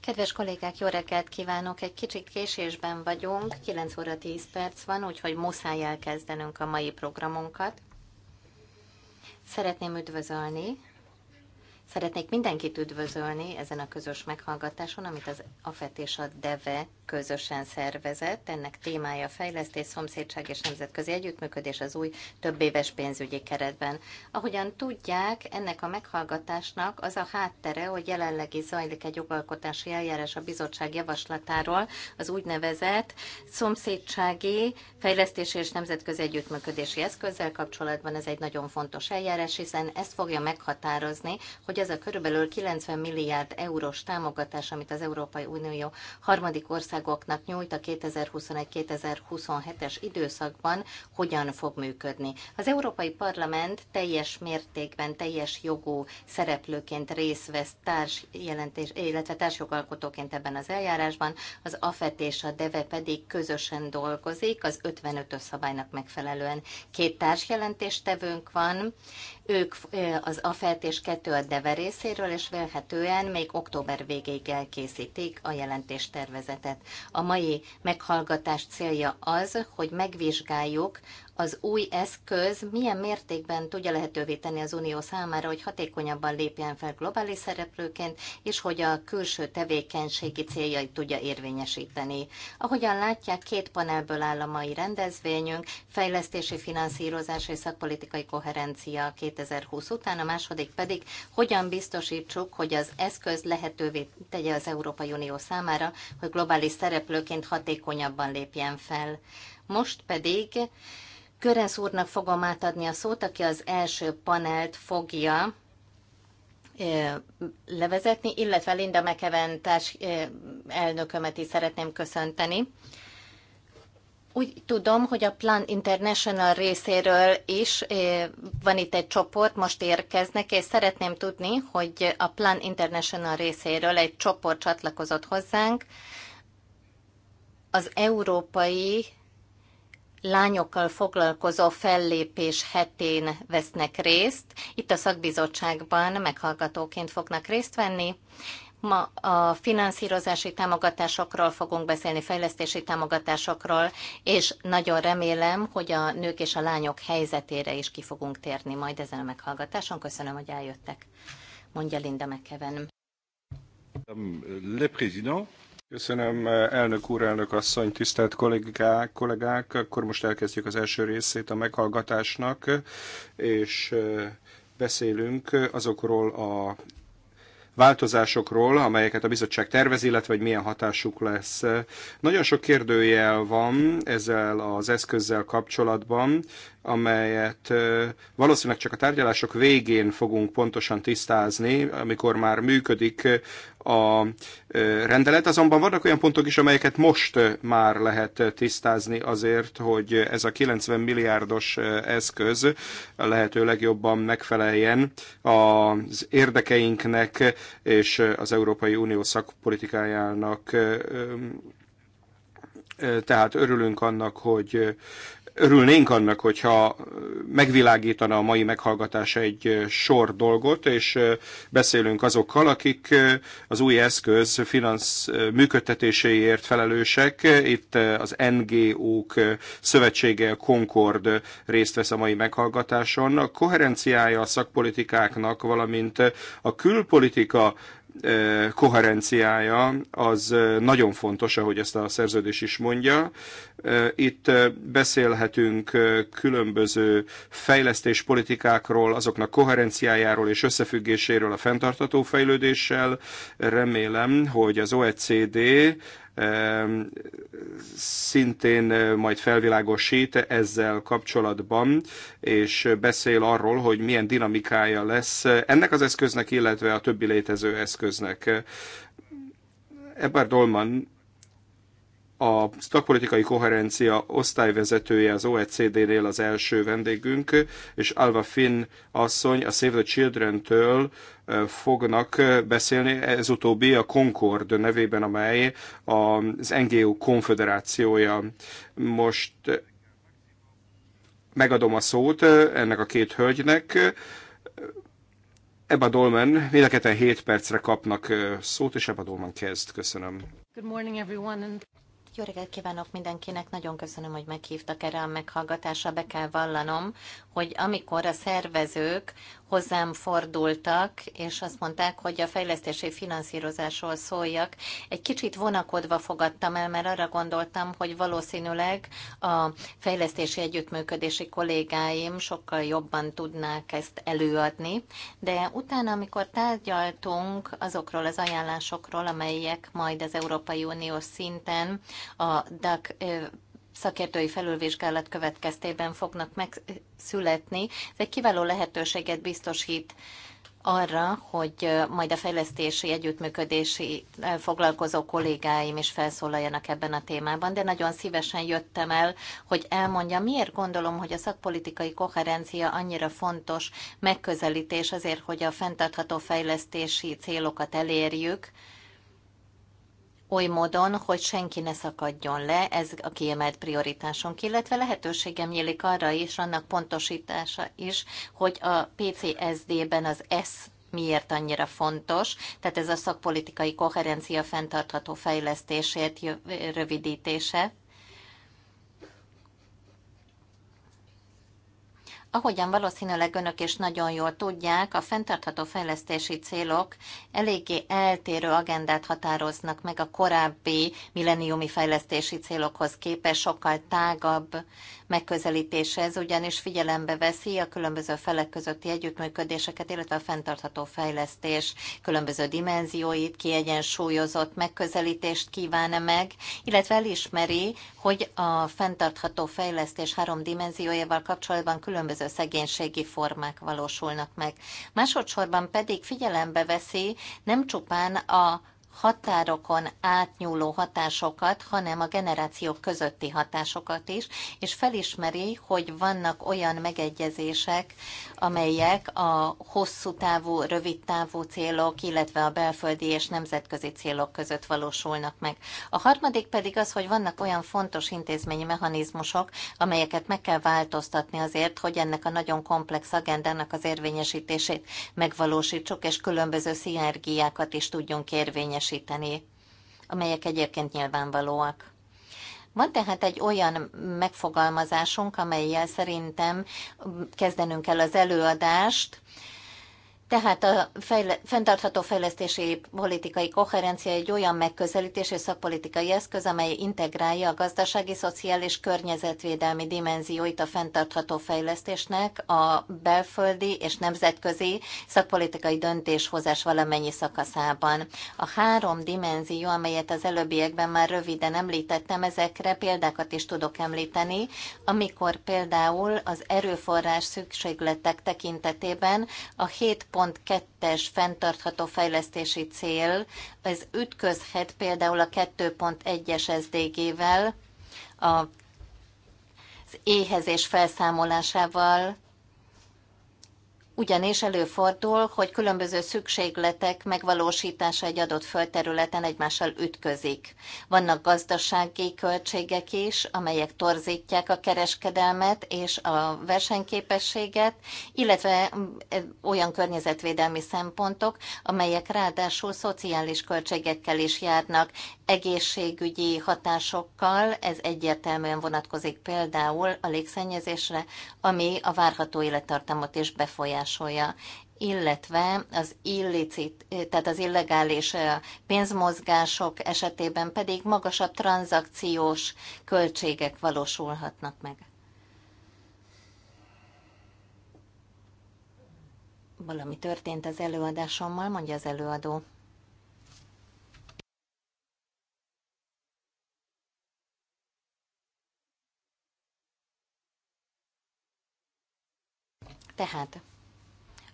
Kedves kollégák, jó reggelt kívánok! Egy kicsit késésben vagyunk, 9 óra 10 perc van, úgyhogy muszáj elkezdenünk a mai programunkat. Szeretném üdvözölni Szeretnék mindenkit üdvözölni ezen a közös meghallgatáson, amit az AFET és a DEVE közösen szervezett. Ennek témája a fejlesztés, szomszédság és nemzetközi együttműködés az új éves pénzügyi keretben. Ahogyan tudják, ennek a meghallgatásnak az a háttere, hogy jelenleg is zajlik egy jogalkotási eljárás a bizottság javaslatáról az úgynevezett szomszédsági fejlesztés és nemzetközi együttműködési eszközzel kapcsolatban. Ez egy nagyon fontos eljárás, hiszen ezt fogja meghatározni, hogy hogy ez a körülbelül 90 milliárd eurós támogatás, amit az Európai Unió harmadik országoknak nyújt a 2021-2027-es időszakban, hogyan fog működni. Az Európai Parlament teljes mértékben, teljes jogú szereplőként részt vesz társ jelentés, illetve társjogalkotóként ebben az eljárásban, az AFET és a DEVE pedig közösen dolgozik az 55-ös szabálynak megfelelően. Két társjelentéstevőnk van, ők az AFET és kettő a DEVE részéről, és vélhetően még október végéig elkészítik a jelentéstervezetet. A mai meghallgatás célja az, hogy megvizsgáljuk az új eszköz milyen mértékben tudja lehetővé tenni az Unió számára, hogy hatékonyabban lépjen fel globális szereplőként, és hogy a külső tevékenységi céljait tudja érvényesíteni. Ahogyan látják, két panelből áll a mai rendezvényünk, fejlesztési finanszírozás és szakpolitikai koherencia 2020 után, a második pedig, hogyan biztosítsuk, hogy az eszköz lehetővé tegye az Európai Unió számára, hogy globális szereplőként hatékonyabban lépjen fel. Most pedig Körez úrnak fogom átadni a szót, aki az első panelt fogja levezetni, illetve Linda McEwen társ elnökömet is szeretném köszönteni. Úgy tudom, hogy a Plan International részéről is van itt egy csoport, most érkeznek, és szeretném tudni, hogy a Plan International részéről egy csoport csatlakozott hozzánk, az európai lányokkal foglalkozó fellépés hetén vesznek részt. Itt a szakbizottságban meghallgatóként fognak részt venni. Ma a finanszírozási támogatásokról fogunk beszélni, fejlesztési támogatásokról, és nagyon remélem, hogy a nők és a lányok helyzetére is ki fogunk térni majd ezen a meghallgatáson. Köszönöm, hogy eljöttek, mondja Linda McKeven. Le président, Köszönöm, elnök úr, elnök asszony, tisztelt kollégák, kollégák. Akkor most elkezdjük az első részét a meghallgatásnak, és beszélünk azokról a változásokról, amelyeket a bizottság tervez, illetve hogy milyen hatásuk lesz. Nagyon sok kérdőjel van ezzel az eszközzel kapcsolatban, amelyet valószínűleg csak a tárgyalások végén fogunk pontosan tisztázni, amikor már működik a rendelet. Azonban vannak olyan pontok is, amelyeket most már lehet tisztázni azért, hogy ez a 90 milliárdos eszköz lehető legjobban megfeleljen az érdekeinknek és az Európai Unió szakpolitikájának tehát örülünk annak, hogy örülnénk annak, hogyha megvilágítana a mai meghallgatás egy sor dolgot, és beszélünk azokkal, akik az új eszköz finansz működtetéséért felelősek. Itt az NGO-k szövetsége, a Concord részt vesz a mai meghallgatáson. A koherenciája a szakpolitikáknak, valamint a külpolitika koherenciája az nagyon fontos, ahogy ezt a szerződés is mondja. Itt beszélhetünk különböző fejlesztéspolitikákról, azoknak koherenciájáról és összefüggéséről a fenntartató fejlődéssel. Remélem, hogy az OECD szintén majd felvilágosít ezzel kapcsolatban, és beszél arról, hogy milyen dinamikája lesz ennek az eszköznek, illetve a többi létező eszköznek. Ebbar Dolman a szakpolitikai koherencia osztályvezetője az OECD-nél az első vendégünk, és Alva Finn asszony a Save the Children-től fognak beszélni, ez utóbbi a Concord nevében, amely az NGO konfederációja. Most megadom a szót ennek a két hölgynek, Ebba Dolman, mind a 7 percre kapnak szót, és Ebba Dolman kezd. Köszönöm. Good morning everyone. Jó reggelt kívánok mindenkinek, nagyon köszönöm, hogy meghívtak erre a meghallgatásra. Be kell vallanom, hogy amikor a szervezők hozzám fordultak, és azt mondták, hogy a fejlesztési finanszírozásról szóljak. Egy kicsit vonakodva fogadtam el, mert arra gondoltam, hogy valószínűleg a fejlesztési együttműködési kollégáim sokkal jobban tudnák ezt előadni, de utána, amikor tárgyaltunk azokról az ajánlásokról, amelyek majd az Európai Uniós szinten a DAC szakértői felülvizsgálat következtében fognak megszületni. Ez egy kiváló lehetőséget biztosít arra, hogy majd a fejlesztési együttműködési foglalkozó kollégáim is felszólaljanak ebben a témában, de nagyon szívesen jöttem el, hogy elmondja, miért gondolom, hogy a szakpolitikai koherencia annyira fontos megközelítés azért, hogy a fenntartható fejlesztési célokat elérjük, oly módon, hogy senki ne szakadjon le, ez a kiemelt prioritásunk, illetve lehetőségem nyílik arra is, annak pontosítása is, hogy a PCSD-ben az S miért annyira fontos, tehát ez a szakpolitikai koherencia fenntartható fejlesztését, rövidítése. Ahogyan valószínűleg önök is nagyon jól tudják, a fenntartható fejlesztési célok eléggé eltérő agendát határoznak meg a korábbi milleniumi fejlesztési célokhoz képest, sokkal tágabb megközelítése, ugyanis figyelembe veszi a különböző felek közötti együttműködéseket, illetve a fenntartható fejlesztés különböző dimenzióit, kiegyensúlyozott megközelítést kíván meg, illetve elismeri, hogy a fenntartható fejlesztés három dimenziójával kapcsolatban különböző szegénységi formák valósulnak meg. Másodszorban pedig figyelembe veszi nem csupán a határokon átnyúló hatásokat, hanem a generációk közötti hatásokat is, és felismeri, hogy vannak olyan megegyezések, amelyek a hosszú távú, rövid távú célok, illetve a belföldi és nemzetközi célok között valósulnak meg. A harmadik pedig az, hogy vannak olyan fontos intézményi mechanizmusok, amelyeket meg kell változtatni azért, hogy ennek a nagyon komplex agendának az érvényesítését megvalósítsuk, és különböző szinergiákat is tudjunk érvényesíteni teljesíteni, amelyek egyébként nyilvánvalóak. Van tehát egy olyan megfogalmazásunk, amelyel szerintem kezdenünk el az előadást, tehát a fejle- fenntartható fejlesztési politikai koherencia egy olyan megközelítés és szakpolitikai eszköz, amely integrálja a gazdasági, szociális, környezetvédelmi dimenzióit a fenntartható fejlesztésnek a belföldi és nemzetközi szakpolitikai döntéshozás valamennyi szakaszában. A három dimenzió, amelyet az előbbiekben már röviden említettem, ezekre példákat is tudok említeni, amikor például az erőforrás szükségletek tekintetében a hét 2.2-es fenntartható fejlesztési cél, ez ütközhet például a 2.1-es SDG-vel, az éhezés felszámolásával, ugyanis előfordul, hogy különböző szükségletek megvalósítása egy adott földterületen egymással ütközik. Vannak gazdasági költségek is, amelyek torzítják a kereskedelmet és a versenyképességet, illetve mm, e, olyan környezetvédelmi szempontok, amelyek ráadásul szociális költségekkel is járnak, egészségügyi hatásokkal, ez egyértelműen vonatkozik például a légszennyezésre, ami a várható élettartamot is befolyásolja befolyásolja, illetve az illicit, tehát az illegális pénzmozgások esetében pedig magasabb tranzakciós költségek valósulhatnak meg. Valami történt az előadásommal, mondja az előadó. Tehát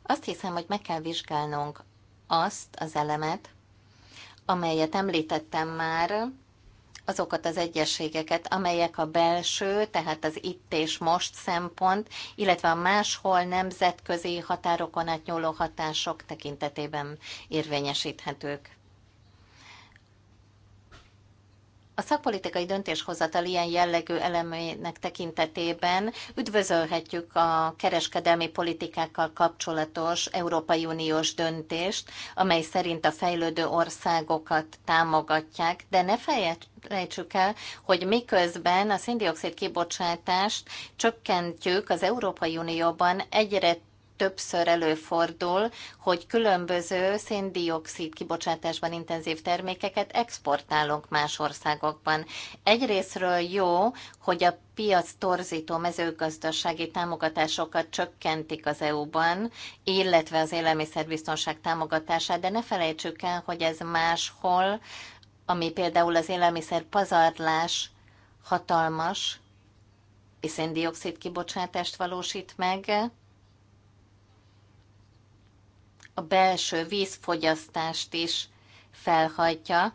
azt hiszem, hogy meg kell vizsgálnunk azt az elemet, amelyet említettem már, azokat az egyességeket, amelyek a belső, tehát az itt és most szempont, illetve a máshol nemzetközi határokon átnyúló hatások tekintetében érvényesíthetők. a szakpolitikai döntéshozatal ilyen jellegű elemének tekintetében üdvözölhetjük a kereskedelmi politikákkal kapcsolatos Európai Uniós döntést, amely szerint a fejlődő országokat támogatják, de ne felejtsük el, hogy miközben a széndiokszid kibocsátást csökkentjük, az Európai Unióban egyre többször előfordul, hogy különböző széndiokszid kibocsátásban intenzív termékeket exportálunk más országokban. Egyrésztről jó, hogy a piac torzító mezőgazdasági támogatásokat csökkentik az EU-ban, illetve az élelmiszerbiztonság támogatását, de ne felejtsük el, hogy ez máshol, ami például az élelmiszer pazarlás hatalmas, és széndiokszid kibocsátást valósít meg, a belső vízfogyasztást is felhajtja,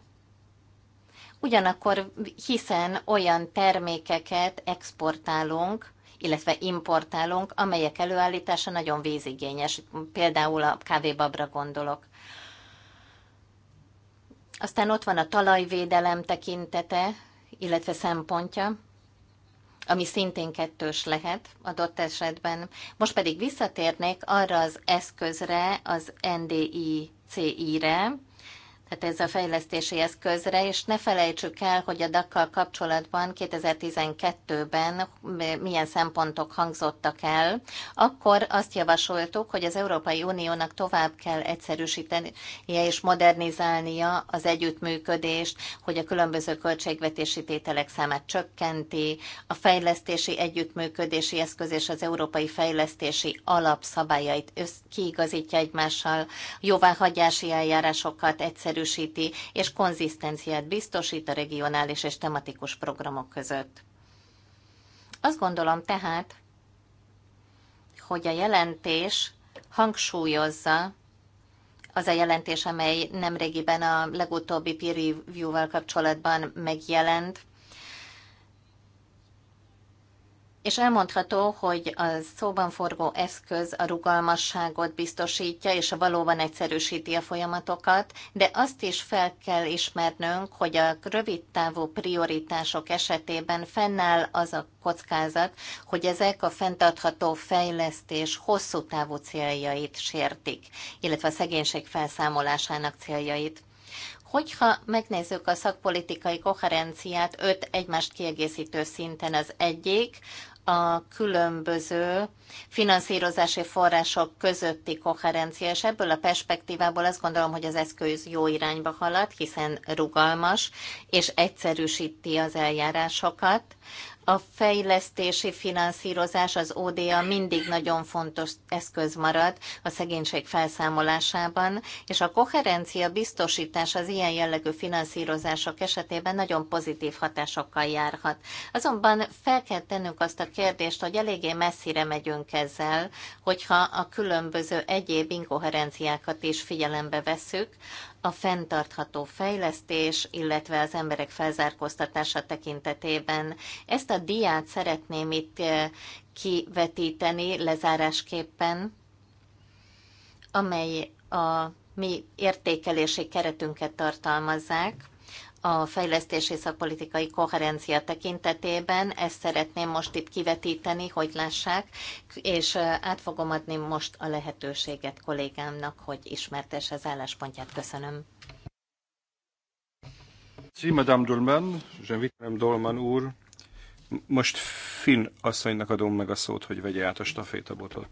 ugyanakkor hiszen olyan termékeket exportálunk, illetve importálunk, amelyek előállítása nagyon vízigényes, például a kávébabra gondolok. Aztán ott van a talajvédelem tekintete, illetve szempontja ami szintén kettős lehet adott esetben. Most pedig visszatérnék arra az eszközre, az NDI CI-re, tehát ez a fejlesztési eszközre, és ne felejtsük el, hogy a dakkal kapcsolatban 2012-ben milyen szempontok hangzottak el. Akkor azt javasoltuk, hogy az Európai Uniónak tovább kell egyszerűsítenie és modernizálnia az együttműködést, hogy a különböző költségvetési tételek számát csökkenti, a fejlesztési együttműködési eszköz és az európai fejlesztési alapszabályait kiigazítja egymással, jóváhagyási eljárásokat egyszerű erősíti és konzisztenciát biztosít a regionális és tematikus programok között. Azt gondolom tehát, hogy a jelentés hangsúlyozza az a jelentés, amely nemrégiben a legutóbbi peer review-val kapcsolatban megjelent, és elmondható, hogy a szóban forgó eszköz a rugalmasságot biztosítja, és a valóban egyszerűsíti a folyamatokat, de azt is fel kell ismernünk, hogy a rövid távú prioritások esetében fennáll az a kockázat, hogy ezek a fenntartható fejlesztés hosszú távú céljait sértik, illetve a szegénység felszámolásának céljait. Hogyha megnézzük a szakpolitikai koherenciát, öt egymást kiegészítő szinten az egyik, a különböző finanszírozási források közötti koherencia, és ebből a perspektívából azt gondolom, hogy az eszköz jó irányba halad, hiszen rugalmas, és egyszerűsíti az eljárásokat, a fejlesztési finanszírozás, az ODA mindig nagyon fontos eszköz marad a szegénység felszámolásában, és a koherencia biztosítás az ilyen jellegű finanszírozások esetében nagyon pozitív hatásokkal járhat. Azonban fel kell tennünk azt a kérdést, hogy eléggé messzire megyünk ezzel, hogyha a különböző egyéb inkoherenciákat is figyelembe vesszük, a fenntartható fejlesztés, illetve az emberek felzárkóztatása tekintetében. Ezt a diát szeretném itt eh, kivetíteni lezárásképpen, amely a mi értékelési keretünket tartalmazzák a fejlesztési szakpolitikai koherencia tekintetében. Ezt szeretném most itt kivetíteni, hogy lássák, és át fogom adni most a lehetőséget kollégámnak, hogy ismertesse az álláspontját. Köszönöm. Sí, Madame Dolman, Jean-Vitrem Dolman úr. Most Finn asszonynak adom meg a szót, hogy vegye át a stafétabotot.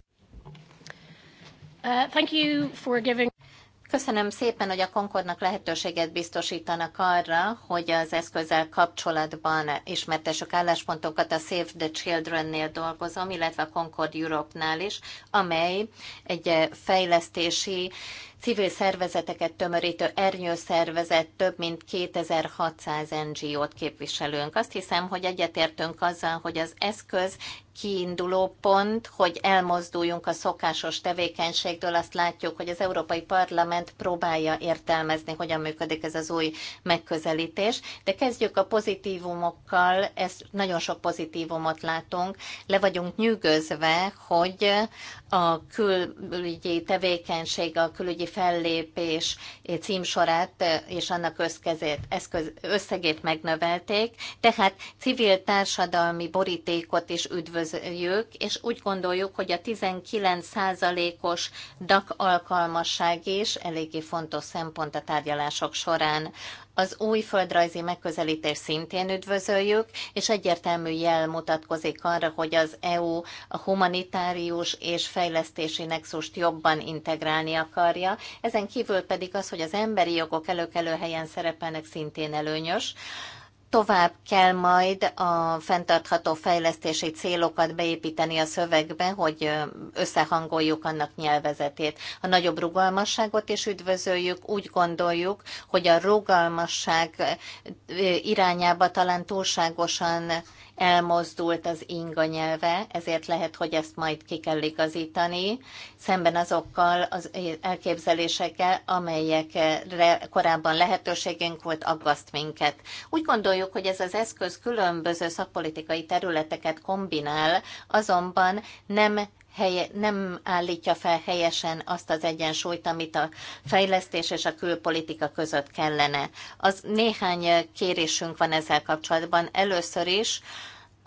Uh, thank you for giving... Köszönöm szépen, hogy a Concordnak lehetőséget biztosítanak arra, hogy az eszközzel kapcsolatban ismertessük álláspontokat. A Save the Children-nél dolgozom, illetve a Concord Europe-nál is, amely egy fejlesztési civil szervezeteket tömörítő ernyőszervezet, több mint 2600 NGO-t képviselőnk. Azt hiszem, hogy egyetértünk azzal, hogy az eszköz kiinduló pont, hogy elmozduljunk a szokásos tevékenységtől. Azt látjuk, hogy az Európai Parlament próbálja értelmezni, hogyan működik ez az új megközelítés. De kezdjük a pozitívumokkal, ezt nagyon sok pozitívumot látunk. Le vagyunk nyűgözve, hogy a külügyi tevékenység, a külügyi fellépés címsorát és annak összkezét, eszköz, összegét megnövelték, tehát civil társadalmi borítékot is üdvözöljük, és úgy gondoljuk, hogy a 19%-os DAC alkalmasság is eléggé fontos szempont a tárgyalások során. Az új földrajzi megközelítés szintén üdvözöljük, és egyértelmű jel mutatkozik arra, hogy az EU a humanitárius és fejlesztési nexust jobban integrálni akarja. Ezen kívül pedig az, hogy az emberi jogok előkelő helyen szerepelnek szintén előnyös tovább kell majd a fenntartható fejlesztési célokat beépíteni a szövegbe, hogy összehangoljuk annak nyelvezetét. A nagyobb rugalmasságot is üdvözöljük, úgy gondoljuk, hogy a rugalmasság irányába talán túlságosan elmozdult az inga nyelve, ezért lehet, hogy ezt majd ki kell igazítani, szemben azokkal az elképzelésekkel, amelyekre korábban lehetőségünk volt, aggaszt minket. Úgy gondoljuk, hogy ez az eszköz különböző szakpolitikai területeket kombinál, azonban nem helye, nem állítja fel helyesen azt az egyensúlyt, amit a fejlesztés és a külpolitika között kellene. Az néhány kérésünk van ezzel kapcsolatban. Először is,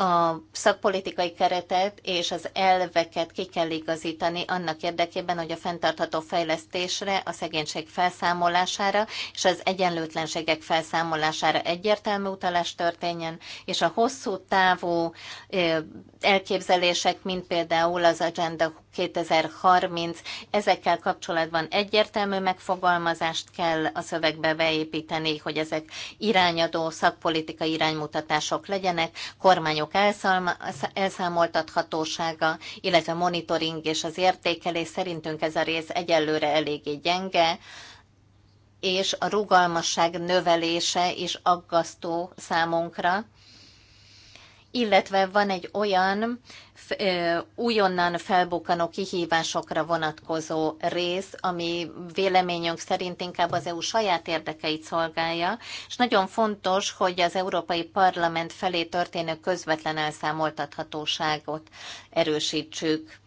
a szakpolitikai keretet és az elveket ki kell igazítani annak érdekében, hogy a fenntartható fejlesztésre, a szegénység felszámolására és az egyenlőtlenségek felszámolására egyértelmű utalás történjen, és a hosszú távú elképzelések, mint például az Agenda 2030. Ezekkel kapcsolatban egyértelmű megfogalmazást kell a szövegbe beépíteni, hogy ezek irányadó szakpolitikai iránymutatások legyenek, kormányok elszámoltathatósága, illetve monitoring és az értékelés szerintünk ez a rész egyelőre eléggé gyenge és a rugalmasság növelése is aggasztó számunkra illetve van egy olyan újonnan felbukkanó kihívásokra vonatkozó rész, ami véleményünk szerint inkább az EU saját érdekeit szolgálja, és nagyon fontos, hogy az Európai Parlament felé történő közvetlen elszámoltathatóságot erősítsük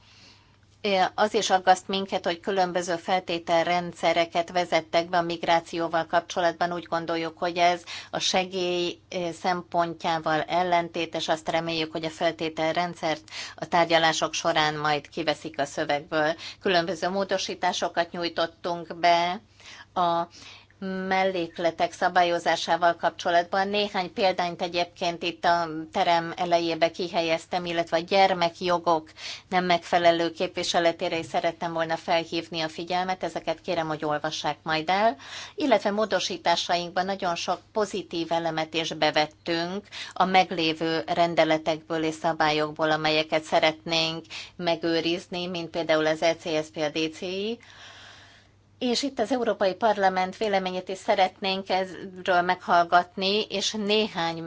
az is aggaszt minket, hogy különböző feltételrendszereket vezettek be a migrációval kapcsolatban. Úgy gondoljuk, hogy ez a segély szempontjával ellentétes. Azt reméljük, hogy a feltételrendszert a tárgyalások során majd kiveszik a szövegből. Különböző módosításokat nyújtottunk be a mellékletek szabályozásával kapcsolatban. Néhány példányt egyébként itt a terem elejébe kihelyeztem, illetve a gyermekjogok nem megfelelő képviseletére is szerettem volna felhívni a figyelmet, ezeket kérem, hogy olvassák majd el. Illetve módosításainkban nagyon sok pozitív elemet is bevettünk a meglévő rendeletekből és szabályokból, amelyeket szeretnénk megőrizni, mint például az ECSP, a DCI, és itt az Európai Parlament véleményét is szeretnénk ezről meghallgatni, és néhány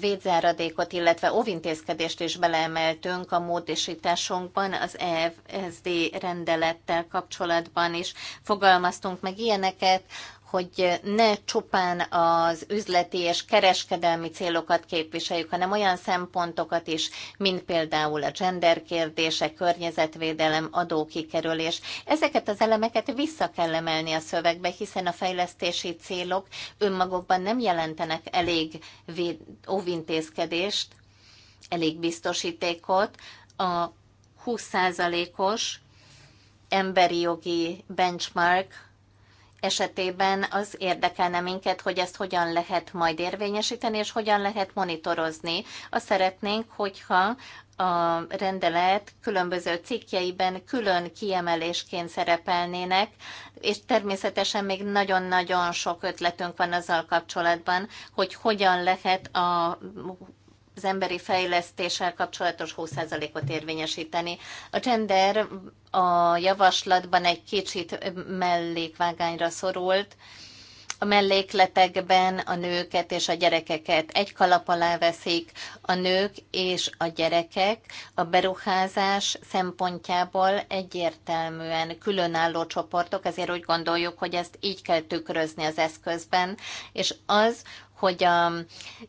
védzáradékot, illetve óvintézkedést is beleemeltünk a módosításunkban, az EFSD rendelettel kapcsolatban is fogalmaztunk meg ilyeneket, hogy ne csupán az üzleti és kereskedelmi célokat képviseljük, hanem olyan szempontokat is, mint például a gender kérdése, környezetvédelem, adókikerülés. Ezeket az elemeket vissza kell emelni a szövegbe, hiszen a fejlesztési célok önmagukban nem jelentenek elég óvintézkedést, elég biztosítékot. A 20%-os emberi jogi benchmark esetében az érdekelne minket, hogy ezt hogyan lehet majd érvényesíteni, és hogyan lehet monitorozni. Azt szeretnénk, hogyha a rendelet különböző cikkjeiben külön kiemelésként szerepelnének, és természetesen még nagyon-nagyon sok ötletünk van azzal kapcsolatban, hogy hogyan lehet a az emberi fejlesztéssel kapcsolatos 20%-ot érvényesíteni. A gender a javaslatban egy kicsit mellékvágányra szorult, a mellékletekben a nőket és a gyerekeket egy kalap alá veszik, a nők és a gyerekek a beruházás szempontjából egyértelműen különálló csoportok, ezért úgy gondoljuk, hogy ezt így kell tükrözni az eszközben, és az, hogy a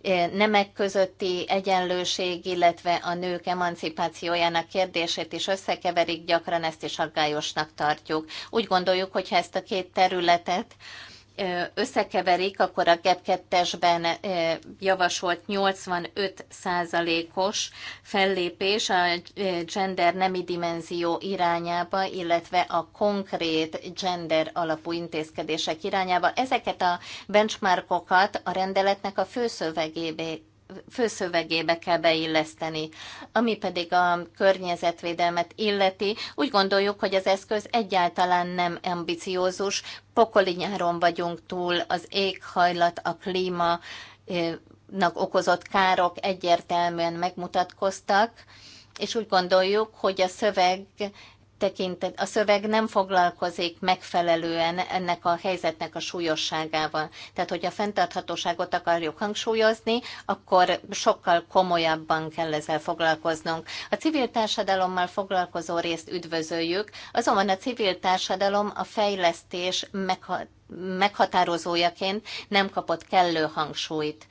e, nemek közötti egyenlőség, illetve a nők emancipációjának kérdését is összekeverik, gyakran ezt is aggályosnak tartjuk. Úgy gondoljuk, hogy ha ezt a két területet összekeverik, akkor a GEP 2-esben javasolt 85%-os fellépés a gender nemi dimenzió irányába, illetve a konkrét gender alapú intézkedések irányába. Ezeket a benchmarkokat a rendeletnek a főszövegébe főszövegébe kell beilleszteni. Ami pedig a környezetvédelmet illeti, úgy gondoljuk, hogy az eszköz egyáltalán nem ambiciózus, pokoli nyáron vagyunk túl, az éghajlat, a klíma okozott károk egyértelműen megmutatkoztak, és úgy gondoljuk, hogy a szöveg tekintet, a szöveg nem foglalkozik megfelelően ennek a helyzetnek a súlyosságával. Tehát, hogy a fenntarthatóságot akarjuk hangsúlyozni, akkor sokkal komolyabban kell ezzel foglalkoznunk. A civil társadalommal foglalkozó részt üdvözöljük, azonban a civil társadalom a fejlesztés megha- meghatározójaként nem kapott kellő hangsúlyt.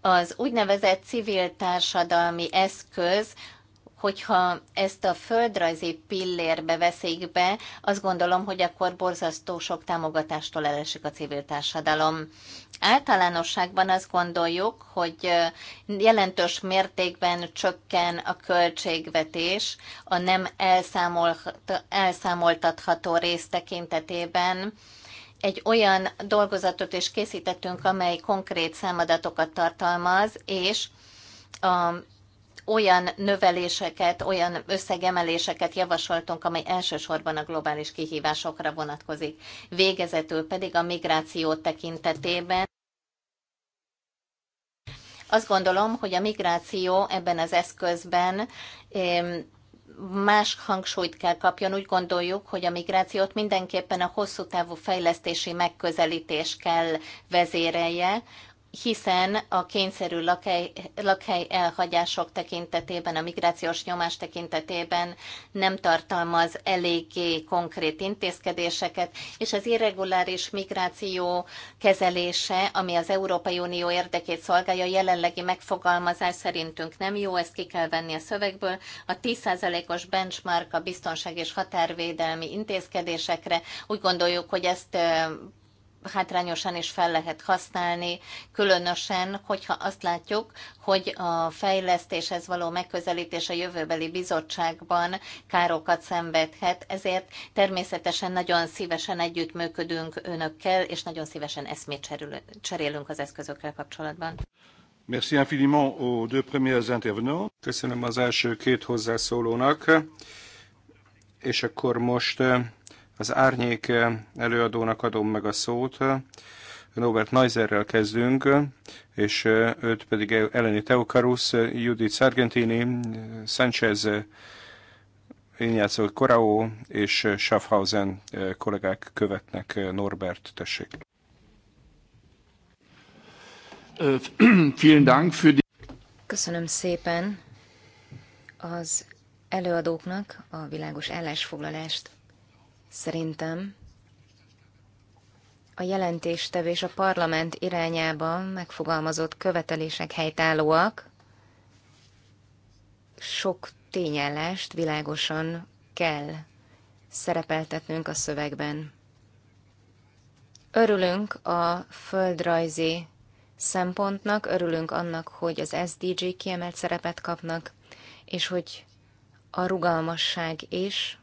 Az úgynevezett civil társadalmi eszköz hogyha ezt a földrajzi pillérbe veszik be, azt gondolom, hogy akkor borzasztó sok támogatástól elesik a civil társadalom. Általánosságban azt gondoljuk, hogy jelentős mértékben csökken a költségvetés a nem elszámoltatható rész tekintetében, egy olyan dolgozatot is készítettünk, amely konkrét számadatokat tartalmaz, és a olyan növeléseket, olyan összegemeléseket javasoltunk, amely elsősorban a globális kihívásokra vonatkozik. Végezetül pedig a migráció tekintetében azt gondolom, hogy a migráció ebben az eszközben más hangsúlyt kell kapjon. Úgy gondoljuk, hogy a migrációt mindenképpen a hosszú távú fejlesztési megközelítés kell vezérelje, hiszen a kényszerű lakhely, lakhely elhagyások tekintetében, a migrációs nyomás tekintetében nem tartalmaz eléggé konkrét intézkedéseket, és az irreguláris migráció kezelése, ami az Európai Unió érdekét szolgálja, jelenlegi megfogalmazás szerintünk nem jó, ezt ki kell venni a szövegből. A 10%-os benchmark a biztonság és határvédelmi intézkedésekre, úgy gondoljuk, hogy ezt hátrányosan is fel lehet használni, különösen, hogyha azt látjuk, hogy a fejlesztéshez való megközelítés a jövőbeli bizottságban károkat szenvedhet, ezért természetesen nagyon szívesen együttműködünk önökkel, és nagyon szívesen eszmét cserélünk az eszközökkel kapcsolatban. Merci infiniment aux deux premiers intervenants. Köszönöm az első két hozzászólónak, és akkor most az árnyék eh, előadónak adom meg a szót. Robert Neizerrel kezdünk, és eh, őt pedig Eleni Teokarus, Judith Sargentini, eh, Sanchez, Ignacio Corao és Schaffhausen kollégák követnek. Norbert, tessék. Köszönöm szépen az előadóknak a világos állásfoglalást. Szerintem a jelentéstevés a parlament irányába megfogalmazott követelések helytállóak, sok tényállást világosan kell szerepeltetnünk a szövegben. Örülünk a földrajzi szempontnak, örülünk annak, hogy az SDG kiemelt szerepet kapnak, és hogy a rugalmasság is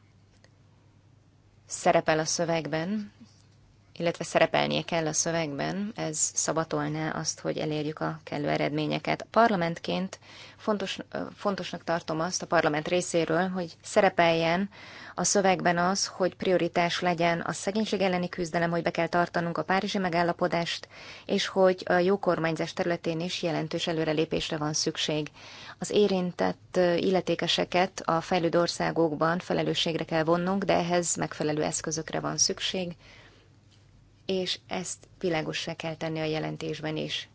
szerepel a szövegben, illetve szerepelnie kell a szövegben, ez szabatolná azt, hogy elérjük a kellő eredményeket. A parlamentként fontos, fontosnak tartom azt a parlament részéről, hogy szerepeljen a szövegben az, hogy prioritás legyen a szegénység elleni küzdelem, hogy be kell tartanunk a Párizsi megállapodást, és hogy a jó kormányzás területén is jelentős előrelépésre van szükség. Az érintett illetékeseket a fejlődő országokban felelősségre kell vonnunk, de ehhez megfelelő eszközökre van szükség, és ezt világosra kell tenni a jelentésben is.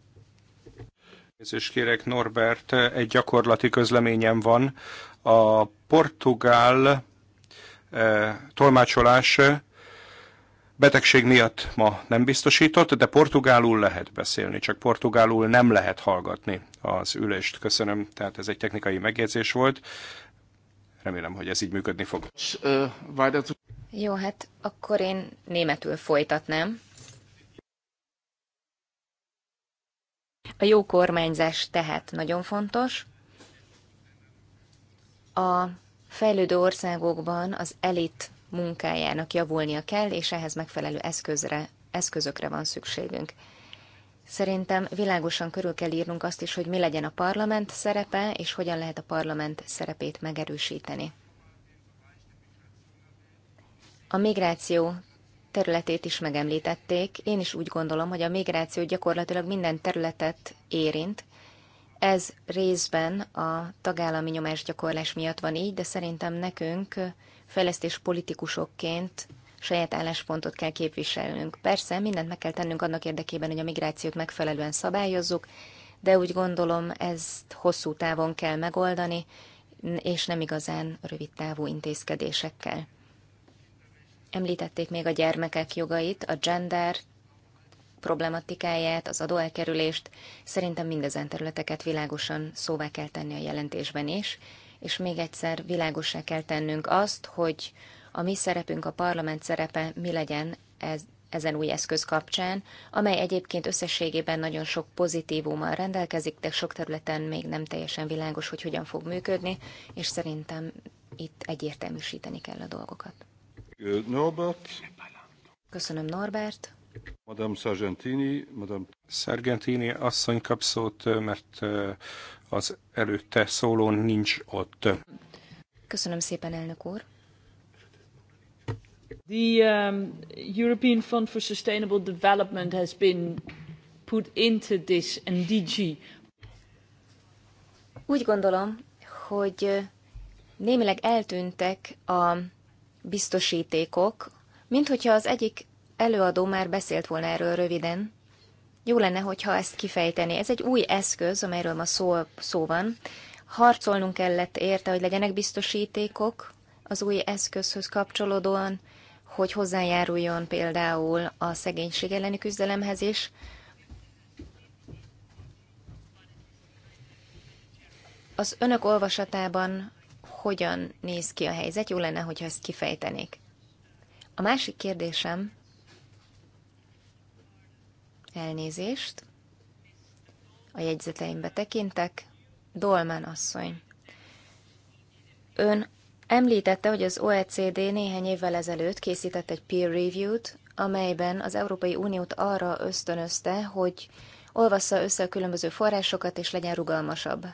Elnézést kérek, Norbert, egy gyakorlati közleményem van. A portugál eh, tolmácsolás eh, betegség miatt ma nem biztosított, de portugálul lehet beszélni, csak portugálul nem lehet hallgatni az ülést. Köszönöm, tehát ez egy technikai megjegyzés volt. Remélem, hogy ez így működni fog. Eh, jó, hát akkor én németül folytatnám. A jó kormányzás tehát nagyon fontos. A fejlődő országokban az elit munkájának javulnia kell, és ehhez megfelelő eszközre, eszközökre van szükségünk. Szerintem világosan körül kell írnunk azt is, hogy mi legyen a parlament szerepe, és hogyan lehet a parlament szerepét megerősíteni. A migráció területét is megemlítették. Én is úgy gondolom, hogy a migráció gyakorlatilag minden területet érint. Ez részben a tagállami nyomásgyakorlás miatt van így, de szerintem nekünk fejlesztés politikusokként saját álláspontot kell képviselnünk. Persze, mindent meg kell tennünk annak érdekében, hogy a migrációt megfelelően szabályozzuk, de úgy gondolom, ezt hosszú távon kell megoldani, és nem igazán rövid távú intézkedésekkel. Említették még a gyermekek jogait, a gender problematikáját, az adóelkerülést. Szerintem mindezen területeket világosan szóvá kell tenni a jelentésben is, és még egyszer világosá kell tennünk azt, hogy a mi szerepünk, a parlament szerepe mi legyen ez, ezen új eszköz kapcsán, amely egyébként összességében nagyon sok pozitívummal rendelkezik, de sok területen még nem teljesen világos, hogy hogyan fog működni, és szerintem itt egyértelműsíteni kell a dolgokat. Norbert. Köszönöm Norbert. Madame Sargentini, Madame... Sargentini asszony kap szót, mert az előtte szóló nincs ott. Köszönöm szépen, elnök úr. The um, European Fund for Sustainable Development has been put into this and DG. Úgy gondolom, hogy némileg eltűntek a biztosítékok, mint hogyha az egyik előadó már beszélt volna erről röviden. Jó lenne, hogyha ezt kifejteni. Ez egy új eszköz, amelyről ma szó, szó van. Harcolnunk kellett érte, hogy legyenek biztosítékok az új eszközhöz kapcsolódóan, hogy hozzájáruljon például a szegénység elleni küzdelemhez is. Az önök olvasatában hogyan néz ki a helyzet, jó lenne, hogyha ezt kifejtenék. A másik kérdésem, elnézést, a jegyzeteimbe tekintek, Dolman asszony. Ön említette, hogy az OECD néhány évvel ezelőtt készített egy peer review-t, amelyben az Európai Uniót arra ösztönözte, hogy olvassa össze a különböző forrásokat és legyen rugalmasabb.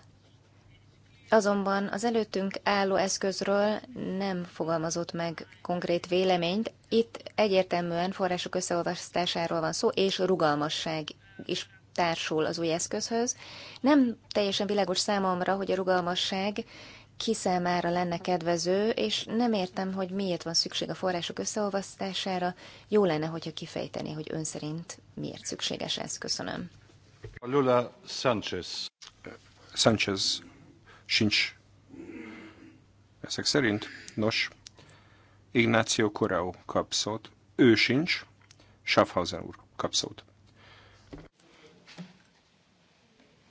Azonban az előttünk álló eszközről nem fogalmazott meg konkrét véleményt. Itt egyértelműen források összeolvasztásáról van szó, és rugalmasság is társul az új eszközhöz. Nem teljesen világos számomra, hogy a rugalmasság ki számára lenne kedvező, és nem értem, hogy miért van szükség a források összeolvasztására. Jó lenne, hogyha kifejteni, hogy ön szerint miért szükséges ez. Köszönöm. Lula Sanchez. Sanchez sincs ezek szerint. Nos, Ignácio Corao kap Ő sincs, Schaffhausen úr kap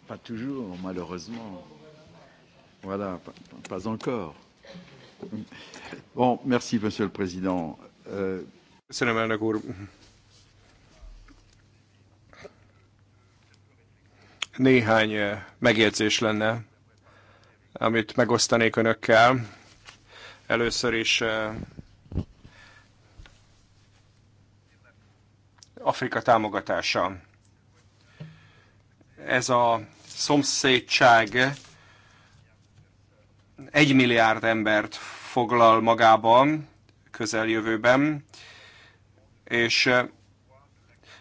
Pas toujours, malheureusement. Voilà, pas, pas encore. Bon, merci, monsieur le président. Euh... elnök úr. Néhány eh, megjegyzés lenne amit megosztanék önökkel. Először is eh, Afrika támogatása. Ez a szomszédság egy milliárd embert foglal magában közeljövőben, és eh,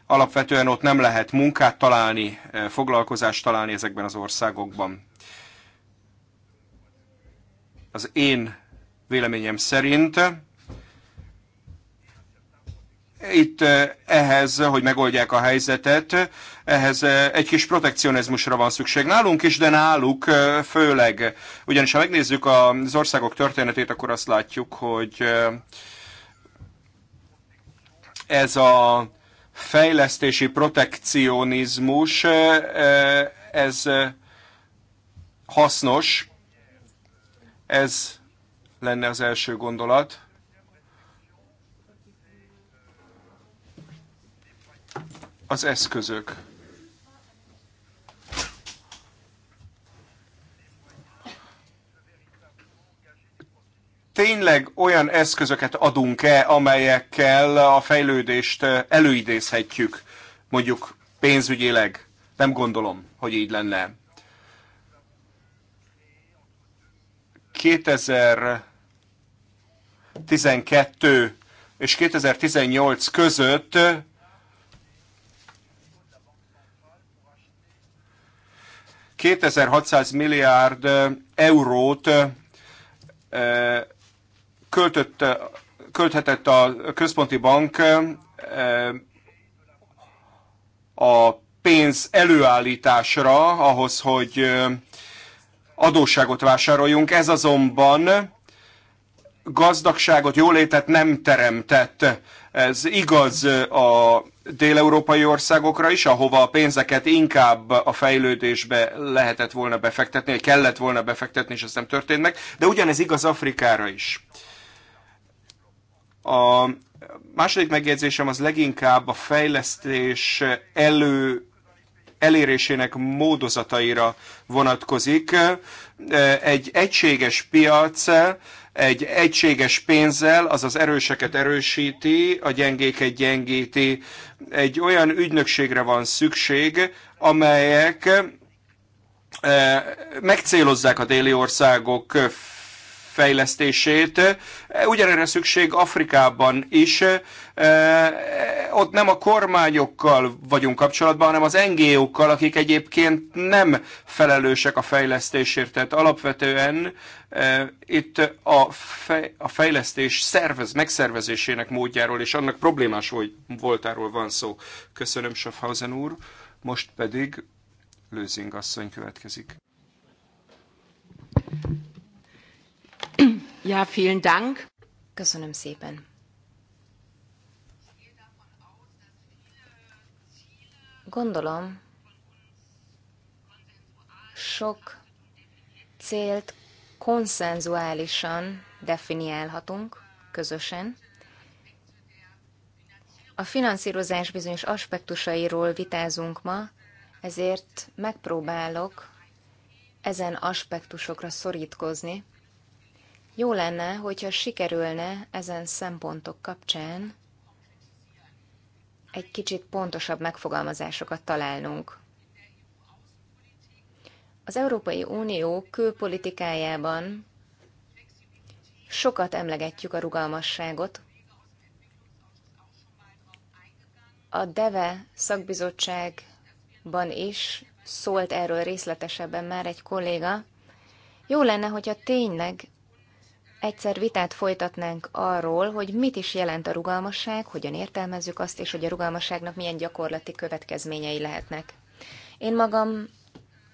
alapvetően ott nem lehet munkát találni, eh, foglalkozást találni ezekben az országokban az én véleményem szerint itt eh, ehhez, hogy megoldják a helyzetet, ehhez eh, egy kis protekcionizmusra van szükség nálunk is, de náluk eh, főleg. Ugyanis ha megnézzük az országok történetét, akkor azt látjuk, hogy ez a fejlesztési protekcionizmus, ez hasznos, ez lenne az első gondolat. Az eszközök. Tényleg olyan eszközöket adunk-e, amelyekkel a fejlődést előidézhetjük, mondjuk pénzügyileg? Nem gondolom, hogy így lenne 2012 és 2018 között ...2600 milliárd eurót költött, költhetett a központi bank a pénz előállításra, ahhoz, hogy adósságot vásároljunk. Ez azonban gazdagságot, jólétet nem teremtett. Ez igaz a déleurópai országokra is, ahova a pénzeket inkább a fejlődésbe lehetett volna befektetni, vagy kellett volna befektetni, és ez nem történt meg, de ugyanez igaz Afrikára is. A második megjegyzésem az leginkább a fejlesztés elő elérésének módozataira vonatkozik. Egy egységes piac egy egységes pénzzel, azaz erőseket erősíti, a gyengéket gyengíti. Egy olyan ügynökségre van szükség, amelyek megcélozzák a déli országok fejlesztését. Ugyanerre szükség Afrikában is. E, ott nem a kormányokkal vagyunk kapcsolatban, hanem az NGO-kkal, akik egyébként nem felelősek a fejlesztésért. Tehát alapvetően e, itt a, fej, a fejlesztés szervez, megszervezésének módjáról és annak problémás voltáról van szó. Köszönöm, Schaffhausen úr. Most pedig Lőzing asszony következik. Ja, vielen Dank. Köszönöm szépen. Gondolom, sok célt konszenzuálisan definiálhatunk közösen. A finanszírozás bizonyos aspektusairól vitázunk ma, ezért megpróbálok ezen aspektusokra szorítkozni, jó lenne, hogyha sikerülne ezen szempontok kapcsán egy kicsit pontosabb megfogalmazásokat találnunk. Az Európai Unió külpolitikájában sokat emlegetjük a rugalmasságot. A DEVE szakbizottságban is szólt erről részletesebben már egy kolléga. Jó lenne, hogyha tényleg egyszer vitát folytatnánk arról, hogy mit is jelent a rugalmasság, hogyan értelmezzük azt, és hogy a rugalmasságnak milyen gyakorlati következményei lehetnek. Én magam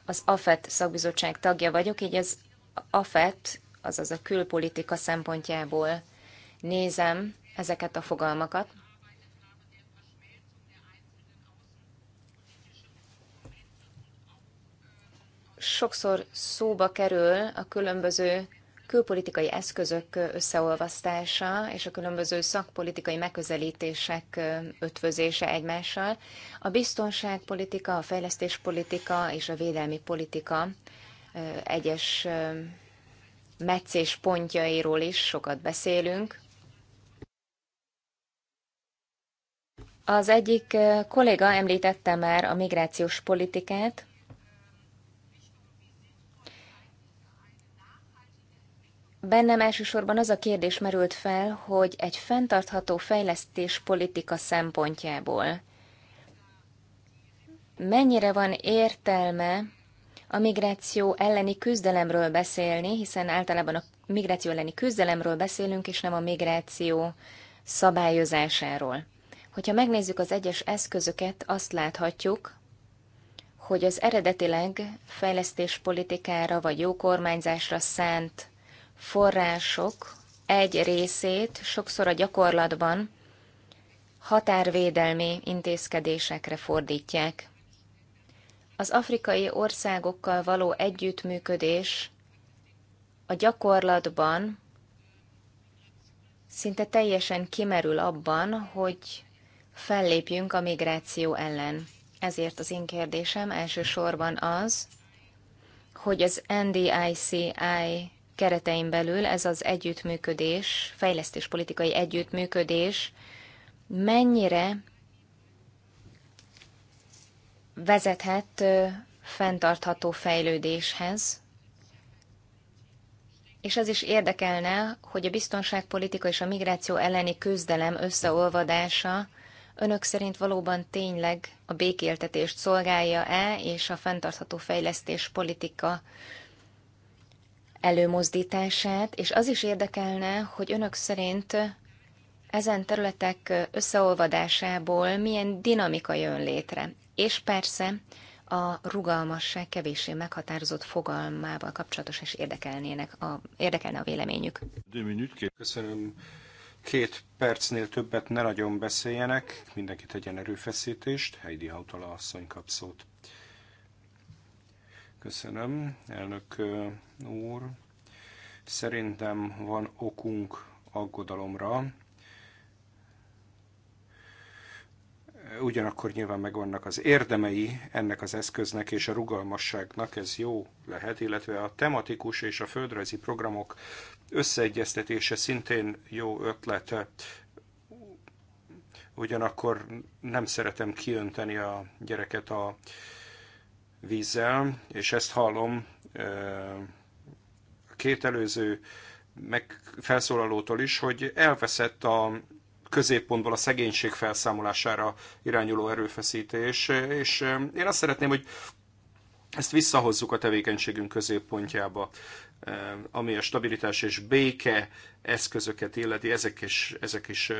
az AFET szakbizottság tagja vagyok, így az AFET, azaz a külpolitika szempontjából nézem ezeket a fogalmakat. Sokszor szóba kerül a különböző külpolitikai eszközök összeolvasztása és a különböző szakpolitikai megközelítések ötvözése egymással, a biztonságpolitika, a fejlesztéspolitika és a védelmi politika egyes meccés pontjairól is sokat beszélünk. Az egyik kolléga említette már a migrációs politikát, Bennem elsősorban az a kérdés merült fel, hogy egy fenntartható fejlesztés politika szempontjából mennyire van értelme a migráció elleni küzdelemről beszélni, hiszen általában a migráció elleni küzdelemről beszélünk, és nem a migráció szabályozásáról. Hogyha megnézzük az egyes eszközöket, azt láthatjuk, hogy az eredetileg fejlesztéspolitikára vagy jó kormányzásra szánt források egy részét sokszor a gyakorlatban határvédelmi intézkedésekre fordítják. Az afrikai országokkal való együttműködés a gyakorlatban szinte teljesen kimerül abban, hogy fellépjünk a migráció ellen. Ezért az én kérdésem elsősorban az, hogy az NDICI keretein belül ez az együttműködés, fejlesztéspolitikai együttműködés mennyire vezethet fenntartható fejlődéshez, és az is érdekelne, hogy a biztonságpolitika és a migráció elleni küzdelem összeolvadása önök szerint valóban tényleg a békéltetést szolgálja-e, és a fenntartható fejlesztés politika előmozdítását, és az is érdekelne, hogy önök szerint ezen területek összeolvadásából milyen dinamika jön létre. És persze a rugalmasság kevésbé meghatározott fogalmával kapcsolatos is érdekelnének a, érdekelne a véleményük. Köszönöm. Két percnél többet ne nagyon beszéljenek, mindenki tegyen erőfeszítést. Heidi Hautala asszony kap szót. Köszönöm, elnök úr. Szerintem van okunk aggodalomra. Ugyanakkor nyilván megvannak az érdemei ennek az eszköznek és a rugalmasságnak, ez jó lehet, illetve a tematikus és a földrajzi programok összeegyeztetése szintén jó ötlet. Ugyanakkor nem szeretem kiönteni a gyereket a vízzel, és ezt hallom a két előző meg felszólalótól is, hogy elveszett a középpontból a szegénység felszámolására irányuló erőfeszítés, és én azt szeretném, hogy ezt visszahozzuk a tevékenységünk középpontjába, ami a stabilitás és béke eszközöket illeti, ezek is, ezek is,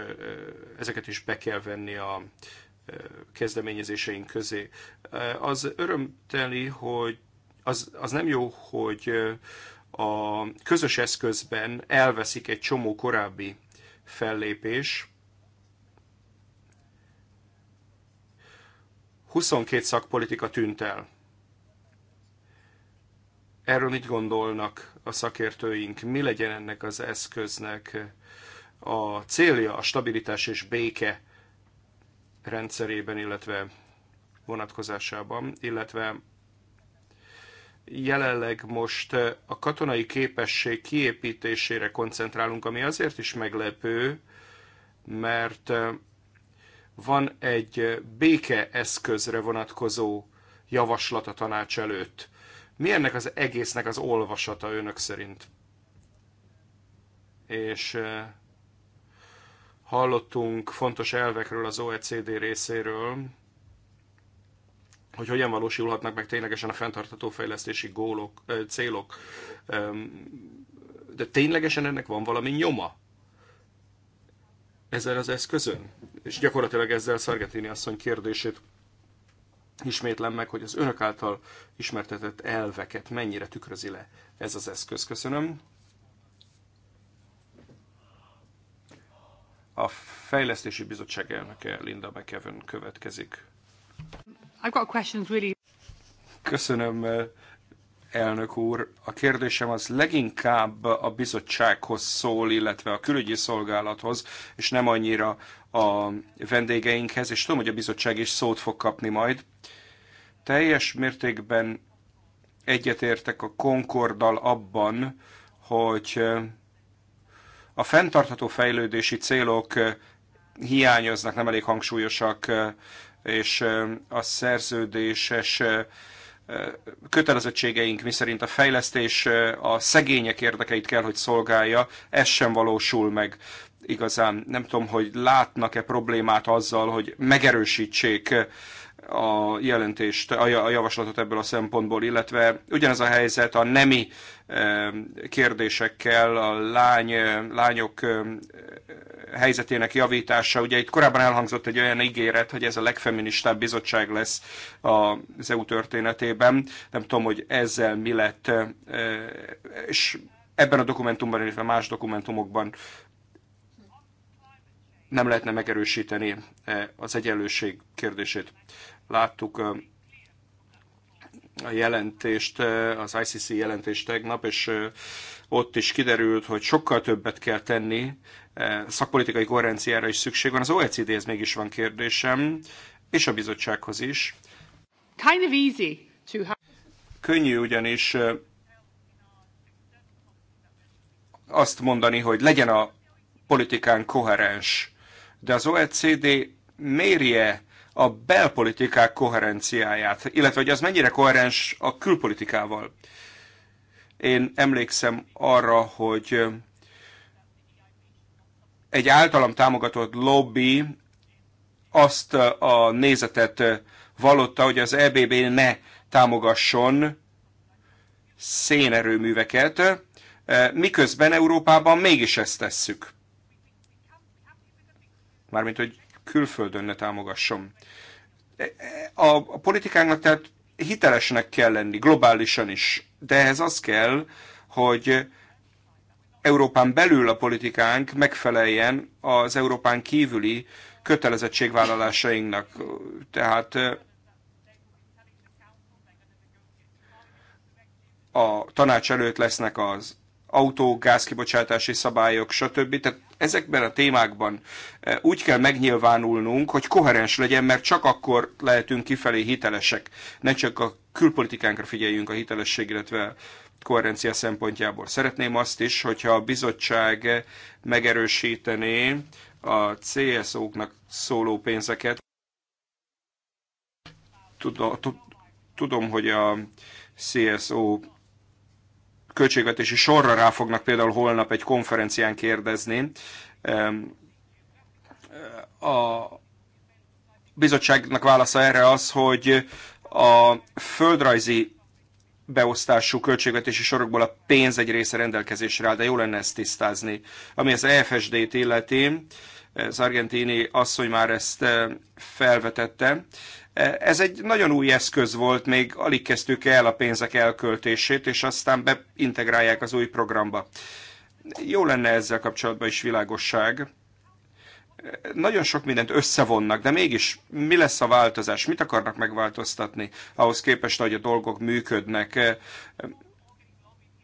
ezeket is be kell venni a kezdeményezéseink közé. Eh, az örömteli, hogy az, az nem jó, hogy eh, a közös eszközben elveszik egy csomó korábbi fellépés. 22 szakpolitika tűnt el. Erről mit gondolnak a szakértőink? Mi legyen ennek az eszköznek a célja, a stabilitás és béke rendszerében, illetve vonatkozásában, illetve jelenleg most eh, a katonai képesség kiépítésére koncentrálunk, ami azért is meglepő, mert eh, van egy békeeszközre vonatkozó javaslat a tanács előtt. Mi ennek az egésznek az olvasata önök szerint? És eh, Hallottunk fontos elvekről az OECD részéről, hogy hogyan valósulhatnak meg ténylegesen a fenntartató fejlesztési gólok, célok. De ténylegesen ennek van valami nyoma ezzel az eszközön? És gyakorlatilag ezzel Szargetini asszony kérdését ismétlem meg, hogy az önök által ismertetett elveket mennyire tükrözi le ez az eszköz. Köszönöm. A Fejlesztési Bizottság elnöke Linda McEwen következik. I've got questions really. Köszönöm, elnök úr. A kérdésem az leginkább a bizottsághoz szól, illetve a külügyi szolgálathoz, és nem annyira a vendégeinkhez, és tudom, hogy a bizottság is szót fog kapni majd. Teljes mértékben egyetértek a Concorddal abban, hogy a fenntartható fejlődési célok eh, hiányoznak, nem elég hangsúlyosak, eh, és eh, a szerződéses kötelezettségeink, miszerint a fejlesztés a szegények érdekeit kell, hogy szolgálja, ez sem valósul meg igazán. Nem tudom, hogy látnak-e problémát azzal, hogy megerősítsék a jelentést, a javaslatot ebből a szempontból, illetve ugyanez a helyzet a nemi eh, kérdésekkel, a lány, eh, lányok eh, helyzetének javítása. Ugye itt korábban elhangzott egy olyan ígéret, hogy ez a legfeministább bizottság lesz az EU történetében. Nem tudom, hogy ezzel mi lett, és ebben a dokumentumban, illetve más dokumentumokban nem lehetne megerősíteni az egyenlőség kérdését láttuk a jelentést, az ICC jelentést tegnap, és ott is kiderült, hogy sokkal többet kell tenni, szakpolitikai koherenciára is szükség van. Az OECD-hez mégis van kérdésem, és a bizottsághoz is. Kind of easy to have... Könnyű ugyanis azt mondani, hogy legyen a politikán koherens, de az OECD mérje a belpolitikák koherenciáját, illetve hogy az mennyire koherens a külpolitikával. Én emlékszem arra, hogy egy általam támogatott lobby azt a nézetet vallotta, hogy az EBB ne támogasson szénerőműveket, miközben Európában mégis ezt tesszük. Mármint, hogy külföldön ne támogasson. A, a politikának tehát hitelesnek kell lenni, globálisan is, de ehhez az kell, hogy Európán belül a politikánk megfeleljen az Európán kívüli kötelezettségvállalásainknak. Tehát a tanács előtt lesznek az autó, gázkibocsátási szabályok, stb. Tehát ezekben a témákban e, úgy kell megnyilvánulnunk, hogy koherens legyen, mert csak akkor lehetünk kifelé hitelesek. Ne csak a külpolitikánkra figyeljünk a hitelesség, illetve koherencia szempontjából. Szeretném azt is, hogyha a bizottság megerősítené a CSO-knak szóló pénzeket. tudom hogy a CSO költségvetési sorra rá fognak például holnap egy konferencián kérdezni. A bizottságnak válasza erre az, hogy a földrajzi beosztású költségvetési sorokból a pénz egy része rendelkezésre áll, de jó lenne ezt tisztázni. Ami az EFSD-t illeti, az argentini asszony már ezt eh, felvetette. Eh, ez egy nagyon új eszköz volt, még alig kezdtük el a pénzek elköltését, és aztán beintegrálják az új programba. Jó lenne ezzel kapcsolatban is világosság. Eh, nagyon sok mindent összevonnak, de mégis mi lesz a változás? Mit akarnak megváltoztatni ahhoz képest, hogy a dolgok működnek?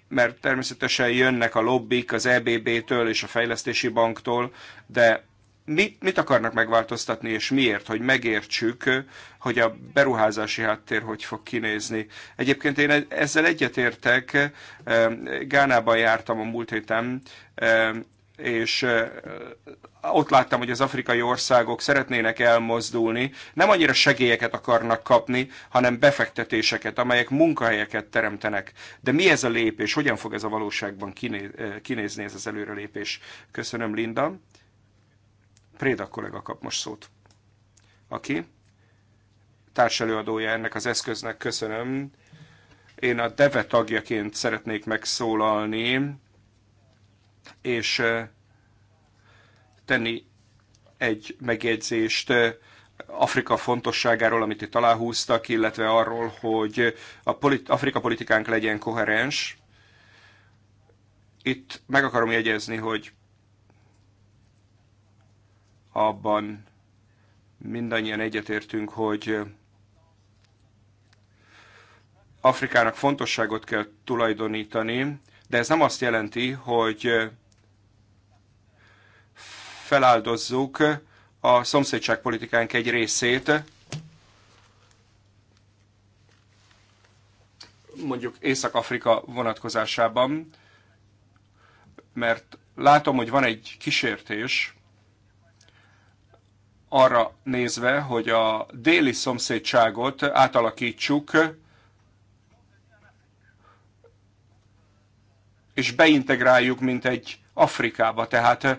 Mert természetesen jönnek a lobbik az EBB-től és a Fejlesztési Banktól, de mit, mit akarnak megváltoztatni, és miért, hogy megértsük, hogy a beruházási háttér hogy fog kinézni. Egyébként én ezzel egyetértek, Gánában jártam a múlt héten, és ott láttam, hogy az afrikai országok szeretnének elmozdulni, nem annyira segélyeket akarnak kapni, hanem befektetéseket, amelyek munkahelyeket teremtenek. De mi ez a lépés? Hogyan fog ez a valóságban kinézni ez az előrelépés? Köszönöm, Linda. Préda kollega kap most szót, aki társelőadója ennek az eszköznek. Köszönöm. Én a DEVE tagjaként szeretnék megszólalni, és tenni egy megjegyzést Afrika fontosságáról, amit itt aláhúztak, illetve arról, hogy a politi- Afrika politikánk legyen koherens. Itt meg akarom jegyezni, hogy abban mindannyian egyetértünk, hogy Afrikának fontosságot kell tulajdonítani, de ez nem azt jelenti, hogy feláldozzuk a szomszédságpolitikánk egy részét, mondjuk Észak-Afrika vonatkozásában, mert látom, hogy van egy kísértés arra nézve, hogy a déli szomszédságot átalakítsuk, és beintegráljuk, mint egy Afrikába. Tehát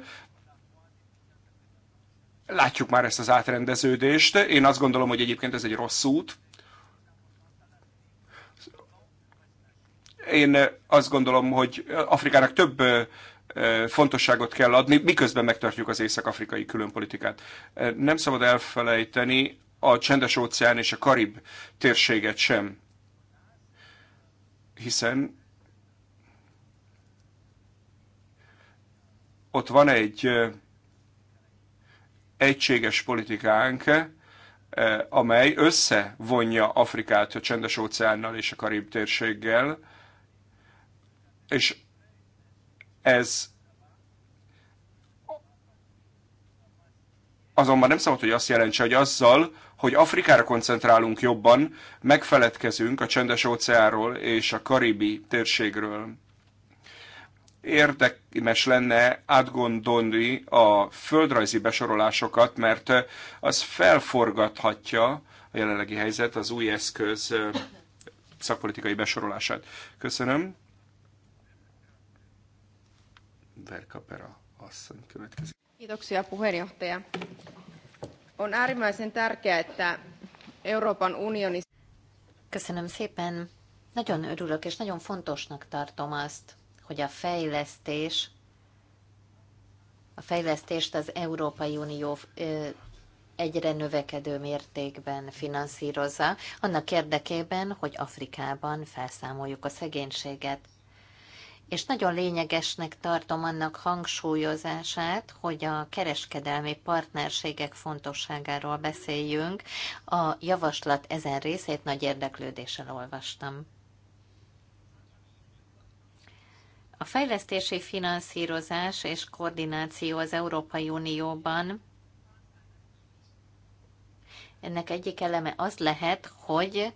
látjuk már ezt az átrendeződést. Én azt gondolom, hogy egyébként ez egy rossz út. Én azt gondolom, hogy Afrikának több fontosságot kell adni, miközben megtartjuk az észak-afrikai különpolitikát. Nem szabad elfelejteni a csendes óceán és a karib térséget sem, hiszen ott van egy egységes politikánk, amely összevonja Afrikát a csendes óceánnal és a karib térséggel, és ez azonban nem szabad, hogy azt jelentse, hogy azzal, hogy Afrikára koncentrálunk jobban, megfeledkezünk a csendes óceánról és a karibi térségről. Érdekes lenne átgondolni a földrajzi besorolásokat, mert az felforgathatja a jelenlegi helyzet az új eszköz szakpolitikai besorolását. Köszönöm. Verkapera asszony következik. Kiitoksia puheenjohtaja. On äärimmäisen tärkeää, että Euroopan unioni... Köszönöm szépen. Nagyon örülök, és nagyon fontosnak tartom azt, hogy a fejlesztés, a fejlesztést az Európai Unió egyre növekedő mértékben finanszírozza, annak érdekében, hogy Afrikában felszámoljuk a szegénységet és nagyon lényegesnek tartom annak hangsúlyozását, hogy a kereskedelmi partnerségek fontosságáról beszéljünk. A javaslat ezen részét nagy érdeklődéssel olvastam. A fejlesztési finanszírozás és koordináció az Európai Unióban ennek egyik eleme az lehet, hogy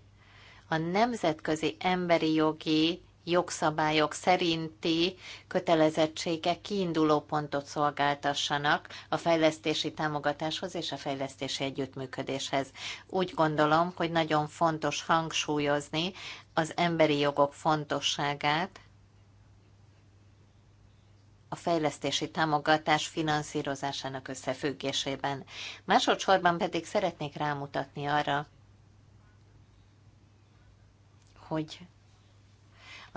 a nemzetközi emberi jogi jogszabályok szerinti kötelezettségek kiinduló pontot szolgáltassanak a fejlesztési támogatáshoz és a fejlesztési együttműködéshez. Úgy gondolom, hogy nagyon fontos hangsúlyozni az emberi jogok fontosságát, a fejlesztési támogatás finanszírozásának összefüggésében. Másodszorban pedig szeretnék rámutatni arra, hogy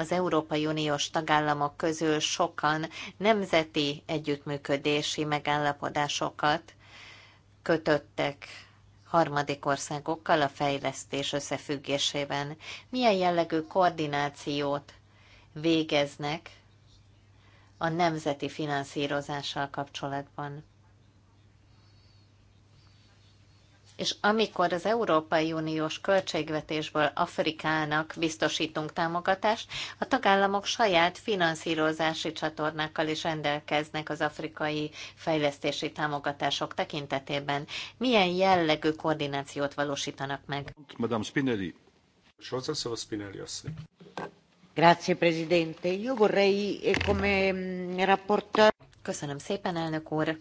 az Európai Uniós tagállamok közül sokan nemzeti együttműködési megállapodásokat kötöttek harmadik országokkal a fejlesztés összefüggésében. Milyen jellegű koordinációt végeznek a nemzeti finanszírozással kapcsolatban? és amikor az Európai Uniós költségvetésből Afrikának biztosítunk támogatást, a tagállamok saját finanszírozási csatornákkal is rendelkeznek az afrikai fejlesztési támogatások tekintetében. Milyen jellegű koordinációt valósítanak meg? Madame Spinelli. Hozzászól Spinelli asszony. Grazie, Presidente. Io vorrei, eh, come mm, rapporto. Köszönöm szépen, elnök úr.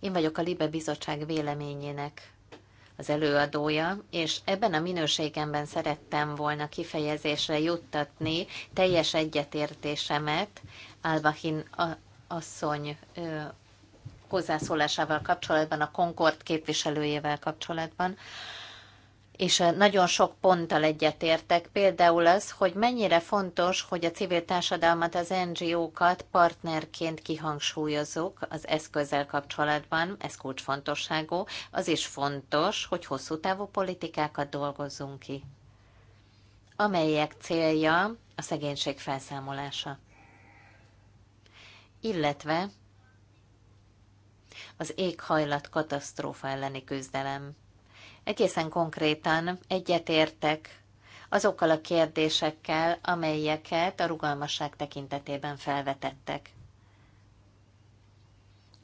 Én vagyok a Libe Bizottság véleményének az előadója, és ebben a minőségemben szerettem volna kifejezésre juttatni teljes egyetértésemet Albahin asszony hozzászólásával kapcsolatban, a Concord képviselőjével kapcsolatban, és eh, nagyon sok ponttal egyetértek, például az, hogy mennyire fontos, hogy a civil társadalmat, az NGO-kat partnerként kihangsúlyozzuk az eszközzel kapcsolatban, ez kulcsfontosságú, az is fontos, hogy hosszú távú politikákat dolgozzunk ki, amelyek célja a szegénység felszámolása. Illetve az éghajlat katasztrófa elleni küzdelem egészen konkrétan egyetértek azokkal a kérdésekkel, amelyeket a rugalmasság tekintetében felvetettek.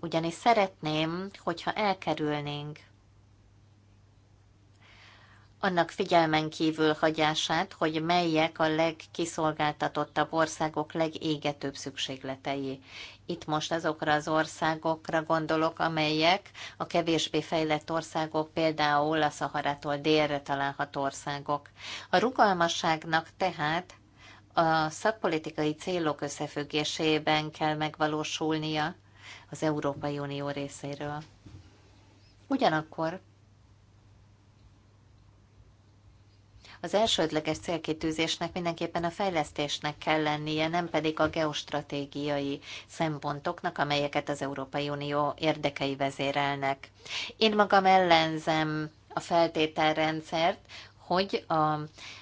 Ugyanis szeretném, hogyha elkerülnénk annak figyelmen kívül hagyását, hogy melyek a legkiszolgáltatottabb országok legégetőbb szükségletei. Itt most azokra az országokra gondolok, amelyek a kevésbé fejlett országok, például a Szaharától délre található országok. A rugalmasságnak tehát a szakpolitikai célok összefüggésében kell megvalósulnia az Európai Unió részéről. Ugyanakkor Az elsődleges célkitűzésnek mindenképpen a fejlesztésnek kell lennie, nem pedig a geostratégiai szempontoknak, amelyeket az Európai Unió érdekei vezérelnek. Én magam ellenzem a feltételrendszert, hogy a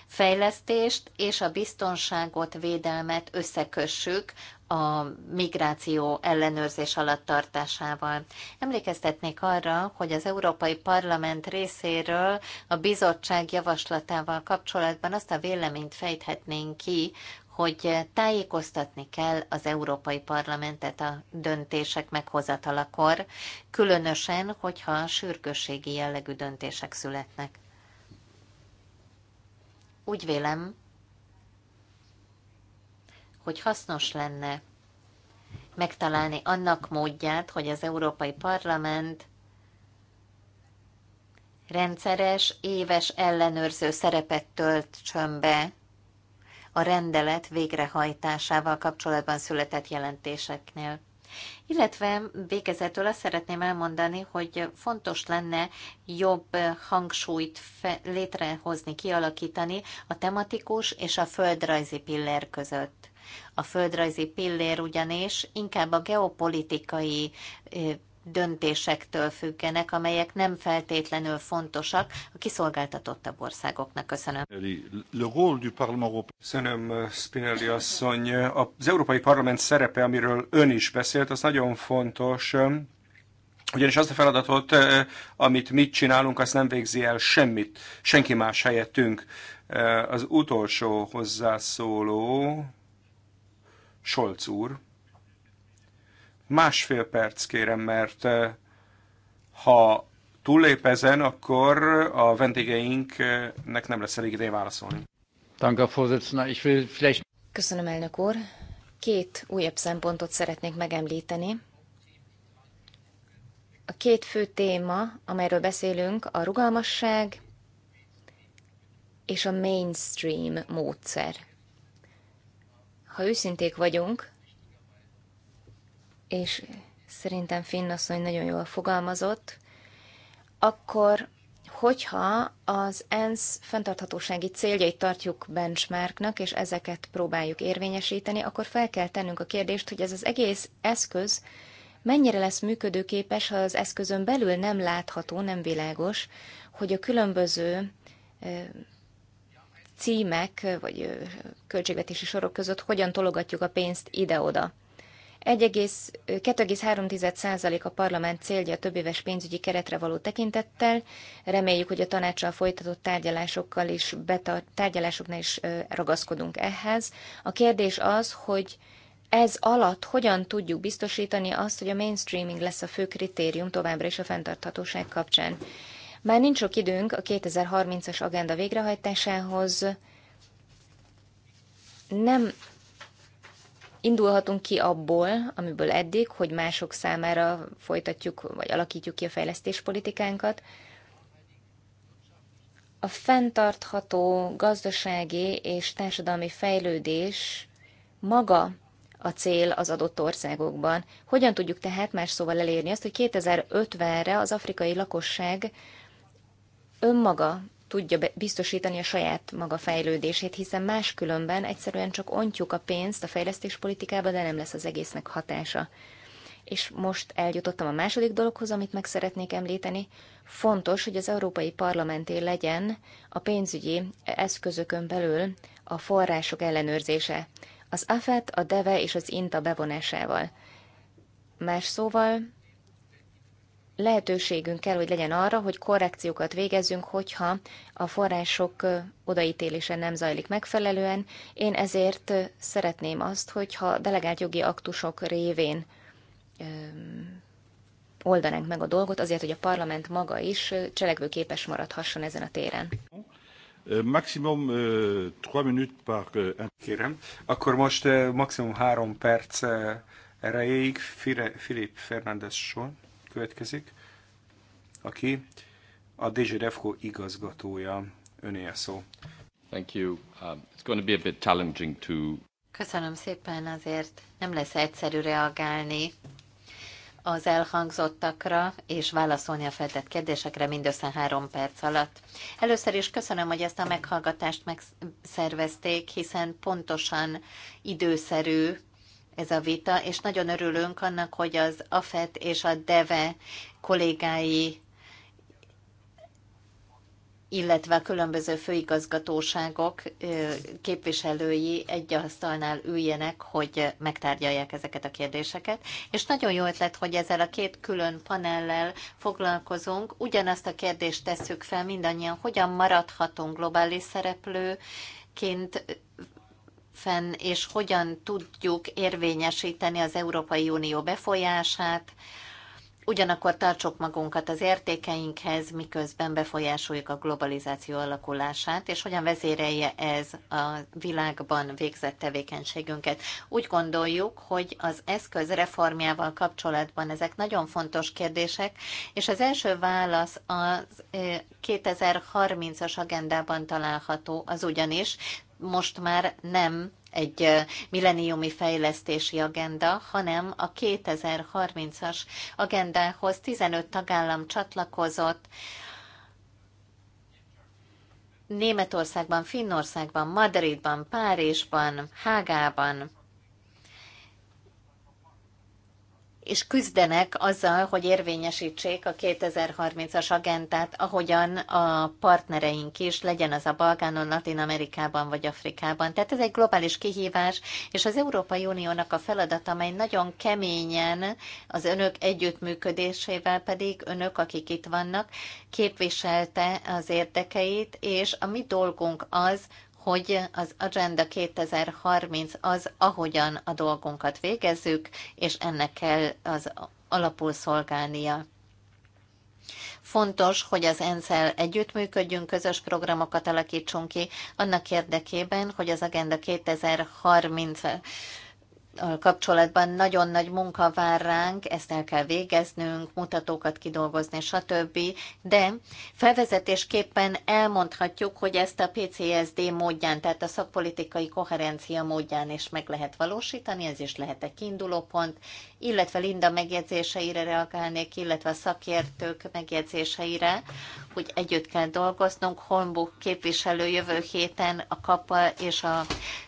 fejlesztést és a biztonságot, védelmet összekössük a migráció ellenőrzés alatt tartásával. Emlékeztetnék arra, hogy az Európai Parlament részéről a bizottság javaslatával kapcsolatban azt a véleményt fejthetnénk ki, hogy tájékoztatni kell az Európai Parlamentet a döntések meghozatalakor, különösen, hogyha sürgősségi jellegű döntések születnek. Úgy vélem, hogy hasznos lenne megtalálni annak módját, hogy az Európai Parlament rendszeres, éves ellenőrző szerepet tölt csömbbe a rendelet végrehajtásával kapcsolatban született jelentéseknél. Illetve végezetül azt szeretném elmondani, hogy fontos lenne jobb hangsúlyt létrehozni, kialakítani a tematikus és a földrajzi pillér között. A földrajzi pillér ugyanis inkább a geopolitikai döntésektől függenek, amelyek nem feltétlenül fontosak a kiszolgáltatottabb országoknak. Köszönöm. Köszönöm, Spinelli asszony. Az Európai Parlament szerepe, amiről ön is beszélt, az nagyon fontos, ugyanis azt a feladatot, amit mit csinálunk, azt nem végzi el semmit, senki más helyettünk. Az utolsó hozzászóló, Scholz úr. Másfél perc kérem, mert eh, ha túllép ezen, akkor a vendégeinknek nem lesz elég ideje válaszolni. Köszönöm, elnök úr. Két újabb szempontot szeretnék megemlíteni. A két fő téma, amelyről beszélünk, a rugalmasság és a mainstream módszer. Ha őszinték vagyunk, és szerintem Finnasszony nagyon jól fogalmazott, akkor hogyha az ENSZ fenntarthatósági céljait tartjuk benchmarknak, és ezeket próbáljuk érvényesíteni, akkor fel kell tennünk a kérdést, hogy ez az egész eszköz mennyire lesz működőképes, ha az eszközön belül nem látható, nem világos, hogy a különböző címek vagy költségvetési sorok között hogyan tologatjuk a pénzt ide-oda. 2,3% a parlament célja a többéves pénzügyi keretre való tekintettel. Reméljük, hogy a tanácssal folytatott tárgyalásokkal is, betart, tárgyalásoknál is ragaszkodunk ehhez. A kérdés az, hogy ez alatt hogyan tudjuk biztosítani azt, hogy a mainstreaming lesz a fő kritérium továbbra is a fenntarthatóság kapcsán. Már nincs sok időnk a 2030-as agenda végrehajtásához. Nem indulhatunk ki abból, amiből eddig, hogy mások számára folytatjuk vagy alakítjuk ki a fejlesztéspolitikánkat. A fenntartható gazdasági és társadalmi fejlődés maga a cél az adott országokban. Hogyan tudjuk tehát más szóval elérni azt, hogy 2050-re az afrikai lakosság önmaga tudja biztosítani a saját maga fejlődését, hiszen máskülönben egyszerűen csak ontjuk a pénzt a fejlesztéspolitikába, de nem lesz az egésznek hatása. És most eljutottam a második dologhoz, amit meg szeretnék említeni. Fontos, hogy az Európai Parlamenté legyen a pénzügyi eszközökön belül a források ellenőrzése. Az AFET, a DEVE és az INTA bevonásával. Más szóval lehetőségünk kell, hogy legyen arra, hogy korrekciókat végezzünk, hogyha a források odaítélése nem zajlik megfelelően. Én ezért szeretném azt, hogyha delegált jogi aktusok révén oldanánk meg a dolgot, azért, hogy a parlament maga is cselekvőképes maradhasson ezen a téren. Maximum 3 minut per... Kérem, akkor most maximum 3 perc erejéig Filip Fernández Sol következik, aki a DG Refco igazgatója. Öné a szó. Thank you. Um, it's going to be a bit challenging to... Köszönöm szépen, azért nem lesz egyszerű reagálni az elhangzottakra és válaszolni a feltett kérdésekre mindössze három perc alatt. Először is köszönöm, hogy ezt a meghallgatást megszervezték, hiszen pontosan időszerű ez a vita, és nagyon örülünk annak, hogy az AFET és a DEVE kollégái, illetve a különböző főigazgatóságok képviselői egy asztalnál üljenek, hogy megtárgyalják ezeket a kérdéseket. És nagyon jó ötlet, hogy ezzel a két külön panellel foglalkozunk. Ugyanazt a kérdést tesszük fel mindannyian, hogyan maradhatunk globális szereplő, ként fenn, és hogyan tudjuk érvényesíteni az Európai Unió befolyását, ugyanakkor tartsuk magunkat az értékeinkhez, miközben befolyásoljuk a globalizáció alakulását, és hogyan vezérelje ez a világban végzett tevékenységünket. Úgy gondoljuk, hogy az eszköz reformjával kapcsolatban ezek nagyon fontos kérdések, és az első válasz a 2030-as eh, agendában található, az ugyanis most már nem egy milleniumi fejlesztési agenda, hanem a 2030-as agendához 15 tagállam csatlakozott, Németországban, Finnországban, Madridban, Párizsban, Hágában, és küzdenek azzal, hogy érvényesítsék a 2030-as agendát, ahogyan a partnereink is, legyen az a Balkánon, Latin Amerikában vagy Afrikában. Tehát ez egy globális kihívás, és az Európai Uniónak a feladata, amely nagyon keményen az önök együttműködésével pedig önök, akik itt vannak, képviselte az érdekeit, és a mi dolgunk az, hogy az Agenda 2030 az, ahogyan a dolgunkat végezzük, és ennek kell az alapul szolgálnia. Fontos, hogy az ENSZ-el együttműködjünk, közös programokat alakítsunk ki, annak érdekében, hogy az Agenda 2030 kapcsolatban nagyon nagy munka vár ránk, ezt el kell végeznünk, mutatókat kidolgozni, stb. De felvezetésképpen elmondhatjuk, hogy ezt a PCSD módján, tehát a szakpolitikai koherencia módján is meg lehet valósítani, ez is lehet egy kiinduló pont, illetve Linda megjegyzéseire reagálnék, illetve a szakértők megjegyzéseire, hogy együtt kell dolgoznunk. Holmbuk képviselő jövő héten a KAPA és a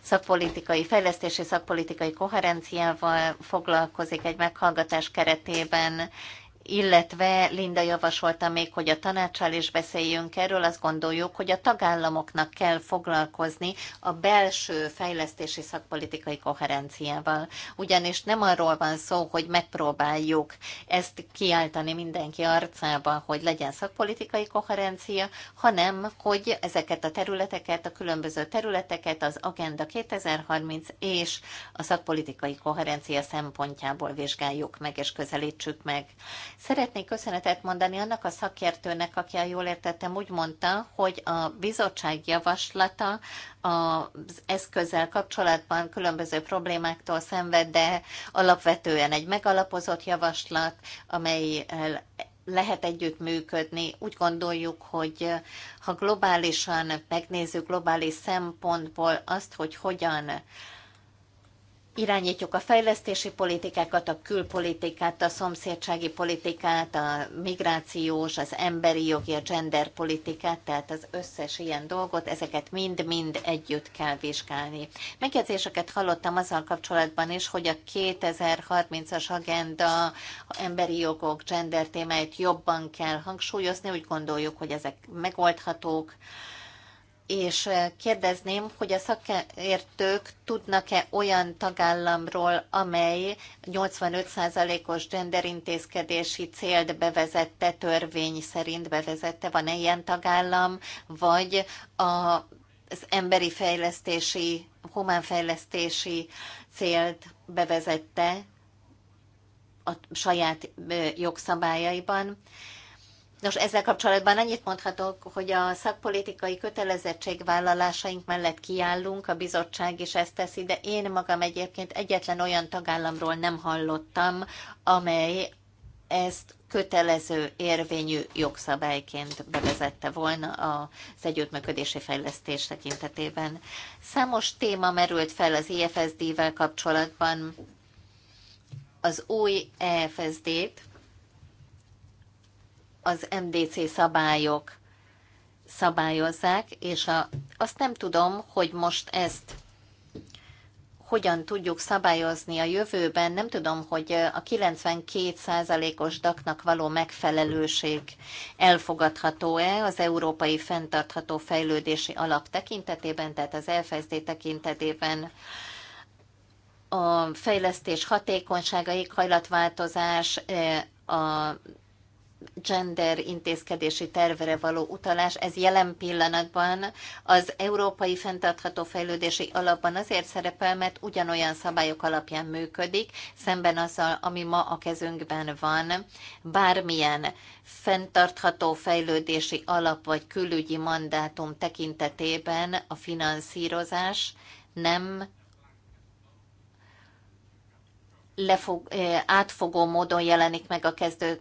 szakpolitikai, fejlesztési szakpolitikai koherenciával foglalkozik egy meghallgatás keretében, illetve Linda javasolta még, hogy a tanácsal is beszéljünk erről, azt gondoljuk, hogy a tagállamoknak kell foglalkozni a belső fejlesztési szakpolitikai koherenciával. Ugyanis nem arról van szó, hogy megpróbáljuk ezt kiáltani mindenki arcába, hogy legyen szakpolitikai koherencia, hanem hogy ezeket a területeket, a különböző területeket az Agenda 2030 és a szakpolitikai koherencia szempontjából vizsgáljuk meg és közelítsük meg. Szeretnék köszönetet mondani annak a szakértőnek, aki, a jól értettem, úgy mondta, hogy a bizottság javaslata az eszközzel kapcsolatban különböző problémáktól szenved, de alapvetően egy megalapozott javaslat, amely lehet együttműködni. Úgy gondoljuk, hogy ha globálisan megnézzük globális szempontból azt, hogy hogyan irányítjuk a fejlesztési politikákat, a külpolitikát, a szomszédsági politikát, a migrációs, az emberi jogi, a gender politikát, tehát az összes ilyen dolgot, ezeket mind-mind együtt kell vizsgálni. Megjegyzéseket hallottam azzal kapcsolatban is, hogy a 2030-as agenda a emberi jogok, gender témáit jobban kell hangsúlyozni, úgy gondoljuk, hogy ezek megoldhatók, és kérdezném, hogy a szakértők tudnak-e olyan tagállamról, amely 85%-os genderintézkedési célt bevezette, törvény szerint bevezette, van-e ilyen tagállam, vagy a, az emberi fejlesztési, humánfejlesztési célt bevezette a saját jogszabályaiban, Nos, ezzel kapcsolatban annyit mondhatok, hogy a szakpolitikai kötelezettségvállalásaink mellett kiállunk, a bizottság is ezt teszi, de én magam egyébként egyetlen olyan tagállamról nem hallottam, amely ezt kötelező érvényű jogszabályként bevezette volna az együttműködési fejlesztés tekintetében. Számos téma merült fel az IFSD-vel kapcsolatban. Az új EFSD-t, az MDC szabályok szabályozzák, és a, azt nem tudom, hogy most ezt hogyan tudjuk szabályozni a jövőben, nem tudom, hogy a 92%-os daknak való megfelelőség elfogadható-e az Európai Fenntartható Fejlődési Alap tekintetében, tehát az FSD tekintetében a fejlesztés hatékonysága, éghajlatváltozás, e, a gender intézkedési tervre való utalás, ez jelen pillanatban az Európai Fentartható Fejlődési Alapban azért szerepel, mert ugyanolyan szabályok alapján működik, szemben azzal, ami ma a kezünkben van. Bármilyen fenntartható fejlődési alap vagy külügyi mandátum tekintetében a finanszírozás nem lefog, átfogó módon jelenik meg a kezdő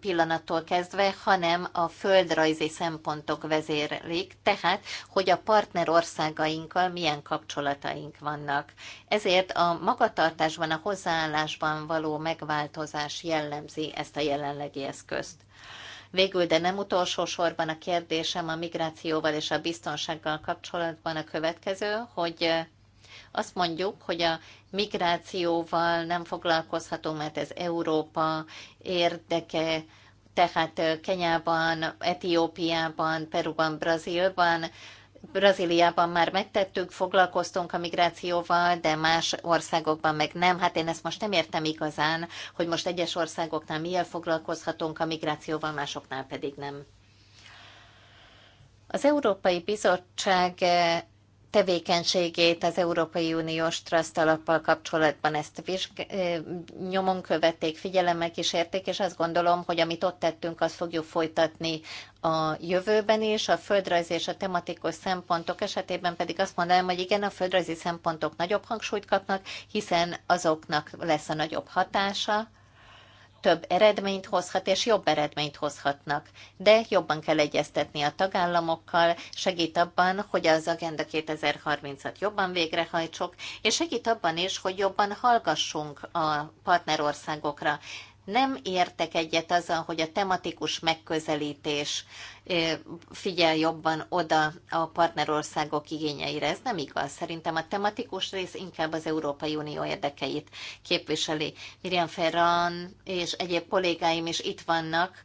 pillanattól kezdve, hanem a földrajzi szempontok vezérelik, tehát hogy a partner országainkkal milyen kapcsolataink vannak. Ezért a magatartásban, a hozzáállásban való megváltozás jellemzi ezt a jelenlegi eszközt. Végül, de nem utolsó sorban a kérdésem a migrációval és a biztonsággal kapcsolatban a következő, hogy azt mondjuk, hogy a migrációval nem foglalkozhatunk, mert ez Európa érdeke, tehát Kenyában, Etiópiában, Peruban, Brazílban, Brazíliában már megtettük, foglalkoztunk a migrációval, de más országokban meg nem. Hát én ezt most nem értem igazán, hogy most egyes országoknál milyen foglalkozhatunk a migrációval, másoknál pedig nem. Az Európai Bizottság tevékenységét az Európai Uniós Trust alappal kapcsolatban ezt vizsg- nyomon követték, figyelemmel kísérték, és azt gondolom, hogy amit ott tettünk, azt fogjuk folytatni a jövőben is. A földrajz és a tematikus szempontok esetében pedig azt mondanám, hogy igen, a földrajzi szempontok nagyobb hangsúlyt kapnak, hiszen azoknak lesz a nagyobb hatása több eredményt hozhat, és jobb eredményt hozhatnak. De jobban kell egyeztetni a tagállamokkal, segít abban, hogy az Agenda 2030-at jobban végrehajtsuk, és segít abban is, hogy jobban hallgassunk a partnerországokra nem értek egyet azzal, hogy a tematikus megközelítés figyel jobban oda a partnerországok igényeire. Ez nem igaz. Szerintem a tematikus rész inkább az Európai Unió érdekeit képviseli. Miriam Ferran és egyéb kollégáim is itt vannak,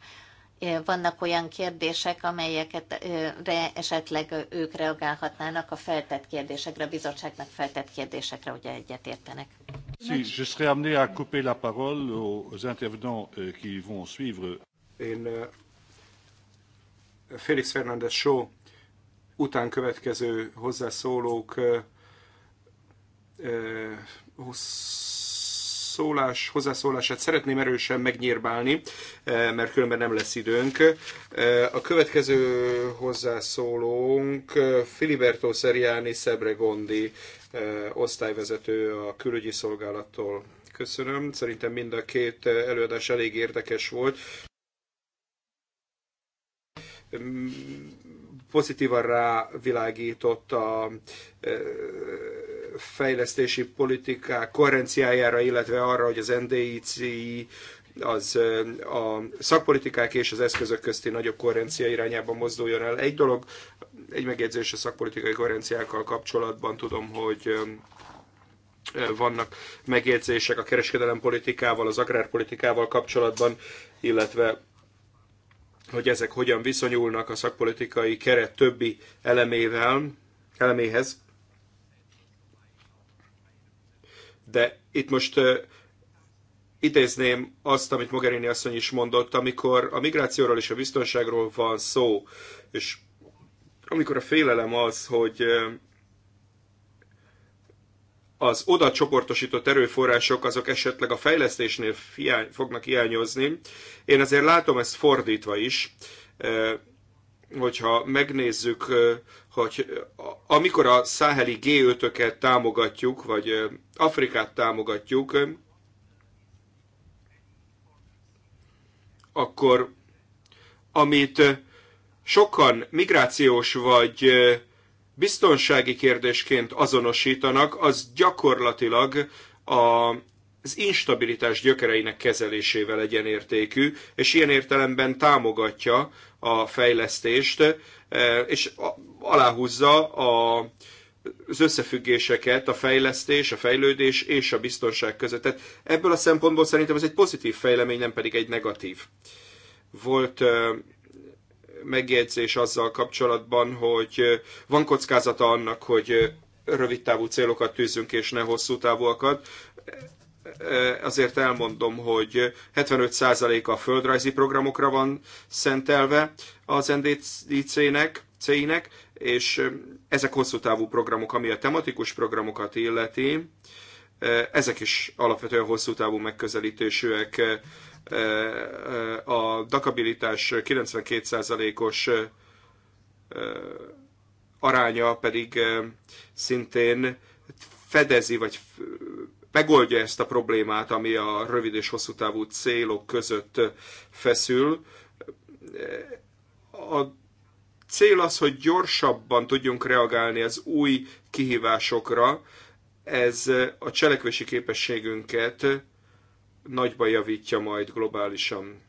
vannak olyan kérdések, amelyeket esetleg ők reagálhatnának a feltett kérdésekre, a bizottságnak feltett kérdésekre, ugye egyetértenek. Si, je serai amené à couper la parole aux intervenants euh, qui vont suivre. Én euh, Félix Fernández Show után következő hozzászólók 20 euh, szólás, hozzászólását szeretném erősen megnyírbálni, eh, mert különben nem lesz időnk. Eh, a következő hozzászólónk eh, Filiberto Seriani gondi, osztályvezető a külügyi szolgálattól. Köszönöm. Szerintem mind a két előadás elég érdekes volt mm, pozitívan rávilágított a fejlesztési politikák koherenciájára, illetve arra, hogy az NDIC az a szakpolitikák és az eszközök közti nagyobb koherencia irányába mozduljon el. Egy dolog, egy megjegyzés a szakpolitikai koherenciákkal kapcsolatban tudom, hogy vannak megjegyzések a kereskedelempolitikával, az agrárpolitikával kapcsolatban, illetve hogy ezek hogyan viszonyulnak a szakpolitikai keret többi elemével, eleméhez. De itt most idézném azt, amit Mogherini asszony is mondott, amikor a migrációról és a biztonságról van szó, és amikor a félelem az, hogy az oda csoportosított erőforrások azok esetleg a fejlesztésnél hiány, fognak hiányozni. Én azért látom ezt fordítva is hogyha megnézzük, hogy amikor a száheli G5-öket támogatjuk, vagy Afrikát támogatjuk, akkor amit sokan migrációs vagy biztonsági kérdésként azonosítanak, az gyakorlatilag a az instabilitás gyökereinek kezelésével egyenértékű, és ilyen értelemben támogatja a fejlesztést, eh, és aláhúzza a, az összefüggéseket, a fejlesztés, a fejlődés és a biztonság között. Tehát ebből a szempontból szerintem ez egy pozitív fejlemény, nem pedig egy negatív. Volt eh, megjegyzés azzal kapcsolatban, hogy eh, van kockázata annak, hogy rövid távú célokat tűzünk, és ne hosszú távúakat. Eh, azért elmondom, hogy 75% a földrajzi programokra van szentelve az NDC-nek, C-nek, és eh, ezek hosszú távú programok, ami a tematikus programokat illeti, eh, ezek is alapvetően hosszú távú megközelítésűek. A dakabilitás 92%-os aránya pedig szintén fedezi, vagy megoldja ezt a problémát, ami a rövid és hosszú távú célok között feszül. A cél az, hogy gyorsabban tudjunk reagálni az új kihívásokra, ez a cselekvési képességünket nagyban javítja majd globálisan.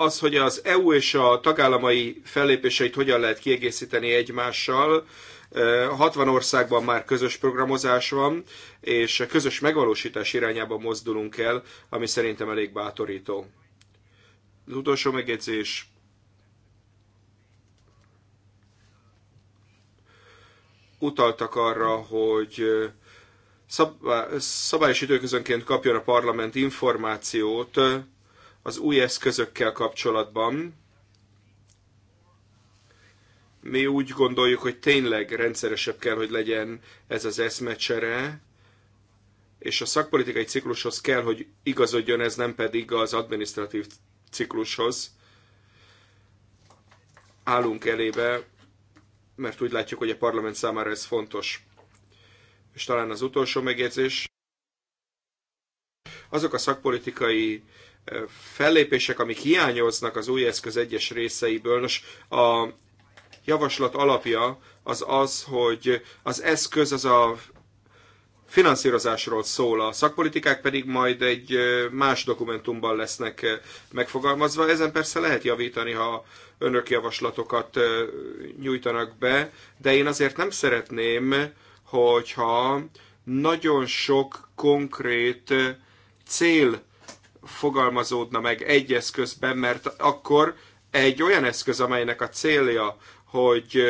az, hogy az EU és a tagállamai fellépéseit hogyan lehet kiegészíteni egymással, 60 országban már közös programozás van, és közös megvalósítás irányába mozdulunk el, ami szerintem elég bátorító. Az utolsó megjegyzés. Utaltak arra, hogy szabályos időközönként kapjon a parlament információt az új eszközökkel kapcsolatban. Mi úgy gondoljuk, hogy tényleg rendszeresebb kell, hogy legyen ez az eszmecsere, és a szakpolitikai ciklushoz kell, hogy igazodjon ez, nem pedig az administratív ciklushoz. Állunk elébe, mert úgy látjuk, hogy a parlament számára ez fontos. És talán az utolsó megjegyzés. Azok a szakpolitikai fellépések, amik hiányoznak az új eszköz egyes részeiből. Nos, a javaslat alapja az az, hogy az eszköz az a finanszírozásról szól, a szakpolitikák pedig majd egy más dokumentumban lesznek megfogalmazva. Ezen persze lehet javítani, ha önök javaslatokat nyújtanak be, de én azért nem szeretném, hogyha nagyon sok konkrét cél fogalmazódna meg egy eszközben, mert akkor egy olyan eszköz, amelynek a célja, hogy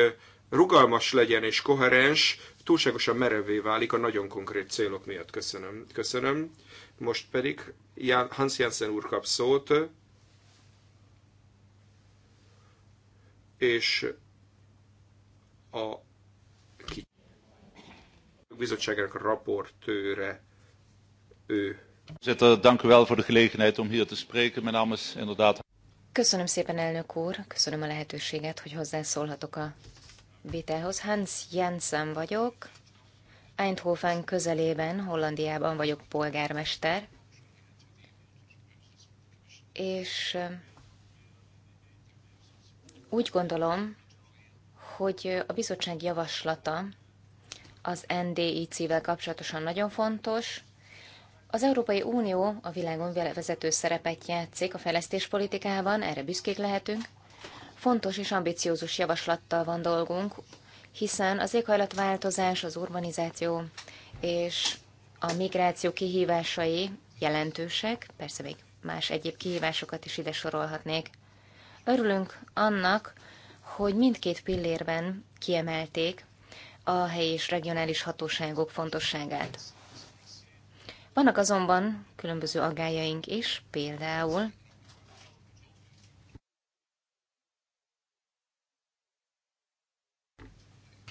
rugalmas legyen és koherens, túlságosan merevé válik a nagyon konkrét célok miatt. Köszönöm. Köszönöm. Most pedig Hans Jensen úr kap szót, és a bizottságának raportőre ő. Köszönöm szépen, elnök úr, köszönöm a lehetőséget, hogy hozzászólhatok a vitához. Hans Jensen vagyok, Eindhoven közelében, Hollandiában vagyok polgármester, és eh, úgy gondolom, hogy a bizottság javaslata az NDI vel kapcsolatosan nagyon fontos, az Európai Unió a világon vezető szerepet játszik a fejlesztéspolitikában, erre büszkék lehetünk. Fontos és ambiciózus javaslattal van dolgunk, hiszen az éghajlatváltozás, az urbanizáció és a migráció kihívásai jelentősek, persze még más egyéb kihívásokat is ide sorolhatnék. Örülünk annak, hogy mindkét pillérben kiemelték a helyi és regionális hatóságok fontosságát. Vannak azonban különböző agályaink is, például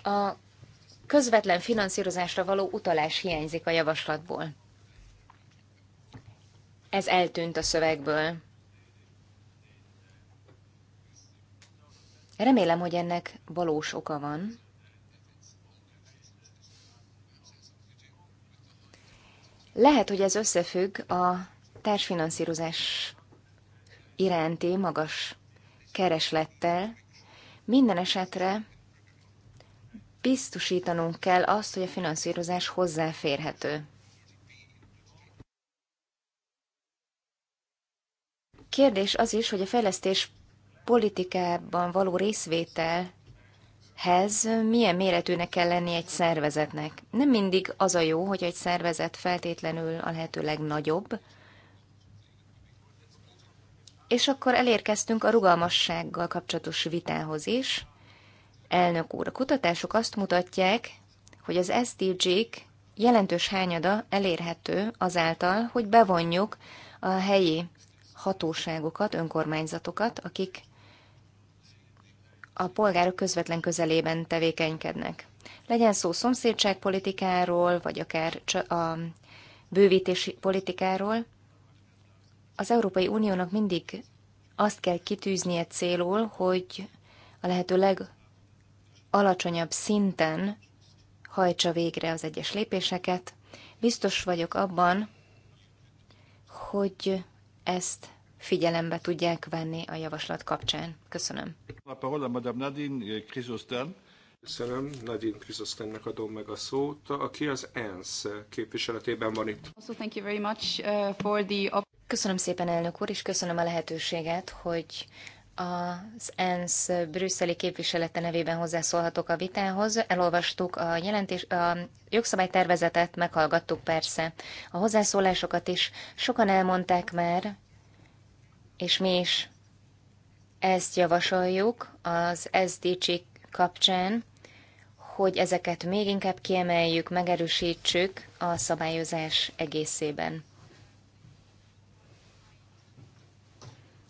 a közvetlen finanszírozásra való utalás hiányzik a javaslatból. Ez eltűnt a szövegből. Remélem, hogy ennek valós oka van. Lehet, hogy ez összefügg a társfinanszírozás iránti magas kereslettel. Minden esetre biztosítanunk kell azt, hogy a finanszírozás hozzáférhető. Kérdés az is, hogy a fejlesztés politikában való részvétel hez milyen méretűnek kell lenni egy szervezetnek. Nem mindig az a jó, hogy egy szervezet feltétlenül a lehető legnagyobb, és akkor elérkeztünk a rugalmassággal kapcsolatos vitához is. Elnök úr, a kutatások azt mutatják, hogy az SDG-k jelentős hányada elérhető azáltal, hogy bevonjuk a helyi hatóságokat, önkormányzatokat, akik a polgárok közvetlen közelében tevékenykednek. Legyen szó szomszédságpolitikáról, vagy akár a bővítési politikáról, az Európai Uniónak mindig azt kell kitűznie célul, hogy a lehető legalacsonyabb szinten hajtsa végre az egyes lépéseket. Biztos vagyok abban, hogy ezt figyelembe tudják venni a javaslat kapcsán. Köszönöm. A parola Madame Nadine Köszönöm, Nadine Chrysostennek adom meg a szót, aki az ENSZ képviseletében van itt. Also, thank you very much uh, for the... Köszönöm szépen, elnök úr, és köszönöm a lehetőséget, hogy az ENSZ brüsszeli képviselete nevében hozzászólhatok a vitához. Elolvastuk a, jelentés, a jogszabálytervezetet, meghallgattuk persze a hozzászólásokat is. Sokan elmondták már, és mi is ezt javasoljuk az SDG kapcsán, hogy ezeket még inkább kiemeljük, megerősítsük a szabályozás egészében.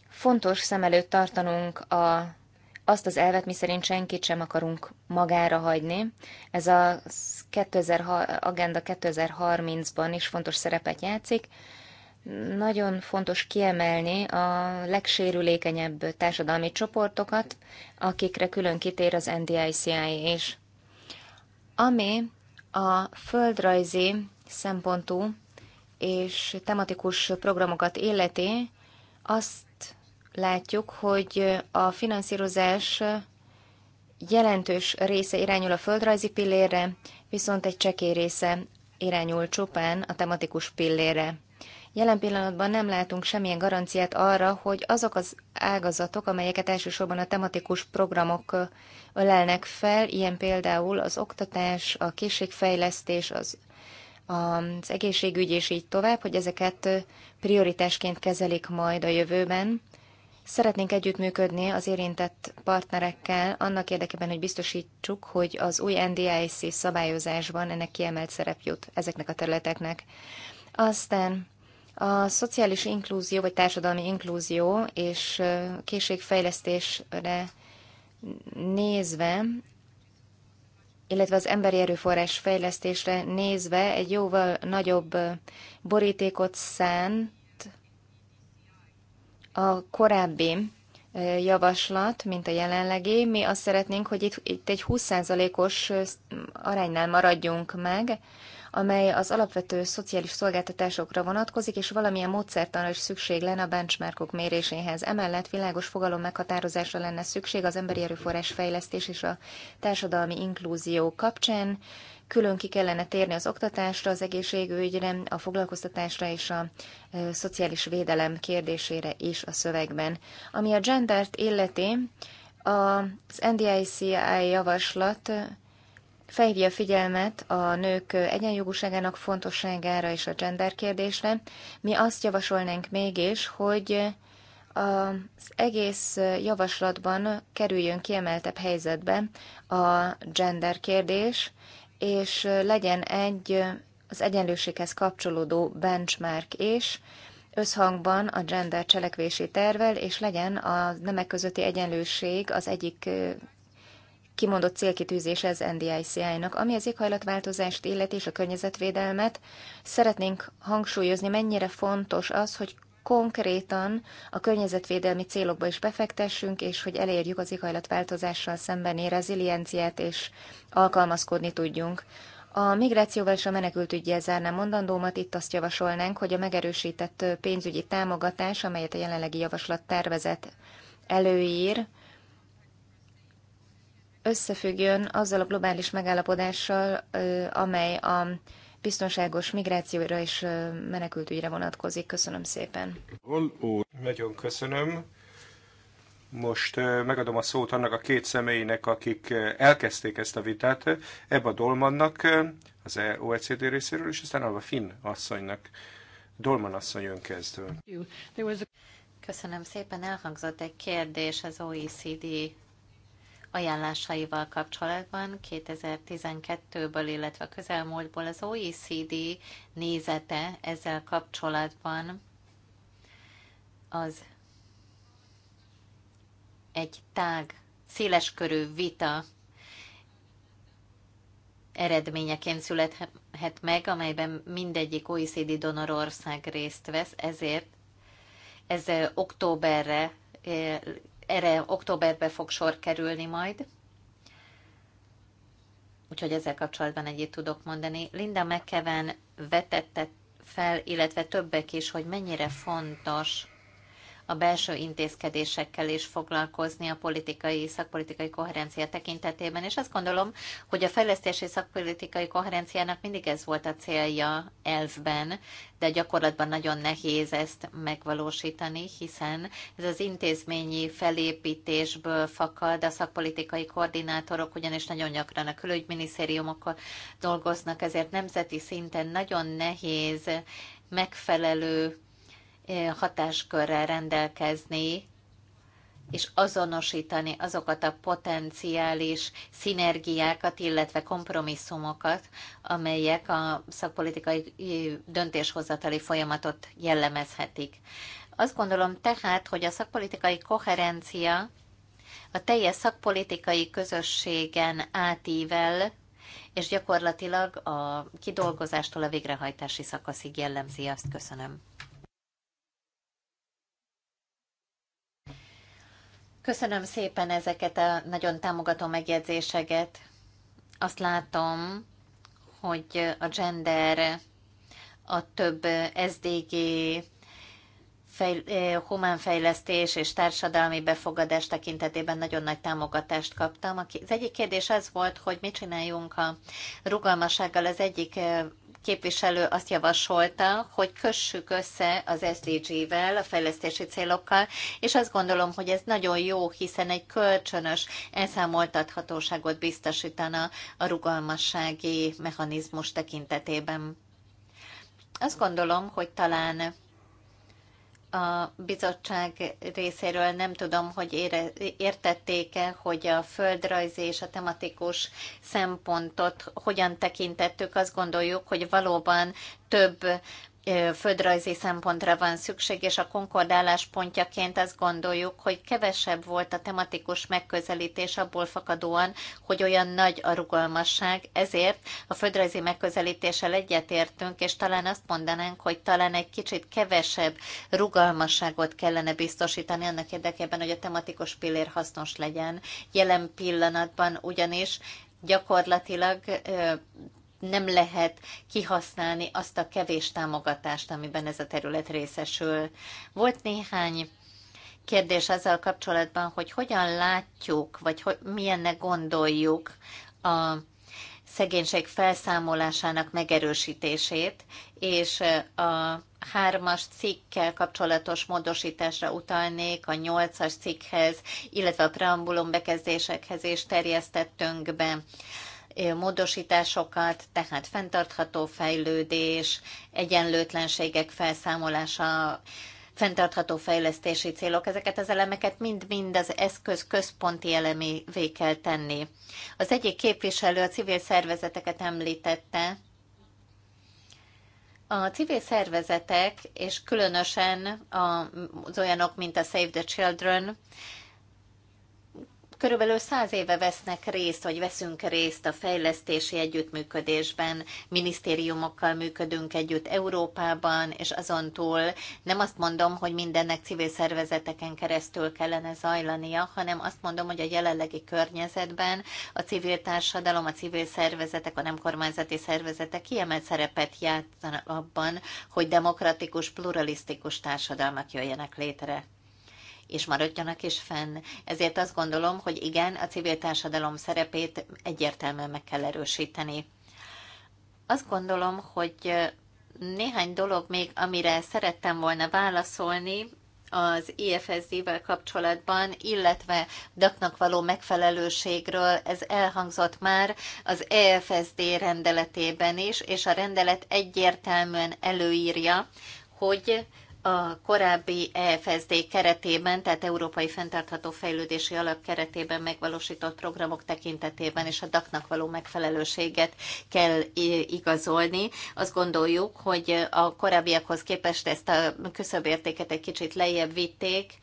Fontos szem előtt tartanunk a, azt az elvet, szerint senkit sem akarunk magára hagyni. Ez a 2000, Agenda 2030-ban is fontos szerepet játszik. Nagyon fontos kiemelni a legsérülékenyebb társadalmi csoportokat, akikre külön kitér az NDICI is. Ami a földrajzi szempontú és tematikus programokat illeti, azt látjuk, hogy a finanszírozás jelentős része irányul a földrajzi pillérre, viszont egy csekély része irányul csupán a tematikus pillére. Jelen pillanatban nem látunk semmilyen garanciát arra, hogy azok az ágazatok, amelyeket elsősorban a tematikus programok ölelnek fel, ilyen például az oktatás, a készségfejlesztés, az, az egészségügy és így tovább, hogy ezeket prioritásként kezelik majd a jövőben. Szeretnénk együttműködni az érintett partnerekkel annak érdekében, hogy biztosítsuk, hogy az új NDIC szabályozásban ennek kiemelt szerep jut ezeknek a területeknek. Aztán a szociális inklúzió, vagy társadalmi inklúzió és készségfejlesztésre nézve, illetve az emberi erőforrás fejlesztésre nézve egy jóval nagyobb borítékot szánt a korábbi javaslat, mint a jelenlegi. Mi azt szeretnénk, hogy itt, itt egy 20%-os aránynál maradjunk meg, amely az alapvető szociális szolgáltatásokra vonatkozik, és valamilyen módszertanra is szükség lenne a benchmarkok méréséhez. Emellett világos fogalom meghatározásra lenne szükség az emberi erőforrás fejlesztés és a társadalmi inklúzió kapcsán. Külön ki kellene térni az oktatásra, az egészségügyre, a foglalkoztatásra és a e, szociális védelem kérdésére is a szövegben. Ami a gendert illeti, az NDICI javaslat felhívja a figyelmet a nők egyenjogúságának fontosságára és a gender kérdésre. Mi azt javasolnánk mégis, hogy az egész javaslatban kerüljön kiemeltebb helyzetbe a gender kérdés, és legyen egy az egyenlőséghez kapcsolódó benchmark is, összhangban a gender cselekvési tervel, és legyen a nemek közötti egyenlőség az egyik kimondott célkitűzés ez NDICI-nak, ami az éghajlatváltozást illeti és a környezetvédelmet. Szeretnénk hangsúlyozni, mennyire fontos az, hogy konkrétan a környezetvédelmi célokba is befektessünk, és hogy elérjük az éghajlatváltozással szembeni rezilienciát, és alkalmazkodni tudjunk. A migrációval és a menekültügyjel zárnám mondandómat, itt azt javasolnánk, hogy a megerősített pénzügyi támogatás, amelyet a jelenlegi javaslat tervezet előír, összefüggjön azzal a globális megállapodással, amely a biztonságos migrációra és menekültügyre vonatkozik. Köszönöm szépen. Nagyon köszönöm. Most megadom a szót annak a két személynek, akik elkezdték ezt a vitát, Ebba Dolmannak, az e OECD részéről, és aztán Alva Finn asszonynak. Dolman asszony önkezdő. Köszönöm szépen, elhangzott egy kérdés az OECD ajánlásaival kapcsolatban 2012-ből, illetve a közelmúltból az OECD nézete ezzel kapcsolatban az egy tág, széleskörű vita eredményeként születhet meg, amelyben mindegyik OECD donorország részt vesz, ezért ez októberre erre októberbe fog sor kerülni majd. Úgyhogy ezzel kapcsolatban egyet tudok mondani. Linda McKeven vetette fel, illetve többek is, hogy mennyire fontos a belső intézkedésekkel is foglalkozni a politikai, szakpolitikai koherencia tekintetében, és azt gondolom, hogy a fejlesztési szakpolitikai koherenciának mindig ez volt a célja elfben, de gyakorlatban nagyon nehéz ezt megvalósítani, hiszen ez az intézményi felépítésből fakad, a szakpolitikai koordinátorok ugyanis nagyon gyakran a külügyminisztériumokkal dolgoznak, ezért nemzeti szinten nagyon nehéz megfelelő hatáskörrel rendelkezni, és azonosítani azokat a potenciális szinergiákat, illetve kompromisszumokat, amelyek a szakpolitikai döntéshozatali folyamatot jellemezhetik. Azt gondolom tehát, hogy a szakpolitikai koherencia a teljes szakpolitikai közösségen átível, és gyakorlatilag a kidolgozástól a végrehajtási szakaszig jellemzi azt. Köszönöm. Köszönöm szépen ezeket a nagyon támogató megjegyzéseket. Azt látom, hogy a gender, a több SDG, fejl, eh, humánfejlesztés és társadalmi befogadás tekintetében nagyon nagy támogatást kaptam. Az egyik kérdés az volt, hogy mit csináljunk a rugalmassággal. Az egyik eh, képviselő azt javasolta, hogy kössük össze az SDG-vel, a fejlesztési célokkal, és azt gondolom, hogy ez nagyon jó, hiszen egy kölcsönös elszámoltathatóságot biztosítana a rugalmassági mechanizmus tekintetében. Azt gondolom, hogy talán a bizottság részéről nem tudom, hogy ére, értették-e, hogy a földrajzi és a tematikus szempontot hogyan tekintettük. Azt gondoljuk, hogy valóban több földrajzi szempontra van szükség, és a konkordálás pontjaként azt gondoljuk, hogy kevesebb volt a tematikus megközelítés abból fakadóan, hogy olyan nagy a rugalmasság, ezért a földrajzi megközelítéssel egyetértünk, és talán azt mondanánk, hogy talán egy kicsit kevesebb rugalmasságot kellene biztosítani annak érdekében, hogy a tematikus pillér hasznos legyen. Jelen pillanatban ugyanis gyakorlatilag nem lehet kihasználni azt a kevés támogatást, amiben ez a terület részesül. Volt néhány kérdés azzal kapcsolatban, hogy hogyan látjuk, vagy hogy milyennek gondoljuk a szegénység felszámolásának megerősítését, és a hármas cikkkel kapcsolatos módosításra utalnék, a nyolcas cikkhez, illetve a preambulum bekezdésekhez és terjesztettünk be módosításokat, tehát fenntartható fejlődés, egyenlőtlenségek felszámolása, fenntartható fejlesztési célok, ezeket az elemeket mind-mind az eszköz központi elemévé kell tenni. Az egyik képviselő a civil szervezeteket említette. A civil szervezetek, és különösen az olyanok, mint a Save the Children, Körülbelül száz éve vesznek részt, vagy veszünk részt a fejlesztési együttműködésben, minisztériumokkal működünk együtt Európában, és azon túl nem azt mondom, hogy mindennek civil szervezeteken keresztül kellene zajlania, hanem azt mondom, hogy a jelenlegi környezetben a civil társadalom, a civil szervezetek, a nem kormányzati szervezetek kiemelt szerepet játszanak abban, hogy demokratikus, pluralisztikus társadalmak jöjjenek létre és maradjanak is fenn. Ezért azt gondolom, hogy igen, a civil társadalom szerepét egyértelműen meg kell erősíteni. Azt gondolom, hogy néhány dolog még, amire szerettem volna válaszolni, az IFSZ-vel kapcsolatban, illetve daknak való megfelelőségről, ez elhangzott már az EFSD rendeletében is, és a rendelet egyértelműen előírja, hogy a korábbi EFSD keretében, tehát Európai Fenntartható Fejlődési Alap keretében megvalósított programok tekintetében és a DAC-nak való megfelelőséget kell igazolni. Azt gondoljuk, hogy a korábbiakhoz képest ezt a küszöbértéket egy kicsit lejjebb vitték,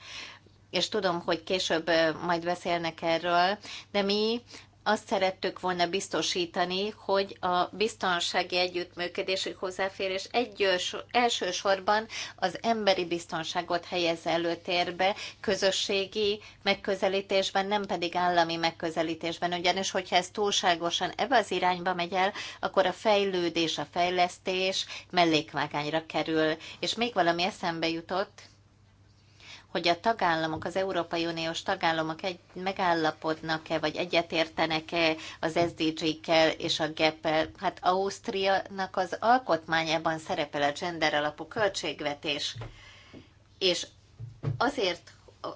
és tudom, hogy később majd beszélnek erről, de mi azt szerettük volna biztosítani, hogy a biztonsági együttműködési hozzáférés egyős, elsősorban az emberi biztonságot helyez előtérbe, közösségi megközelítésben, nem pedig állami megközelítésben. Ugyanis, hogyha ez túlságosan ebbe az irányba megy el, akkor a fejlődés, a fejlesztés mellékvágányra kerül. És még valami eszembe jutott, hogy a tagállamok, az Európai Uniós tagállamok egy, megállapodnak-e, vagy egyetértenek-e az SDG-kkel és a GEP-el. Hát Ausztriának az alkotmányában szerepel a gender alapú költségvetés, és azért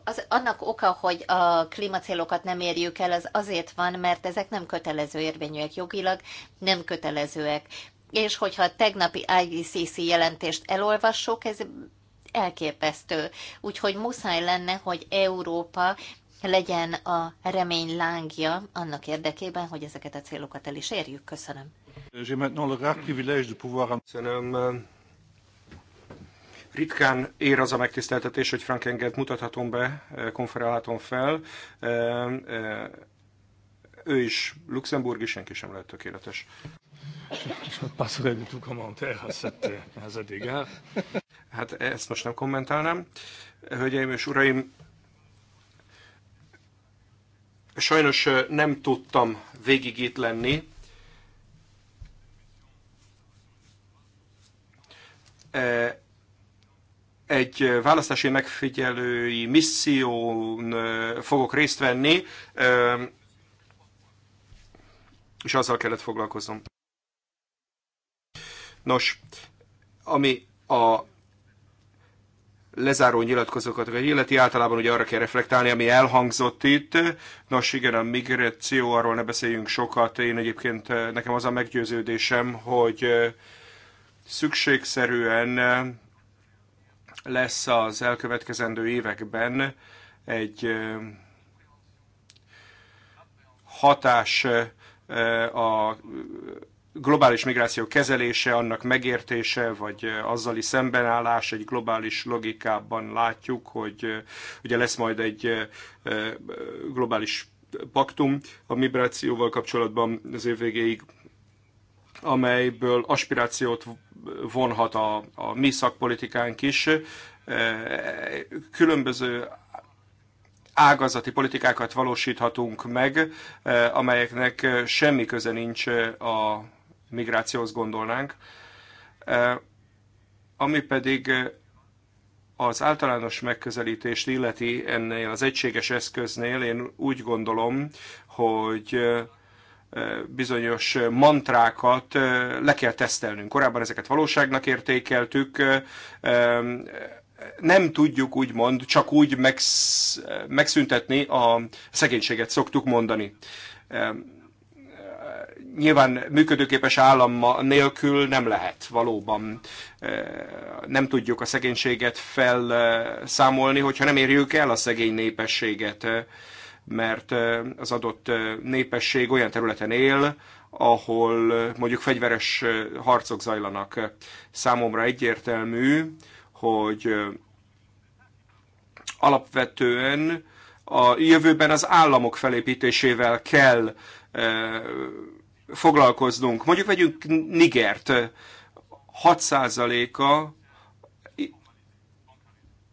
az, annak oka, hogy a klímacélokat nem érjük el, az azért van, mert ezek nem kötelező érvényűek jogilag, nem kötelezőek. És hogyha a tegnapi IGCC e jelentést elolvassuk, ez elképesztő. Úgyhogy muszáj lenne, hogy Európa legyen a remény lángja annak érdekében, hogy ezeket a célokat el is érjük. Köszönöm. Köszönöm. Ritkán ér az a megtiszteltetés, hogy Frankenget mutathatom be, konferálhatom fel. Ő is luxemburgi, senki sem lehet tökéletes. Je ne passerai du tout commentaire à, cette, à cet égard. Hát ezt most nem kommentálnám. Hölgyeim és uraim, sajnos nem tudtam végig itt lenni. Egy választási megfigyelői misszión fogok részt venni, és azzal kellett foglalkoznom. Nos, ami a lezáró nyilatkozókat illeti, általában ugye arra kell reflektálni, ami elhangzott itt. Nos, igen, a migráció, arról ne beszéljünk sokat. Én egyébként, eh, nekem az a meggyőződésem, hogy eh, szükségszerűen eh, lesz az elkövetkezendő években egy hatás a globális migráció kezelése, annak megértése, vagy azzali szembenállás egy globális logikában látjuk, hogy ugye lesz majd egy globális paktum a migrációval kapcsolatban az év végéig, amelyből aspirációt vonhat a, a mi szakpolitikánk is. Különböző ágazati politikákat valósíthatunk meg, amelyeknek semmi köze nincs a migrációhoz gondolnánk. Ami pedig az általános megközelítést illeti ennél az egységes eszköznél, én úgy gondolom, hogy bizonyos mantrákat le kell tesztelnünk. Korábban ezeket valóságnak értékeltük, nem tudjuk úgymond csak úgy megsz, megszüntetni a szegénységet, szoktuk mondani nyilván működőképes állam nélkül nem lehet valóban. Eh, nem tudjuk a szegénységet felszámolni, hogyha nem érjük el a szegény népességet, eh, mert eh, az adott népesség olyan területen él, ahol mondjuk fegyveres harcok zajlanak. Számomra egyértelmű, hogy alapvetően a jövőben az államok felépítésével kell foglalkoznunk. Mondjuk vegyünk Nigert, 6%-a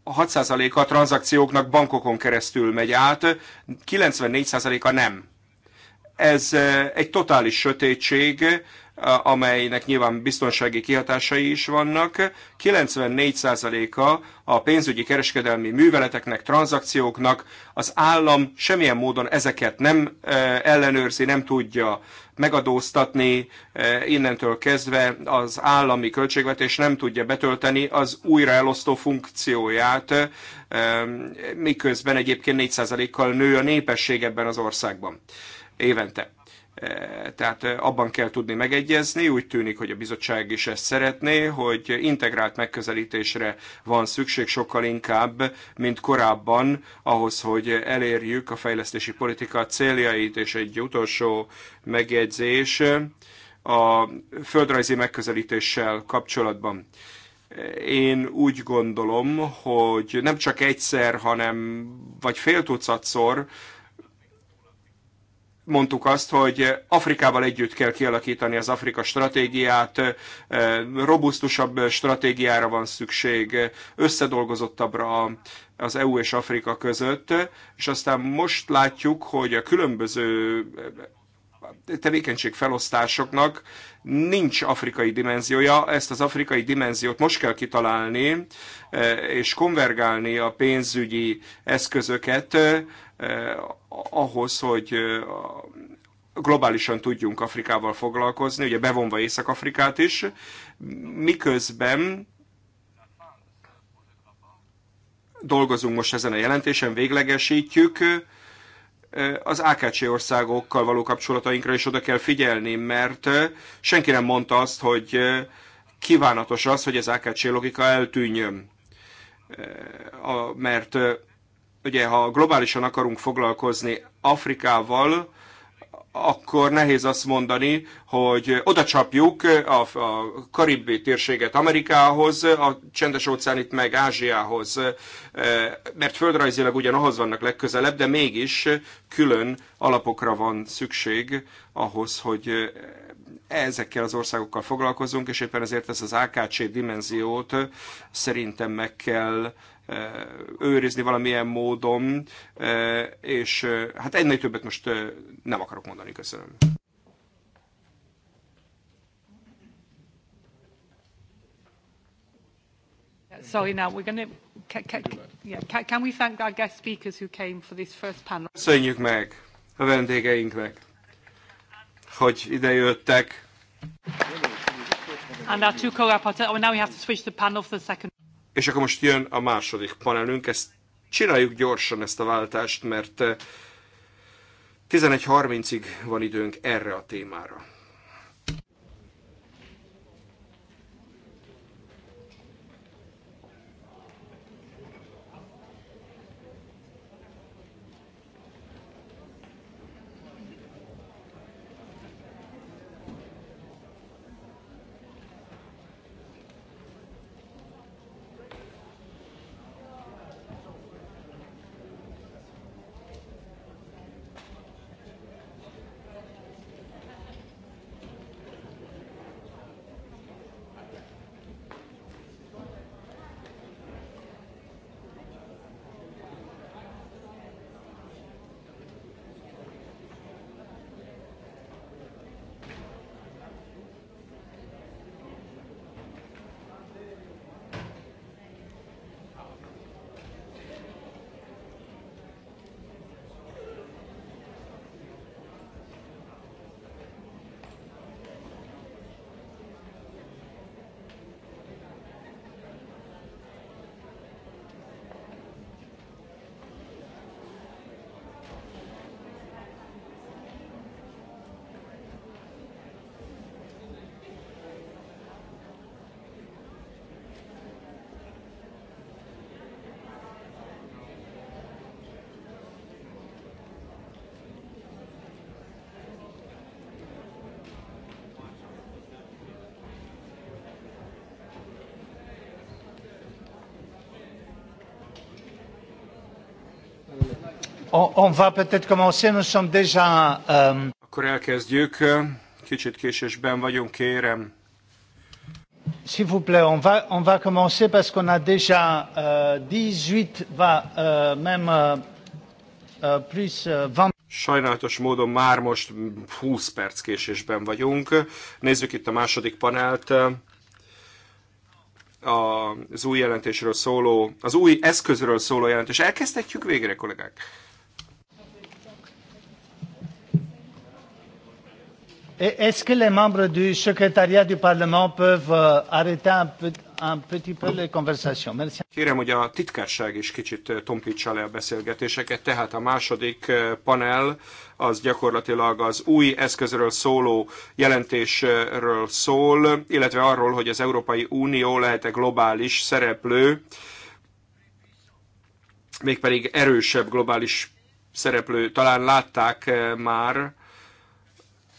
6%-a a tranzakcióknak bankokon keresztül megy át, 94%-a nem. Ez egy totális sötétség, amelynek nyilván biztonsági kihatásai is vannak. 94%-a a pénzügyi kereskedelmi műveleteknek, tranzakcióknak az állam semmilyen módon ezeket nem ellenőrzi, nem tudja megadóztatni, innentől kezdve az állami költségvetés nem tudja betölteni az újraelosztó funkcióját, miközben egyébként 4%-kal nő a népesség ebben az országban évente. E, tehát e, abban kell tudni megegyezni, úgy tűnik, hogy a bizottság is ezt szeretné, hogy integrált megközelítésre van szükség sokkal inkább, mint korábban, ahhoz, hogy elérjük a fejlesztési politika céljait, és egy utolsó megjegyzés a földrajzi megközelítéssel kapcsolatban. Én úgy gondolom, hogy nem csak egyszer, hanem vagy fél tucatszor mondtuk azt, hogy Afrikával együtt kell kialakítani az Afrika stratégiát, robusztusabb stratégiára van szükség, összedolgozottabbra az EU és Afrika között, és aztán most látjuk, hogy a különböző tevékenység felosztásoknak nincs afrikai dimenziója, ezt az afrikai dimenziót most kell kitalálni, és konvergálni a pénzügyi eszközöket Eh, ahhoz, hogy eh, globálisan tudjunk Afrikával foglalkozni, ugye bevonva Észak-Afrikát is, miközben dolgozunk most ezen a jelentésen, véglegesítjük, eh, az AKC országokkal való kapcsolatainkra is oda kell figyelni, mert senki nem mondta azt, hogy kívánatos az, hogy az AKC logika eltűnjön. Mert ugye ha globálisan akarunk foglalkozni Afrikával, akkor nehéz azt mondani, hogy oda csapjuk a, a karibbi térséget Amerikához, a csendes óceánit meg Ázsiához, e, mert földrajzilag ugyanahhoz vannak legközelebb, de mégis külön alapokra van szükség ahhoz, hogy ezekkel az országokkal foglalkozunk, és éppen ezért ezt az AKC dimenziót szerintem meg kell őrizni valamilyen módon, és hát ennél többet most nem akarok mondani, köszönöm. Sorry now, we're going to... Can, can, yeah, can, can we thank our guest speakers who came for this first panel? Köszönjük meg a vendégeinknek, hogy ide jöttek. And our two co-rapporteurs, oh, now we have to switch the panel for the second. És akkor most jön a második panelünk, ezt csináljuk gyorsan ezt a váltást, mert 11.30-ig eh, van időnk erre a témára. on, va peut-être commencer, nous sommes déjà... Um... Akkor elkezdjük. Kicsit késésben vagyunk, kérem. S'il vous plaît, on va, on va commencer parce qu'on a déjà euh, 18, va, euh, même euh, euh plus euh, 20... Sajnálatos módon már most 20 perc késésben vagyunk. Nézzük itt a második panelt az új jelentésről szóló, az új eszközről szóló jelentés. Elkezdhetjük végre, kollégák? E-, est-ce que les membres du secrétariat du Parlement peuvent euh, arrêter un, peu, un petit peu les conversations? Merci. Kérem, hogy a titkárság is kicsit euh, tompítsa le a beszélgetéseket, tehát a második euh, panel az gyakorlatilag az új eszközről szóló jelentésről szól, illetve arról, hogy az Európai Unió lehet-e globális szereplő, mégpedig erősebb globális szereplő. Talán látták már,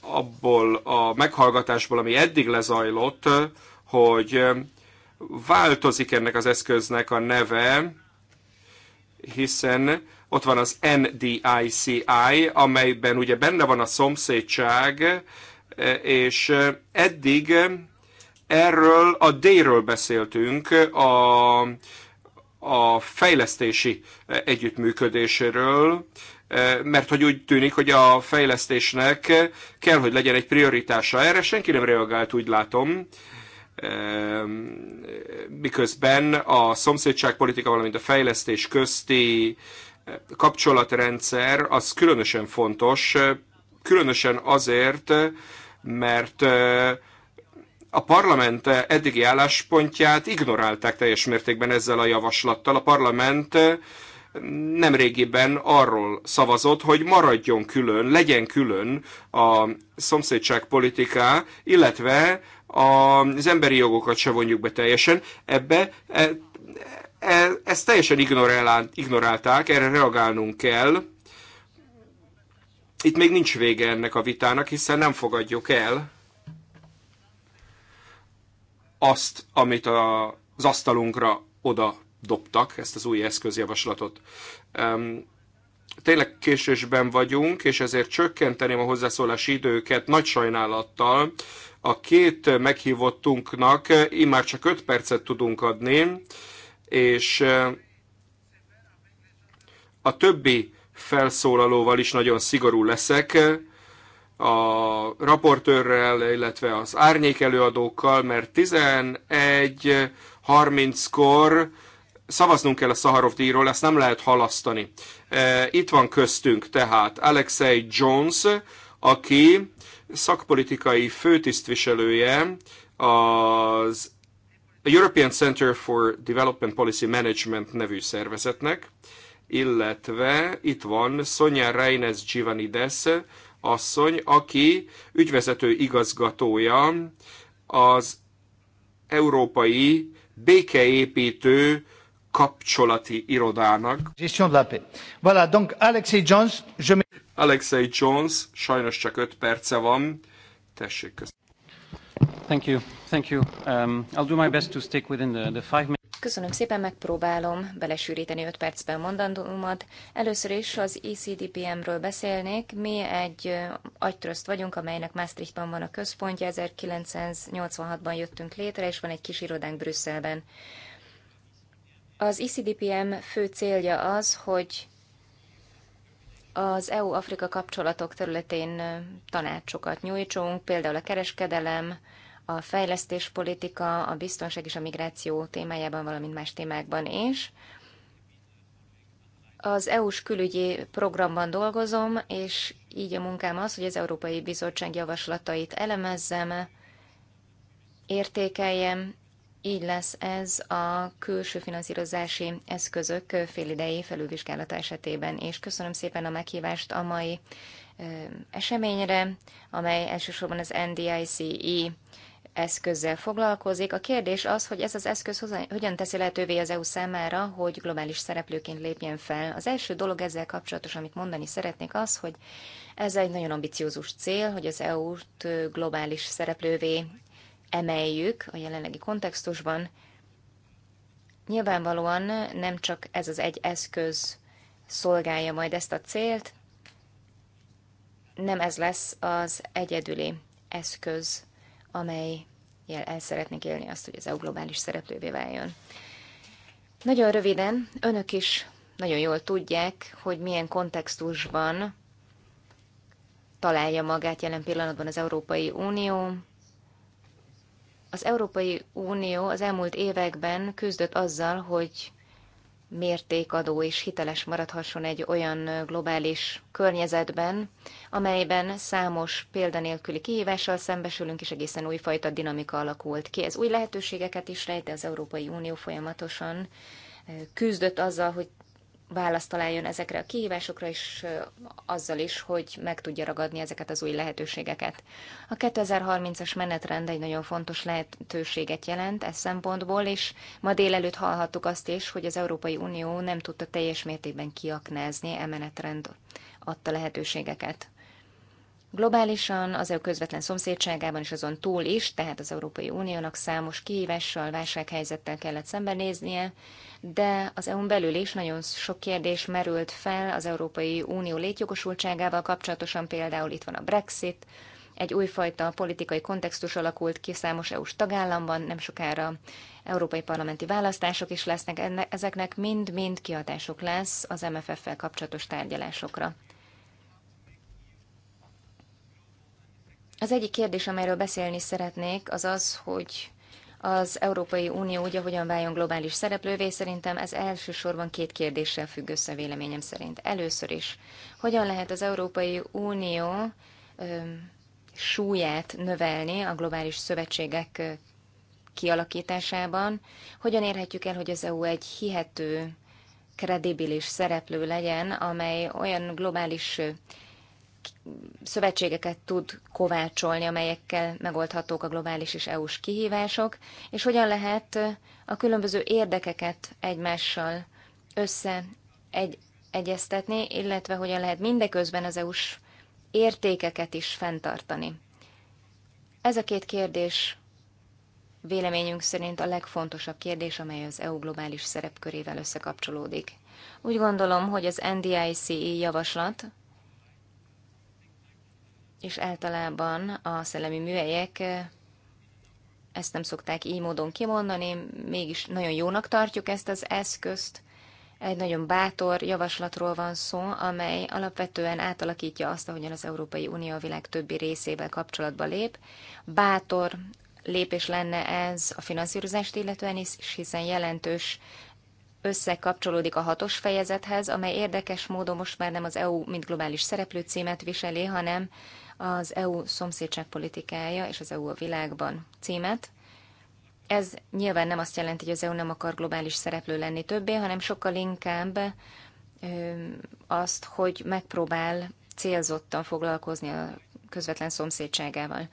abból a meghallgatásból, ami eddig lezajlott, hogy változik ennek az eszköznek a neve, hiszen ott van az NDICI, amelyben ugye benne van a szomszédság, és eddig erről a D-ről beszéltünk, a, a fejlesztési együttműködéséről, mert hogy úgy tűnik, hogy a fejlesztésnek kell, hogy legyen egy prioritása. Erre senki nem reagált, úgy látom miközben a szomszédságpolitika, valamint a fejlesztés közti kapcsolatrendszer az különösen fontos, különösen azért, mert a parlament eddigi álláspontját ignorálták teljes mértékben ezzel a javaslattal. A parlament nemrégiben arról szavazott, hogy maradjon külön, legyen külön a politiká, illetve az emberi jogokat se vonjuk be teljesen. Ebbe e, e, ezt teljesen ignorálták, erre reagálnunk kell. Itt még nincs vége ennek a vitának, hiszen nem fogadjuk el azt, amit a, az asztalunkra oda dobtak, ezt az új eszközjavaslatot. Tényleg késősben vagyunk, és ezért csökkenteném a hozzászólási időket nagy sajnálattal. A két meghívottunknak immár csak 5 percet tudunk adni, és e, a többi felszólalóval is nagyon szigorú leszek, a raportőrrel, illetve az árnyék előadókkal, mert 11.30-kor szavaznunk kell a Szaharov díjról, ezt nem lehet halasztani. E, itt van köztünk tehát Alexei Jones, aki szakpolitikai főtisztviselője az European Center for Development Policy Management nevű szervezetnek, illetve itt van Sonja Reines Givanides asszony, aki ügyvezető igazgatója az Európai Békeépítő kapcsolati irodának. Gestion de la paix. Voilà, donc Alexei Jones, je... Alexei Jones, sajnos csak öt perce van. Tessék, köszönöm. Thank you, thank you. Um, I'll do my best to stick within the, the five minutes. Köszönöm szépen, megpróbálom belesűríteni 5 percben mondandómat. Először is az ECDPM-ről beszélnék. Mi egy agytrözt vagyunk, amelynek Maastrichtban van a központja. 1986-ban jöttünk létre, és van egy kis irodánk Brüsszelben. Az ICDPM e fő célja az, hogy az EU-Afrika kapcsolatok területén tanácsokat nyújtsunk, például a kereskedelem, a fejlesztéspolitika, a biztonság és a migráció témájában, valamint más témákban is. Az EU-s külügyi programban dolgozom, és így a munkám az, hogy az Európai Bizottság javaslatait elemezzem, értékeljem, így lesz ez a külső finanszírozási eszközök félidei felülvizsgálata esetében. És köszönöm szépen a meghívást a mai eseményre, amely elsősorban az NDICE eszközzel foglalkozik. A kérdés az, hogy ez az eszköz hozzá, hogyan teszi lehetővé az EU számára, hogy globális szereplőként lépjen fel. Az első dolog ezzel kapcsolatos, amit mondani szeretnék, az, hogy ez egy nagyon ambiciózus cél, hogy az EU-t globális szereplővé emeljük a jelenlegi kontextusban. Nyilvánvalóan nem csak ez az egy eszköz szolgálja majd ezt a célt, nem ez lesz az egyedüli eszköz, amely jel el szeretnék élni azt, hogy az EU globális szereplővé váljon. Nagyon röviden, önök is nagyon jól tudják, hogy milyen kontextusban találja magát jelen pillanatban az Európai Unió, az Európai Unió az elmúlt években küzdött azzal, hogy mértékadó és hiteles maradhasson egy olyan globális környezetben, amelyben számos példanélküli kihívással szembesülünk, és egészen újfajta dinamika alakult ki. Ez új lehetőségeket is rejt, de az Európai Unió folyamatosan eh, küzdött azzal, hogy választ találjon ezekre a kihívásokra, és azzal is, hogy meg tudja ragadni ezeket az új lehetőségeket. A 2030-as menetrend egy nagyon fontos lehetőséget jelent ez szempontból, és ma délelőtt hallhattuk azt is, hogy az Európai Unió nem tudta teljes mértékben kiaknázni e menetrend adta lehetőségeket. Globálisan, az EU közvetlen szomszédságában és azon túl is, tehát az Európai Uniónak számos kihívással, válsághelyzettel kellett szembenéznie, de az EU-n belül is nagyon sok kérdés merült fel az Európai Unió létjogosultságával kapcsolatosan, például itt van a Brexit, egy újfajta politikai kontextus alakult ki számos EU-s tagállamban, nem sokára európai parlamenti választások is lesznek, ezeknek mind-mind kiadások lesz az MFF-fel kapcsolatos tárgyalásokra. Az egyik kérdés, amelyről beszélni szeretnék, az az, hogy az Európai Unió ugye hogyan váljon globális szereplővé, szerintem ez elsősorban két kérdéssel függ össze véleményem szerint. Először is, hogyan lehet az Európai Unió ö, súlyát növelni a globális szövetségek kialakításában, hogyan érhetjük el, hogy az EU egy hihető, kredibilis szereplő legyen, amely olyan globális szövetségeket tud kovácsolni, amelyekkel megoldhatók a globális és EU-s kihívások, és hogyan lehet a különböző érdekeket egymással össze illetve hogyan lehet mindeközben az EU-s értékeket is fenntartani. Ez a két kérdés véleményünk szerint a legfontosabb kérdés, amely az EU globális szerepkörével összekapcsolódik. Úgy gondolom, hogy az NDICE javaslat, és általában a szellemi műhelyek ezt nem szokták így módon kimondani, mégis nagyon jónak tartjuk ezt az eszközt. Egy nagyon bátor javaslatról van szó, amely alapvetően átalakítja azt, ahogyan az Európai Unió a világ többi részével kapcsolatba lép. Bátor lépés lenne ez a finanszírozást illetően is, hiszen jelentős összekapcsolódik a hatos fejezethez, amely érdekes módon most már nem az EU, mint globális szereplő címet viseli, hanem az EU szomszédságpolitikája és az EU a világban címet. Ez nyilván nem azt jelenti, hogy az EU nem akar globális szereplő lenni többé, hanem sokkal inkább azt, hogy megpróbál célzottan foglalkozni a közvetlen szomszédságával.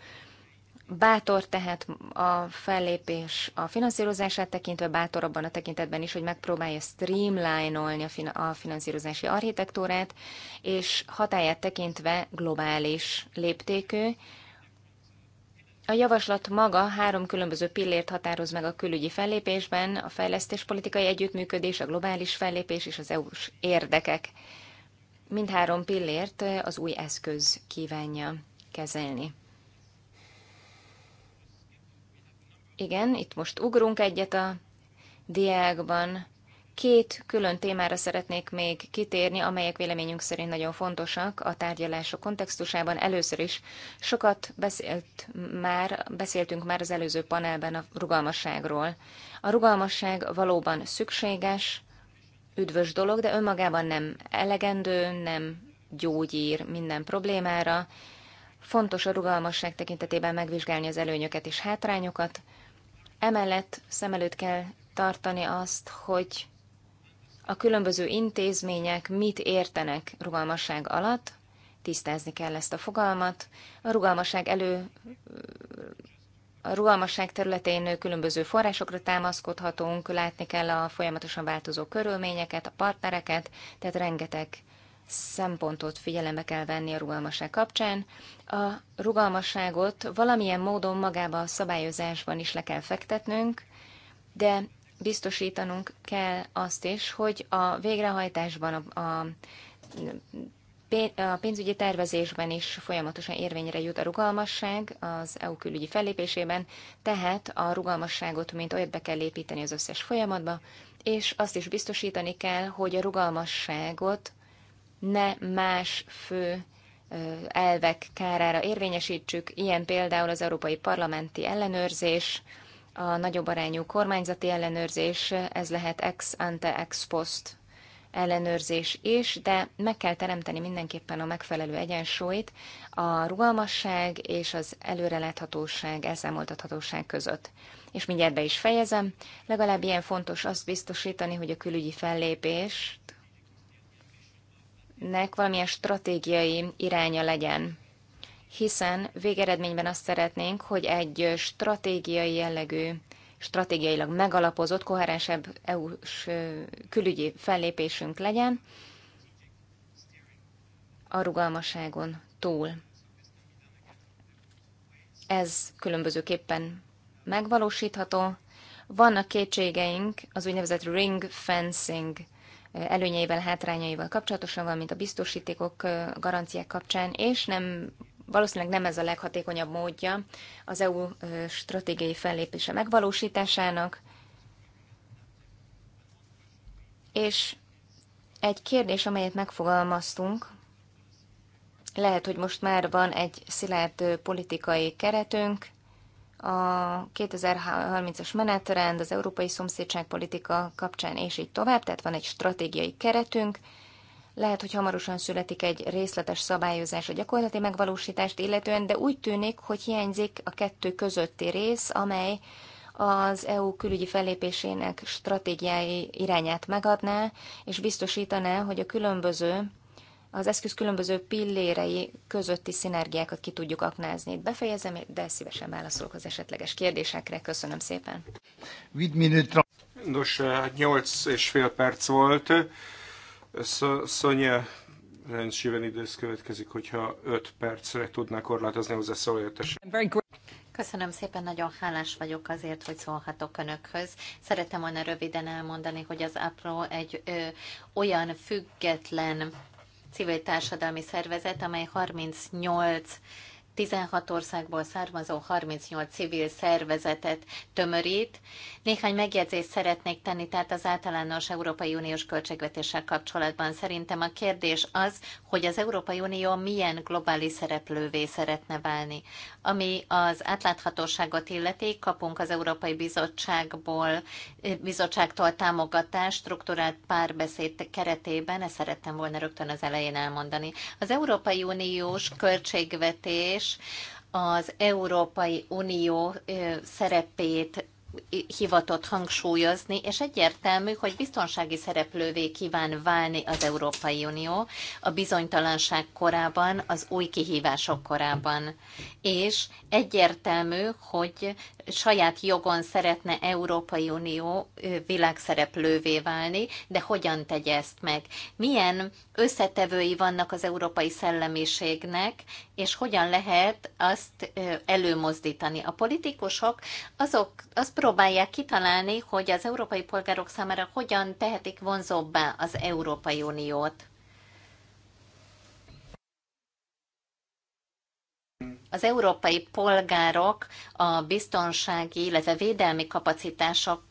Bátor tehát a fellépés a finanszírozását tekintve, bátor abban a tekintetben is, hogy megpróbálja streamline-olni a, fin- a finanszírozási architektúrát, és hatáját tekintve globális léptékű. A javaslat maga három különböző pillért határoz meg a külügyi fellépésben, a fejlesztéspolitikai együttműködés, a globális fellépés és az EU-s érdekek. Mindhárom pillért az új eszköz kívánja kezelni. Igen, itt most ugrunk egyet a diákban. Két külön témára szeretnék még kitérni, amelyek véleményünk szerint nagyon fontosak a tárgyalások kontextusában. Először is sokat beszélt már, beszéltünk már az előző panelben a rugalmasságról. A rugalmasság valóban szükséges, üdvös dolog, de önmagában nem elegendő, nem gyógyír minden problémára. Fontos a rugalmasság tekintetében megvizsgálni az előnyöket és hátrányokat, Emellett szem előtt kell tartani azt, hogy a különböző intézmények mit értenek rugalmasság alatt, tisztázni kell ezt a fogalmat. A rugalmasság elő a rugalmasság területén különböző forrásokra támaszkodhatunk, látni kell a folyamatosan változó körülményeket, a partnereket, tehát rengeteg szempontot figyelembe kell venni a rugalmasság kapcsán. A rugalmasságot valamilyen módon magába a szabályozásban is le kell fektetnünk, de biztosítanunk kell azt is, hogy a végrehajtásban, a, a, a pénzügyi tervezésben is folyamatosan érvényre jut a rugalmasság az EU külügyi fellépésében, tehát a rugalmasságot, mint olyat be kell építeni az összes folyamatba, és azt is biztosítani kell, hogy a rugalmasságot ne más fő elvek kárára érvényesítsük, ilyen például az európai parlamenti ellenőrzés, a nagyobb arányú kormányzati ellenőrzés, ez lehet ex ante ex post ellenőrzés is, de meg kell teremteni mindenképpen a megfelelő egyensúlyt a rugalmasság és az előreláthatóság, elszámoltathatóság között. És mindjárt be is fejezem, legalább ilyen fontos azt biztosítani, hogy a külügyi fellépést nek valamilyen stratégiai iránya legyen. Hiszen végeredményben azt szeretnénk, hogy egy stratégiai jellegű, stratégiailag megalapozott, koherensebb EU-s külügyi fellépésünk legyen a rugalmasságon túl. Ez különbözőképpen megvalósítható. Vannak kétségeink az úgynevezett ring fencing előnyeivel, hátrányaival kapcsolatosan, valamint a biztosítékok, garanciák kapcsán, és nem valószínűleg nem ez a leghatékonyabb módja az EU stratégiai fellépése megvalósításának. És egy kérdés, amelyet megfogalmaztunk, lehet, hogy most már van egy szilárd politikai keretünk, a 2030-as menetrend, az európai szomszédságpolitika kapcsán, és így tovább, tehát van egy stratégiai keretünk, lehet, hogy hamarosan születik egy részletes szabályozás a gyakorlati megvalósítást illetően, de úgy tűnik, hogy hiányzik a kettő közötti rész, amely az EU külügyi fellépésének stratégiái irányát megadná, és biztosítaná, hogy a különböző az eszköz különböző pillérei közötti szinergiákat ki tudjuk aknázni. Itt befejezem, de szívesen válaszolok az esetleges kérdésekre. Köszönöm szépen. Nos, 8 hát és fél perc volt. Szonya rendszíven idősz következik, hogyha 5 percre tudná korlátozni hozzászólójátesen. Köszönöm szépen, nagyon hálás vagyok azért, hogy szólhatok Önökhöz. Szeretem volna röviden elmondani, hogy az APRO egy ö, olyan független civil társadalmi szervezet, amely 38 16 országból származó 38 civil szervezetet tömörít. Néhány megjegyzést szeretnék tenni, tehát az általános Európai Uniós költségvetéssel kapcsolatban szerintem a kérdés az, hogy az Európai Unió milyen globális szereplővé szeretne válni. Ami az átláthatóságot illeti, kapunk az Európai Bizottságból, eh, bizottságtól támogatást, struktúrált párbeszéd keretében, ezt szerettem volna rögtön az elején elmondani. Az Európai Uniós költségvetés is az Európai Unió szerepét hivatott hangsúlyozni, és egyértelmű, hogy biztonsági szereplővé kíván válni az Európai Unió a bizonytalanság korában, az új kihívások korában. És egyértelmű, hogy saját jogon szeretne Európai Unió világszereplővé válni, de hogyan tegye ezt meg? Milyen összetevői vannak az európai szellemiségnek, és hogyan lehet azt előmozdítani? A politikusok azok azt próbálják kitalálni, hogy az európai polgárok számára hogyan tehetik vonzóbbá az Európai Uniót. Az európai polgárok a biztonsági, illetve védelmi kapacitások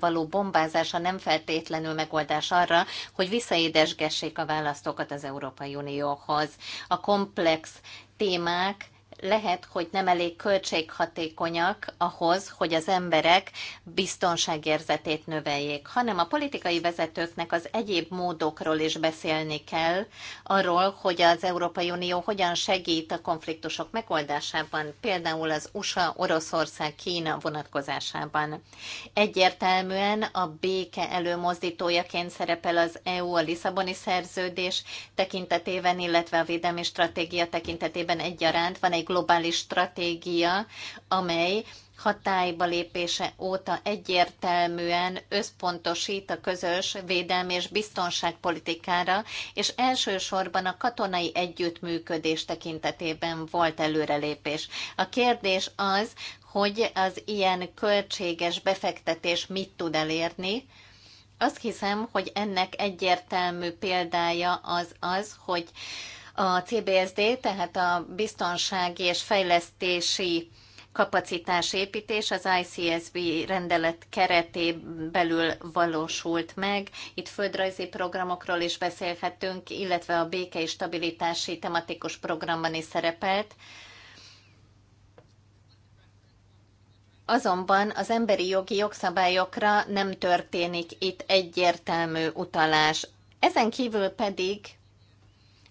való bombázása nem feltétlenül megoldás arra, hogy visszaédesgessék a választókat az Európai Unióhoz. A komplex témák lehet, hogy nem elég költséghatékonyak ahhoz, hogy az emberek biztonságérzetét növeljék, hanem a politikai vezetőknek az egyéb módokról is beszélni kell, arról, hogy az Európai Unió hogyan segít a konfliktusok megoldásában, például az USA, Oroszország, Kína vonatkozásában. Egyértelműen a béke előmozdítójaként szerepel az EU, a Lisszaboni szerződés tekintetében, illetve a védelmi stratégia tekintetében egyaránt van egy globális stratégia, amely hatályba lépése óta egyértelműen összpontosít a közös védelmi és biztonságpolitikára, és elsősorban a katonai együttműködés tekintetében volt előrelépés. A kérdés az, hogy az ilyen költséges befektetés mit tud elérni, azt hiszem, hogy ennek egyértelmű példája az az, hogy a CBSD, tehát a biztonsági és fejlesztési kapacitás építés az ICSB rendelet keretében belül valósult meg. Itt földrajzi programokról is beszélhetünk, illetve a béke és stabilitási tematikus programban is szerepelt. Azonban az emberi jogi jogszabályokra nem történik itt egyértelmű utalás. Ezen kívül pedig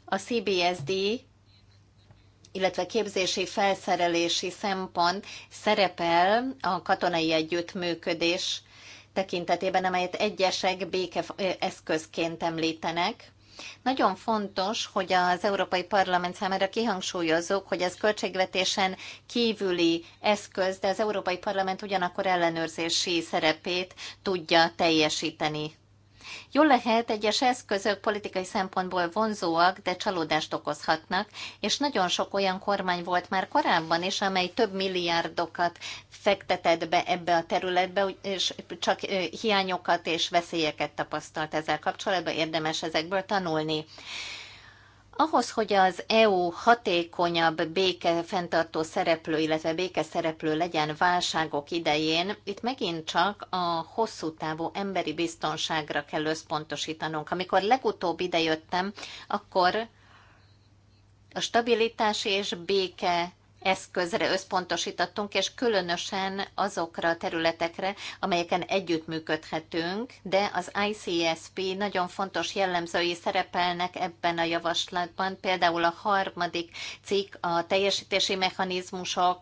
a CBSD, illetve képzési felszerelési szempont szerepel a katonai együttműködés tekintetében, amelyet egyesek béke eszközként említenek. Nagyon fontos, hogy az Európai Parlament számára kihangsúlyozzuk, hogy ez költségvetésen kívüli eszköz, de az Európai Parlament ugyanakkor ellenőrzési szerepét tudja teljesíteni. Jól lehet, egyes eszközök politikai szempontból vonzóak, de csalódást okozhatnak, és nagyon sok olyan kormány volt már korábban is, amely több milliárdokat fektetett be ebbe a területbe, és csak hiányokat és veszélyeket tapasztalt ezzel kapcsolatban, érdemes ezekből tanulni. Ahhoz, hogy az EU hatékonyabb béke fenntartó szereplő, illetve béke szereplő legyen válságok idején, itt megint csak a hosszú távú emberi biztonságra kell összpontosítanunk. Amikor legutóbb idejöttem, akkor a stabilitás és béke eszközre összpontosítottunk, és különösen azokra a területekre, amelyeken együttműködhetünk, de az ICSP nagyon fontos jellemzői szerepelnek ebben a javaslatban, például a harmadik cikk, a teljesítési mechanizmusok,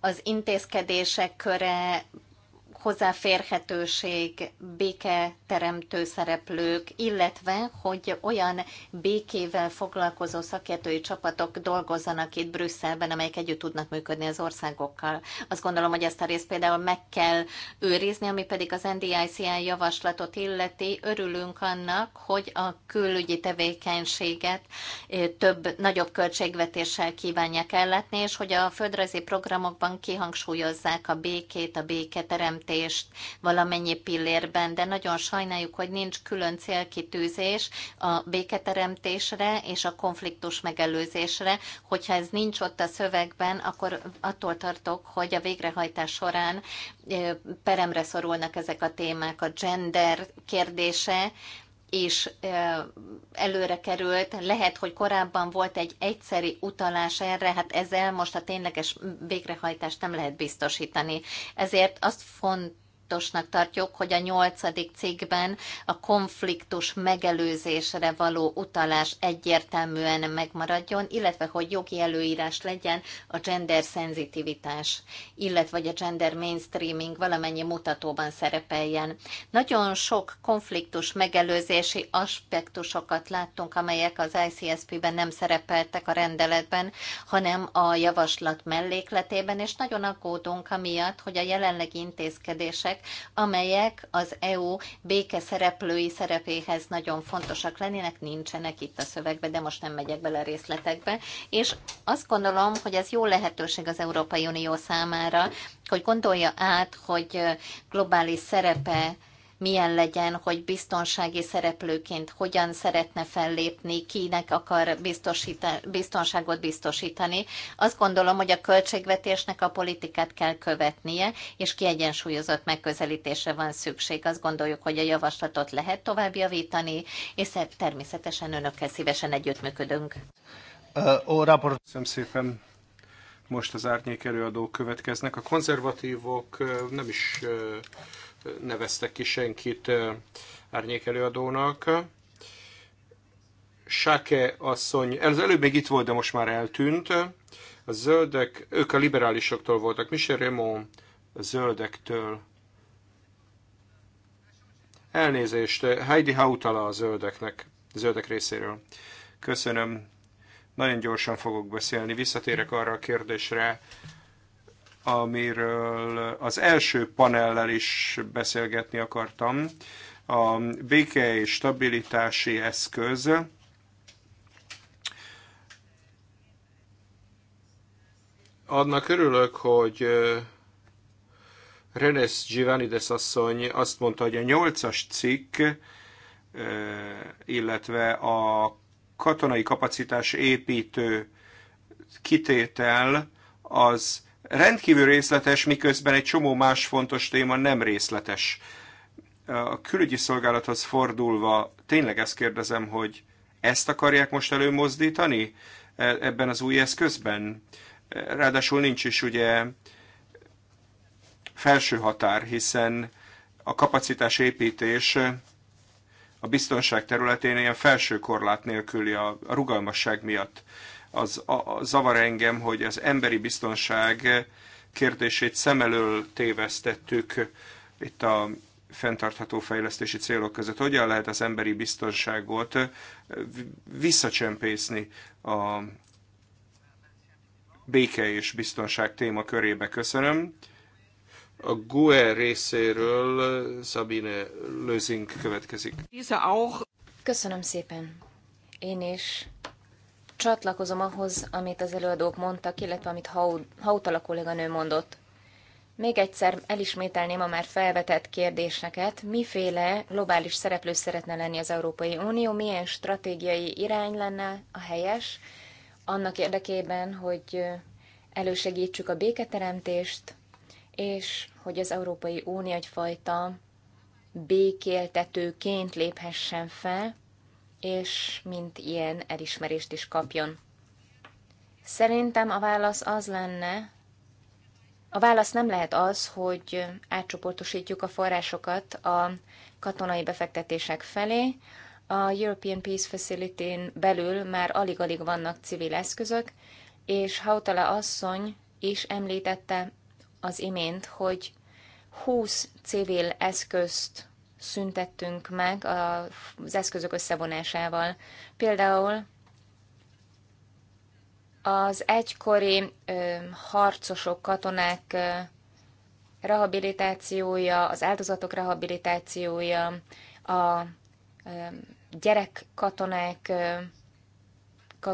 az intézkedések köre, hozzáférhetőség, béke teremtő szereplők, illetve hogy olyan békével foglalkozó szakértői csapatok dolgozzanak itt Brüsszelben, amelyek együtt tudnak működni az országokkal. Azt gondolom, hogy ezt a részt például meg kell őrizni, ami pedig az NDICI javaslatot illeti. Örülünk annak, hogy a külügyi tevékenységet eh, több, nagyobb költségvetéssel kívánják ellátni, és hogy a földrajzi programokban kihangsúlyozzák a békét, a teremtését lépést valamennyi pillérben, de nagyon sajnáljuk, hogy nincs külön célkitűzés a béketeremtésre és a konfliktus megelőzésre. Hogyha ez nincs ott a szövegben, akkor attól tartok, hogy a végrehajtás során peremre szorulnak ezek a témák. A gender kérdése és előre került, lehet, hogy korábban volt egy egyszeri utalás erre, hát ezzel most a tényleges végrehajtást nem lehet biztosítani. Ezért azt font fontosnak tartjuk, hogy a nyolcadik cikkben a konfliktus megelőzésre való utalás egyértelműen megmaradjon, illetve hogy jogi előírás legyen a gender szenzitivitás, illetve hogy a gender mainstreaming valamennyi mutatóban szerepeljen. Nagyon sok konfliktus megelőzési aspektusokat láttunk, amelyek az ICSP-ben nem szerepeltek a rendeletben, hanem a javaslat mellékletében, és nagyon aggódunk amiatt, hogy a jelenlegi intézkedések kérdések, amelyek az EU béke szereplői szerepéhez nagyon fontosak lennének, nincsenek itt a szövegben, de most nem megyek bele a részletekbe. És azt gondolom, hogy ez jó lehetőség az Európai Unió számára, hogy gondolja át, hogy globális szerepe milyen legyen, hogy biztonsági szereplőként hogyan szeretne fellépni, kinek akar biztosítani, biztonságot biztosítani. Azt gondolom, hogy a költségvetésnek a politikát kell követnie, és kiegyensúlyozott megközelítésre van szükség. Azt gondoljuk, hogy a javaslatot lehet tovább javítani, és természetesen önökkel szívesen együttműködünk. Köszönöm szépen. Most az árnyék előadók következnek. A konzervatívok nem is neveztek ki senkit árnyékelőadónak. Sáke asszony, az előbb még itt volt, de most már eltűnt. A zöldek, ők a liberálisoktól voltak, Michel Raymond a zöldektől. Elnézést, Heidi Hautala a zöldeknek, a zöldek részéről. Köszönöm. Nagyon gyorsan fogok beszélni. Visszatérek arra a kérdésre, amiről az első panellel is beszélgetni akartam, a béke és stabilitási eszköz, annak örülök, hogy Renes Givanides asszony azt mondta, hogy a nyolcas cikk, illetve a katonai kapacitás építő kitétel az rendkívül részletes, miközben egy csomó más fontos téma nem részletes. A külügyi szolgálathoz fordulva tényleg ezt kérdezem, hogy ezt akarják most előmozdítani e, ebben az új eszközben? Ráadásul nincs is ugye felső határ, hiszen a kapacitás építés a biztonság területén ilyen felső korlát nélküli a, a rugalmasság miatt az a, a zavar engem, hogy az emberi biztonság kérdését szem elől tévesztettük itt a fenntartható fejlesztési célok között. Hogyan lehet az emberi biztonságot visszacsempészni a béke és biztonság téma körébe? Köszönöm. A GUE részéről Sabine Lőzink következik. Köszönöm szépen. Én is csatlakozom ahhoz, amit az előadók mondtak, illetve amit Hautala kolléganő mondott. Még egyszer elismételném a már felvetett kérdéseket, miféle globális szereplő szeretne lenni az Európai Unió, milyen stratégiai irány lenne a helyes, annak érdekében, hogy elősegítsük a béketeremtést, és hogy az Európai Unió egyfajta békéltetőként léphessen fel, és mint ilyen elismerést is kapjon. Szerintem a válasz az lenne, a válasz nem lehet az, hogy átcsoportosítjuk a forrásokat a katonai befektetések felé. A European Peace facility belül már alig-alig vannak civil eszközök, és Hautala asszony is említette az imént, hogy 20 civil eszközt szüntettünk meg az eszközök összevonásával. Például az egykori ö, harcosok, katonák ö, rehabilitációja, az áldozatok rehabilitációja, a ö, gyerek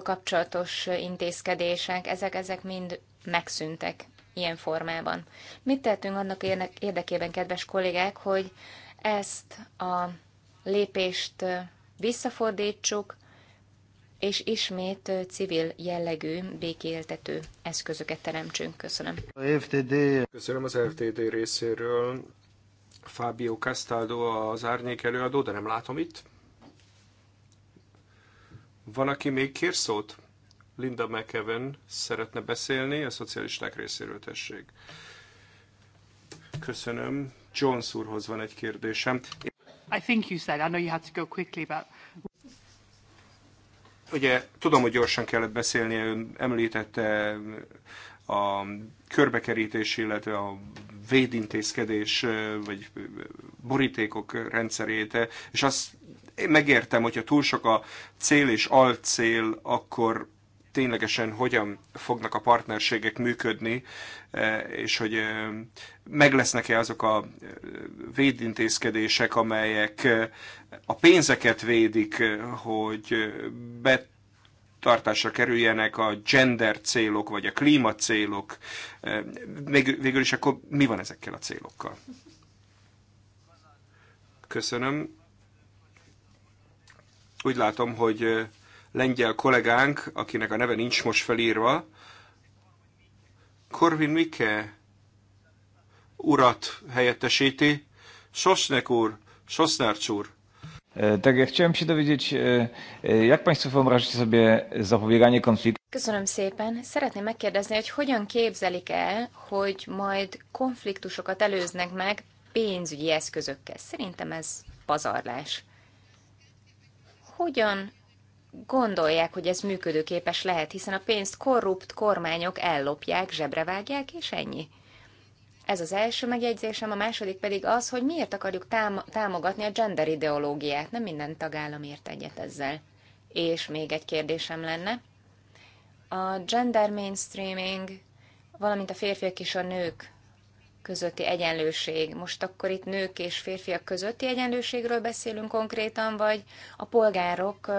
kapcsolatos intézkedések, ezek, ezek mind megszűntek ilyen formában. Mit tettünk annak érdekében, kedves kollégák, hogy ezt a lépést visszafordítsuk, és ismét civil jellegű békéltető eszközöket teremtsünk. Köszönöm. A FTD. Köszönöm az FTD részéről. Fábio Castaldo az árnyék előadó, de nem látom itt. Van, aki még kér szót? Linda McEwen szeretne beszélni, a szocialisták részéről tessék. Köszönöm. Jones úrhoz van egy kérdésem. I think you said, I know you had to go quickly, but... Ugye tudom, hogy gyorsan kellett beszélni, ön említette a körbekerítés, illetve a védintézkedés, vagy borítékok rendszerét, és azt én megértem, hogyha túl sok a cél és alcél, akkor ténylegesen hogyan fognak a partnerségek működni, e, és hogy e, meg lesznek-e azok a e, védintézkedések, amelyek a pénzeket védik, hogy betartásra tartásra kerüljenek a gender célok, vagy a klíma célok. Végül is akkor mi van ezekkel a célokkal? Köszönöm. Úgy látom, hogy lengyel kollégánk, akinek a neve nincs most felírva, Korvin Mikke urat helyettesíti, Sosnek úr, Sosnárcs úr. E, tak ja chciałem się dowiedzieć, e, e, jak Państwo wyobrażacie sobie zapobieganie konfliktu? Köszönöm szépen. Szeretném megkérdezni, hogy hogyan képzelik el, hogy majd konfliktusokat előznek meg pénzügyi eszközökkel. Szerintem ez pazarlás. Hogyan gondolják, hogy ez működőképes lehet, hiszen a pénzt korrupt kormányok ellopják, zsebrevágják, és ennyi. Ez az első megjegyzésem, a második pedig az, hogy miért akarjuk tám- támogatni a gender ideológiát. Nem minden tagállam ért egyet ezzel. És még egy kérdésem lenne. A gender mainstreaming, valamint a férfiak és a nők közötti egyenlőség. Most akkor itt nők és férfiak közötti egyenlőségről beszélünk konkrétan, vagy a polgárok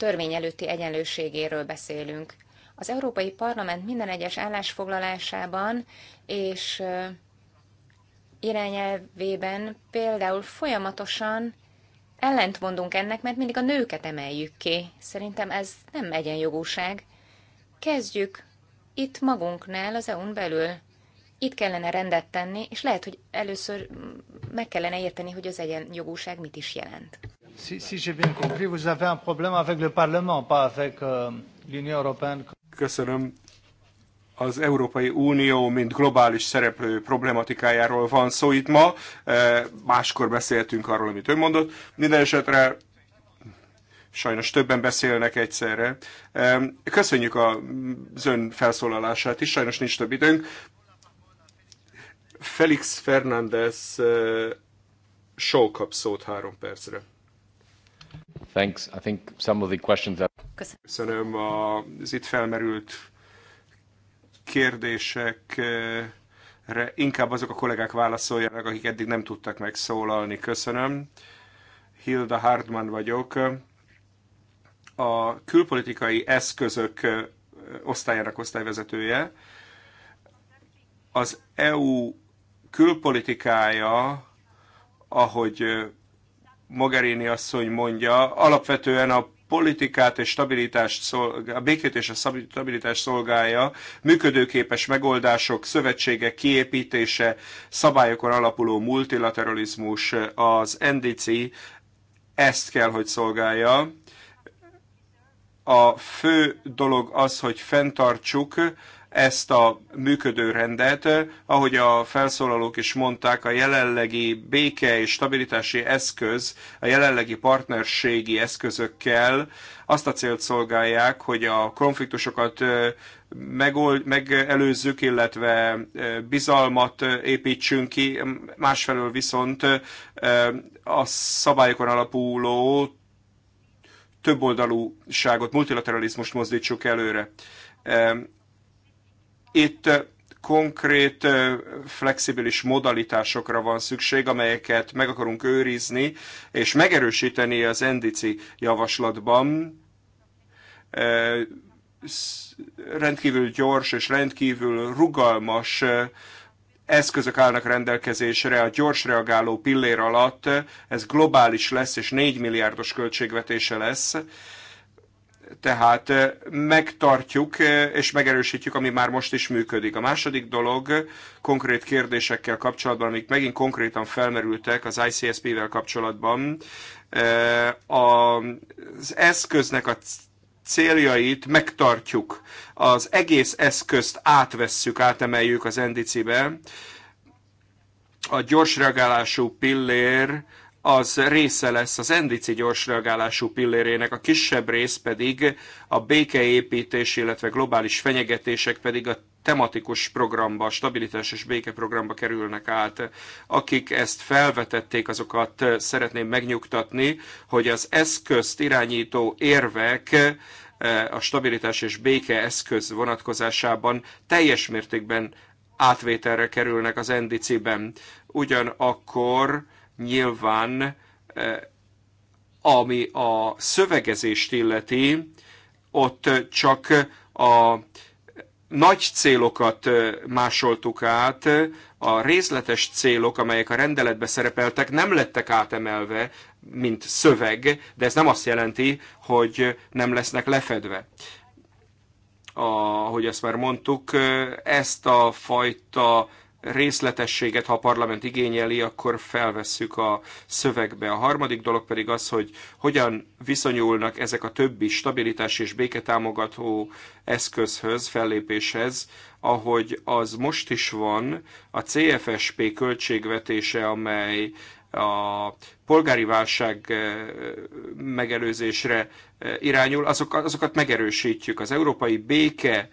törvény előtti egyenlőségéről beszélünk. Az Európai Parlament minden egyes állásfoglalásában és irányelvében például folyamatosan ellentmondunk ennek, mert mindig a nőket emeljük ki. Szerintem ez nem egyenjogúság. Kezdjük itt magunknál, az EU-n belül. Itt kellene rendet tenni, és lehet, hogy először mm, meg kellene érteni, hogy az egyenjogúság mit is jelent. Si, si j'ai bien compris, vous avez un problème avec le Parlement, pas avec euh, l'Union européenne. Köszönöm. Az Európai Unió, mint globális szereplő problematikájáról van szó itt ma. Eh, máskor beszéltünk arról, amit ön mondott. Minden esetre sajnos többen beszélnek egyszerre. Eh, köszönjük az ön felszólalását is, sajnos nincs több időnk. Felix Fernández eh, Show kap szót három percre. Thanks. I think some of the questions that... Köszönöm az itt felmerült kérdésekre. Eh, inkább azok a kollégák válaszoljanak, akik eddig nem tudtak megszólalni. Köszönöm. Hilda Hardman vagyok. A külpolitikai eszközök eh, osztályának osztályvezetője. Az EU külpolitikája, ahogy eh, Mogherini asszony mondja, alapvetően a politikát és stabilitást szolgál, a békét és a stabilitást szolgálja, működőképes megoldások, szövetsége kiépítése, szabályokon alapuló multilateralizmus, az NDC ezt kell, hogy szolgálja. A fő dolog az, hogy fenntartsuk ezt a működő rendet, ahogy a felszólalók is mondták, a jelenlegi béke és stabilitási eszköz, a jelenlegi partnerségi eszközökkel azt a célt szolgálják, hogy a konfliktusokat megold, megelőzzük, illetve bizalmat építsünk ki, másfelől viszont a szabályokon alapuló többoldalúságot, multilateralizmust mozdítsuk előre itt konkrét flexibilis modalitásokra van szükség, amelyeket meg akarunk őrizni és megerősíteni az NDC javaslatban. Rendkívül gyors és rendkívül rugalmas eszközök állnak rendelkezésre a gyors reagáló pillér alatt, ez globális lesz és 4 milliárdos költségvetése lesz tehát megtartjuk és megerősítjük, ami már most is működik. A második dolog konkrét kérdésekkel kapcsolatban, amik megint konkrétan felmerültek az ICSP-vel kapcsolatban, az eszköznek a céljait megtartjuk. Az egész eszközt átvesszük, átemeljük az NDC-be. A gyors reagálású pillér az része lesz az NDC gyors reagálású pillérének, a kisebb rész pedig a békeépítés, illetve globális fenyegetések pedig a tematikus programba, a stabilitás és béke programba kerülnek át. Akik ezt felvetették, azokat szeretném megnyugtatni, hogy az eszközt irányító érvek eh, a stabilitás és béke eszköz vonatkozásában teljes mértékben átvételre kerülnek az NDC-ben. Ugyanakkor Nyilván, e, ami a szövegezést illeti, ott csak a nagy célokat e, másoltuk át, a részletes célok, amelyek a rendeletbe szerepeltek, nem lettek átemelve, mint szöveg, de ez nem azt jelenti, hogy nem lesznek lefedve. Ahogy azt már mondtuk, e, ezt a fajta részletességet, ha a parlament igényeli, akkor felvesszük a szövegbe. A harmadik dolog pedig az, hogy hogyan viszonyulnak ezek a többi stabilitás és béketámogató eszközhöz, fellépéshez, ahogy az most is van, a CFSP költségvetése, amely a polgári válság eh, megelőzésre eh, irányul, azok, azokat megerősítjük. Az európai béke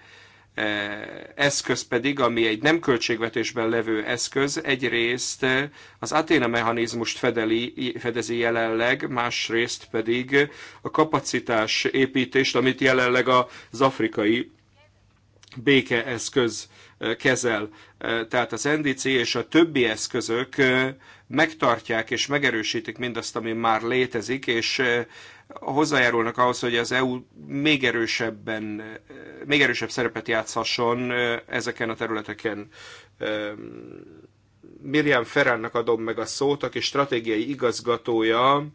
Eh, eszköz pedig, ami egy nem költségvetésben levő eszköz, egyrészt eh, az Athéna mechanizmust fedeli, fedezi jelenleg, másrészt pedig a kapacitás építést, amit jelenleg az afrikai békeeszköz kezel. Tehát az NDC és a többi eszközök megtartják és megerősítik mindazt, ami már létezik, és hozzájárulnak ahhoz, hogy az EU még erősebben, még erősebb szerepet játszhasson ezeken a területeken. Miriam Ferránnak adom meg a szót, aki stratégiai igazgatója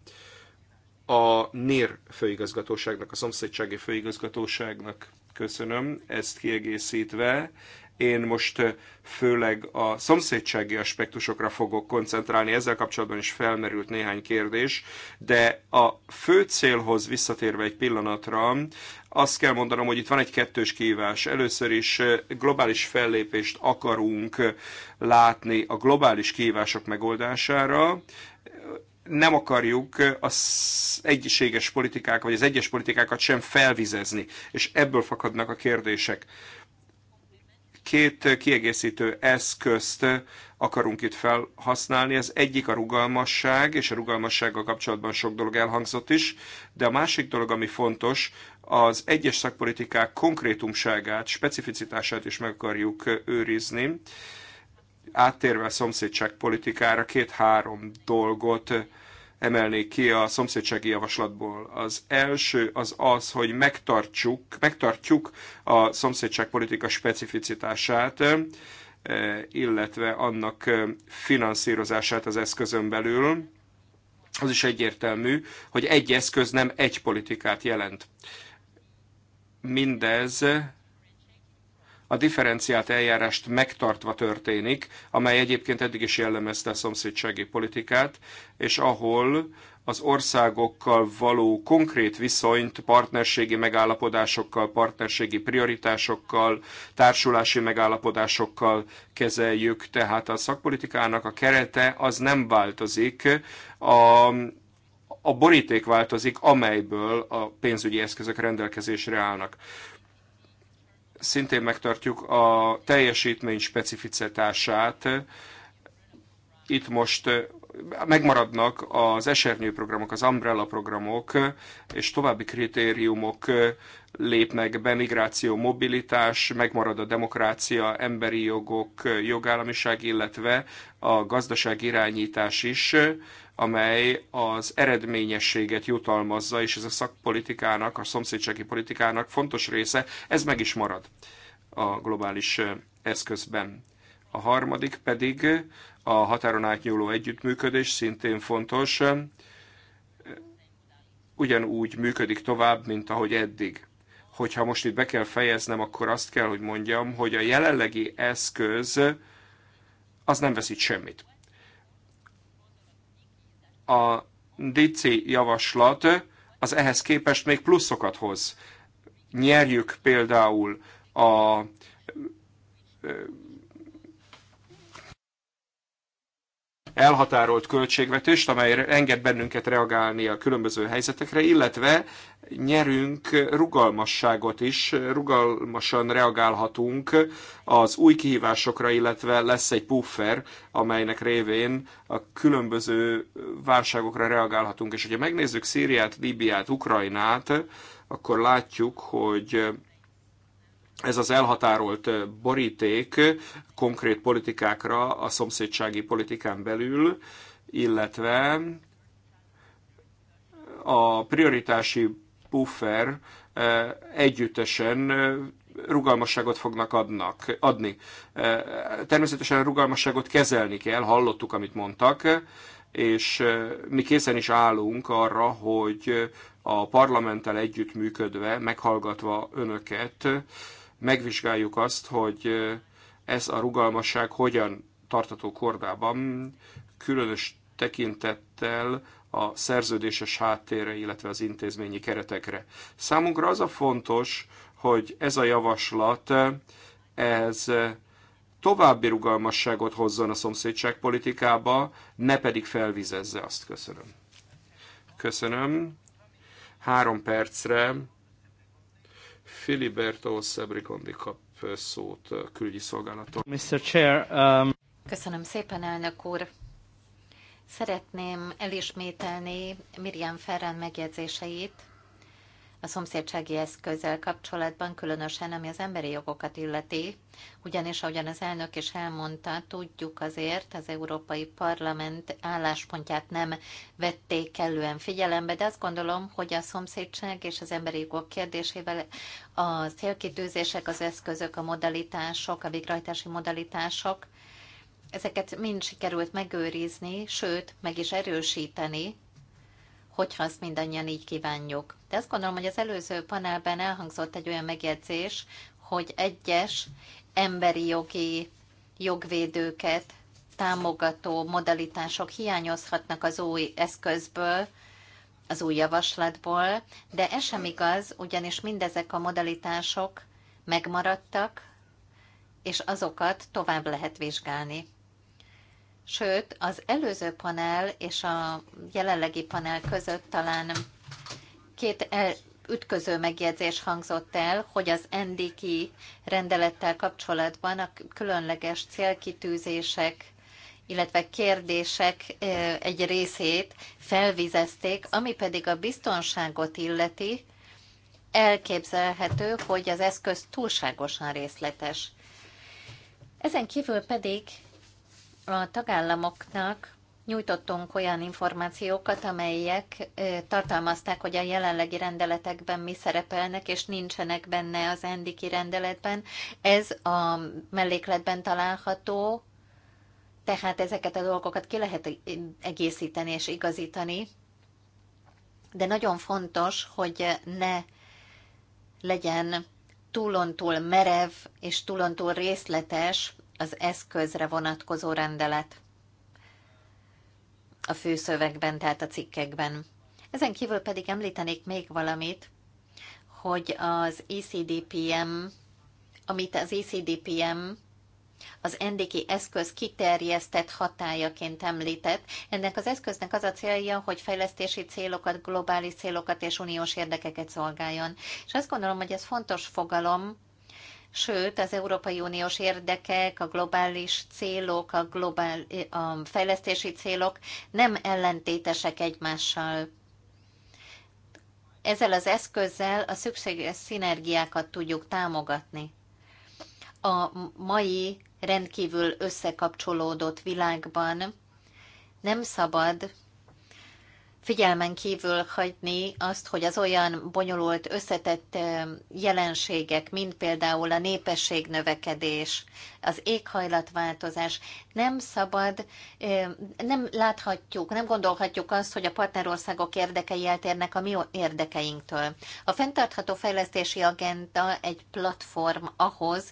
a NIR főigazgatóságnak, a szomszédsági főigazgatóságnak. Köszönöm, ezt kiegészítve én most főleg a szomszédsági aspektusokra fogok koncentrálni, ezzel kapcsolatban is felmerült néhány kérdés, de a fő célhoz visszatérve egy pillanatra, azt kell mondanom, hogy itt van egy kettős kívás. Először is globális fellépést akarunk látni a globális kívások megoldására, nem akarjuk az egyiséges politikák, vagy az egyes politikákat sem felvizezni, és ebből fakadnak a kérdések. Két eh, kiegészítő eszközt eh, akarunk itt felhasználni. az egyik a rugalmasság, és a rugalmassággal kapcsolatban sok dolog elhangzott is, de a másik dolog, ami fontos, az egyes szakpolitikák konkrétumságát, specificitását is meg akarjuk eh, őrizni. Áttérve a politikára két-három dolgot emelnék ki a szomszédsági javaslatból. Az első az az, hogy megtartjuk megtartjuk a szomszédságpolitika specificitását, eh, illetve annak eh, finanszírozását az eszközön belül. Az is egyértelmű, hogy egy eszköz nem egy politikát jelent. Mindez a differenciált eljárást megtartva történik, amely egyébként eddig is jellemezte a szomszédsági politikát, és ahol az országokkal való konkrét viszonyt partnerségi megállapodásokkal, partnerségi prioritásokkal, társulási megállapodásokkal kezeljük. Tehát a szakpolitikának a kerete az nem változik, a, a boríték változik, amelyből a pénzügyi eszközök rendelkezésre állnak szintén megtartjuk a teljesítmény specificitását. Itt most megmaradnak az esernyő programok, az umbrella programok, és további kritériumok lépnek be, migráció, mobilitás, megmarad a demokrácia, emberi jogok, jogállamiság, illetve a gazdaság irányítás is amely az eredményességet jutalmazza, és ez a szakpolitikának, a szomszédsági politikának fontos része, ez meg is marad a globális eszközben. A harmadik pedig a határon átnyúló együttműködés, szintén fontos, ugyanúgy működik tovább, mint ahogy eddig. Hogyha most itt be kell fejeznem, akkor azt kell, hogy mondjam, hogy a jelenlegi eszköz az nem veszít semmit a DC javaslat az ehhez képest még pluszokat hoz. Nyerjük például a elhatárolt költségvetést, amely enged bennünket reagálni a különböző helyzetekre, illetve nyerünk rugalmasságot is, rugalmasan reagálhatunk az új kihívásokra, illetve lesz egy puffer, amelynek révén a különböző válságokra reagálhatunk. És hogyha megnézzük Szíriát, Líbiát, Ukrajnát, akkor látjuk, hogy ez az elhatárolt boríték konkrét politikákra a szomszédsági politikán belül, illetve a prioritási puffer együttesen rugalmasságot fognak adnak, adni. Természetesen a rugalmasságot kezelni kell, hallottuk, amit mondtak, és mi készen is állunk arra, hogy a parlamenttel együttműködve, meghallgatva önöket, megvizsgáljuk azt, hogy ez a rugalmasság hogyan tartató kordában, különös tekintettel a szerződéses háttérre, illetve az intézményi keretekre. Számunkra az a fontos, hogy ez a javaslat, ez további rugalmasságot hozzon a politikába, ne pedig felvizezze azt. Köszönöm. Köszönöm. Három percre Filiberto kap szót külügyi szolgálattól. Mr. Chair, um... Köszönöm szépen, elnök úr. Szeretném elismételni Miriam Ferren megjegyzéseit, a szomszédsági eszközzel kapcsolatban, különösen ami az emberi jogokat illeti, ugyanis ahogyan az elnök is elmondta, tudjuk azért, az Európai Parlament álláspontját nem vették kellően figyelembe, de azt gondolom, hogy a szomszédság és az emberi jogok kérdésével a célkitűzések, az eszközök, a modalitások, a végrehajtási modalitások, ezeket mind sikerült megőrizni, sőt, meg is erősíteni, hogyha azt mindannyian így kívánjuk. De azt gondolom, hogy az előző panelben elhangzott egy olyan megjegyzés, hogy egyes emberi jogi jogvédőket támogató modalitások hiányozhatnak az új eszközből, az új javaslatból, de ez sem igaz, ugyanis mindezek a modalitások megmaradtak, és azokat tovább lehet vizsgálni. Sőt, az előző panel és a jelenlegi panel között talán két e, ütköző megjegyzés hangzott el, hogy az NDK rendelettel kapcsolatban a különleges célkitűzések illetve kérdések e, egy részét felvizezték, ami pedig a biztonságot illeti, elképzelhető, hogy az eszköz túlságosan részletes. Ezen kívül pedig a tagállamoknak nyújtottunk olyan információkat, amelyek tartalmazták, hogy a jelenlegi rendeletekben mi szerepelnek, és nincsenek benne az endiki rendeletben. Ez a mellékletben található, tehát ezeket a dolgokat ki lehet egészíteni és igazítani, de nagyon fontos, hogy ne legyen túlontúl merev és túlontúl részletes az eszközre vonatkozó rendelet a főszövegben, tehát a cikkekben. Ezen kívül pedig említenék még valamit, hogy az ECDPM, amit az ECDPM az NDK eszköz kiterjesztett hatájaként említett. Ennek az eszköznek az a célja, hogy fejlesztési célokat, globális célokat és uniós érdekeket szolgáljon. És azt gondolom, hogy ez fontos fogalom, sőt az Európai Uniós érdekek, a globális célok, a, globál, a fejlesztési célok nem ellentétesek egymással. Ezzel az eszközzel a szükséges szinergiákat tudjuk támogatni. A mai rendkívül összekapcsolódott világban nem szabad figyelmen kívül hagyni azt, hogy az olyan bonyolult, összetett jelenségek, mint például a népesség növekedés, az éghajlatváltozás, nem szabad, nem láthatjuk, nem gondolhatjuk azt, hogy a partnerországok érdekei eltérnek a mi érdekeinktől. A fenntartható fejlesztési agenda egy platform ahhoz,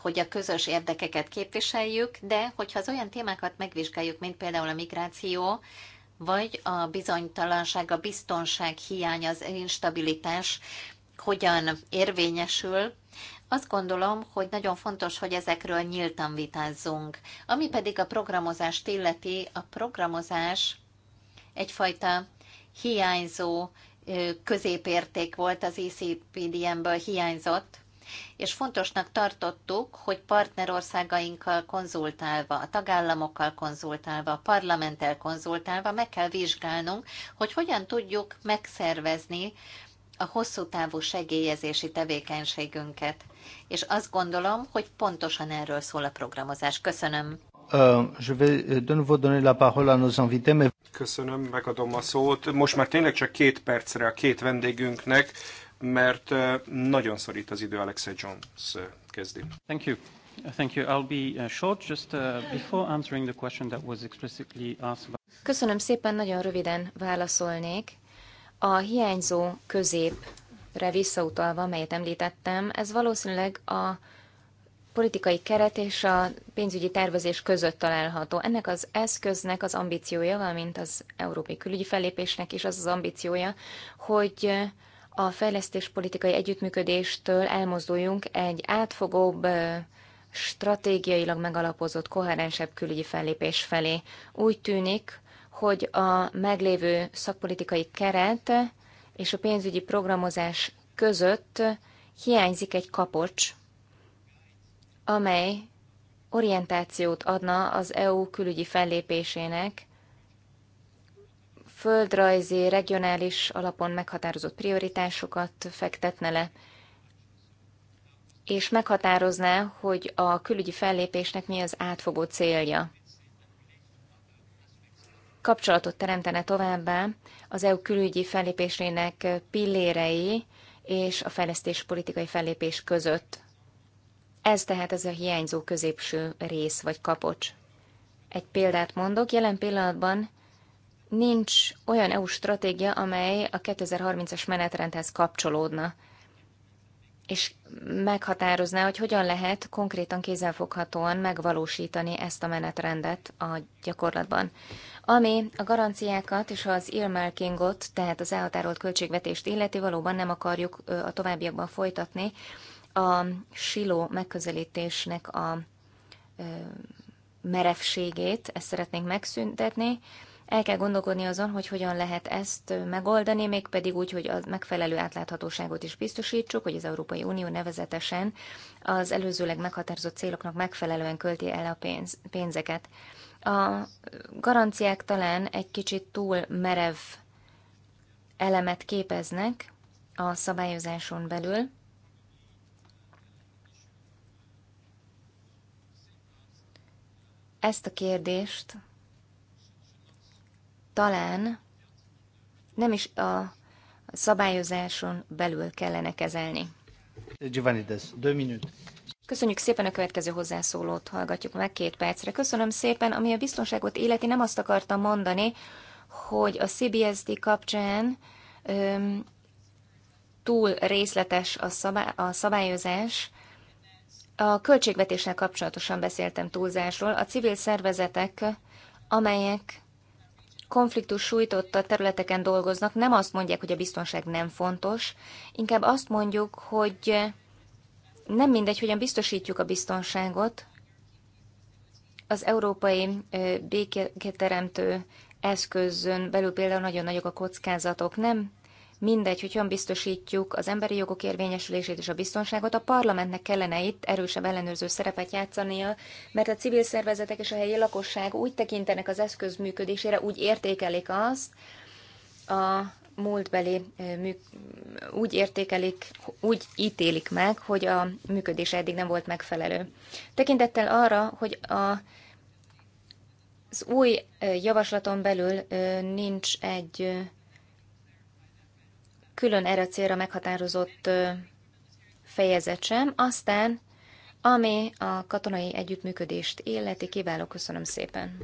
hogy a közös érdekeket képviseljük, de hogyha az olyan témákat megvizsgáljuk, mint például a migráció, vagy a bizonytalanság, a biztonság hiánya, az instabilitás hogyan érvényesül, azt gondolom, hogy nagyon fontos, hogy ezekről nyíltan vitázzunk. Ami pedig a programozást illeti, a programozás egyfajta hiányzó középérték volt az ECPDM-ből hiányzott, és fontosnak tartottuk, hogy partnerországainkkal konzultálva, a tagállamokkal konzultálva, a parlamenttel konzultálva meg kell vizsgálnunk, hogy hogyan tudjuk megszervezni a hosszú távú segélyezési tevékenységünket. És azt gondolom, hogy pontosan erről szól a programozás. Köszönöm. Köszönöm, megadom a szót. Most már tényleg csak két percre a két vendégünknek, mert nagyon szorít az idő, Alexa Jones kezdi. Thank you. Thank you. I'll be uh, short just uh, before answering the question that was explicitly asked. About... Köszönöm szépen, nagyon röviden válaszolnék. A hiányzó középre visszautalva, amelyet említettem, ez valószínűleg a politikai keret és a pénzügyi tervezés között található. Ennek az eszköznek az ambíciója, valamint az európai külügyi fellépésnek is az az ambíciója, hogy a fejlesztéspolitikai együttműködéstől elmozduljunk egy átfogóbb, stratégiailag megalapozott, koherensebb külügyi fellépés felé. Úgy tűnik, hogy a meglévő szakpolitikai keret és a pénzügyi programozás között hiányzik egy kapocs, amely orientációt adna az EU külügyi fellépésének földrajzi, regionális alapon meghatározott prioritásokat fektetne le, és meghatározná, hogy a külügyi fellépésnek mi az átfogó célja. Kapcsolatot teremtene továbbá az EU külügyi fellépésének pillérei és a fejlesztés politikai fellépés között. Ez tehát ez a hiányzó középső rész vagy kapocs. Egy példát mondok, jelen pillanatban nincs olyan EU stratégia, amely a 2030-as menetrendhez kapcsolódna, és meghatározná, hogy hogyan lehet konkrétan kézzelfoghatóan megvalósítani ezt a menetrendet a gyakorlatban. Ami a garanciákat és az earmarkingot, tehát az elhatárolt költségvetést illeti, valóban nem akarjuk a továbbiakban folytatni. A siló megközelítésnek a merevségét, ezt szeretnénk megszüntetni, el kell gondolkodni azon, hogy hogyan lehet ezt megoldani, mégpedig úgy, hogy a megfelelő átláthatóságot is biztosítsuk, hogy az Európai Unió nevezetesen az előzőleg meghatározott céloknak megfelelően költi el a pénz, pénzeket. A garanciák talán egy kicsit túl merev elemet képeznek a szabályozáson belül, ezt a kérdést talán nem is a szabályozáson belül kellene kezelni. Giovanni ez deux Köszönjük szépen a következő hozzászólót, hallgatjuk meg két percre. Köszönöm szépen, ami a biztonságot életi, nem azt akartam mondani, hogy a CBSD kapcsán öm, túl részletes a, szabály, a szabályozás. A költségvetéssel kapcsolatosan beszéltem túlzásról. A civil szervezetek, amelyek konfliktus sújtotta területeken dolgoznak, nem azt mondják, hogy a biztonság nem fontos, inkább azt mondjuk, hogy nem mindegy, hogyan biztosítjuk a biztonságot. Az európai béketeremtő eszközön belül például nagyon nagyok a kockázatok, nem mindegy, hogy hogyan biztosítjuk az emberi jogok érvényesülését és a biztonságot, a parlamentnek kellene itt erősebb ellenőrző szerepet játszania, mert a civil szervezetek és a helyi lakosság úgy tekintenek az eszköz működésére, úgy értékelik azt, a múltbeli, úgy értékelik, úgy ítélik meg, hogy a működés eddig nem volt megfelelő. Tekintettel arra, hogy a az új javaslaton belül nincs egy külön erre célra meghatározott fejezet sem. Aztán, ami a katonai együttműködést illeti, kiváló, köszönöm szépen.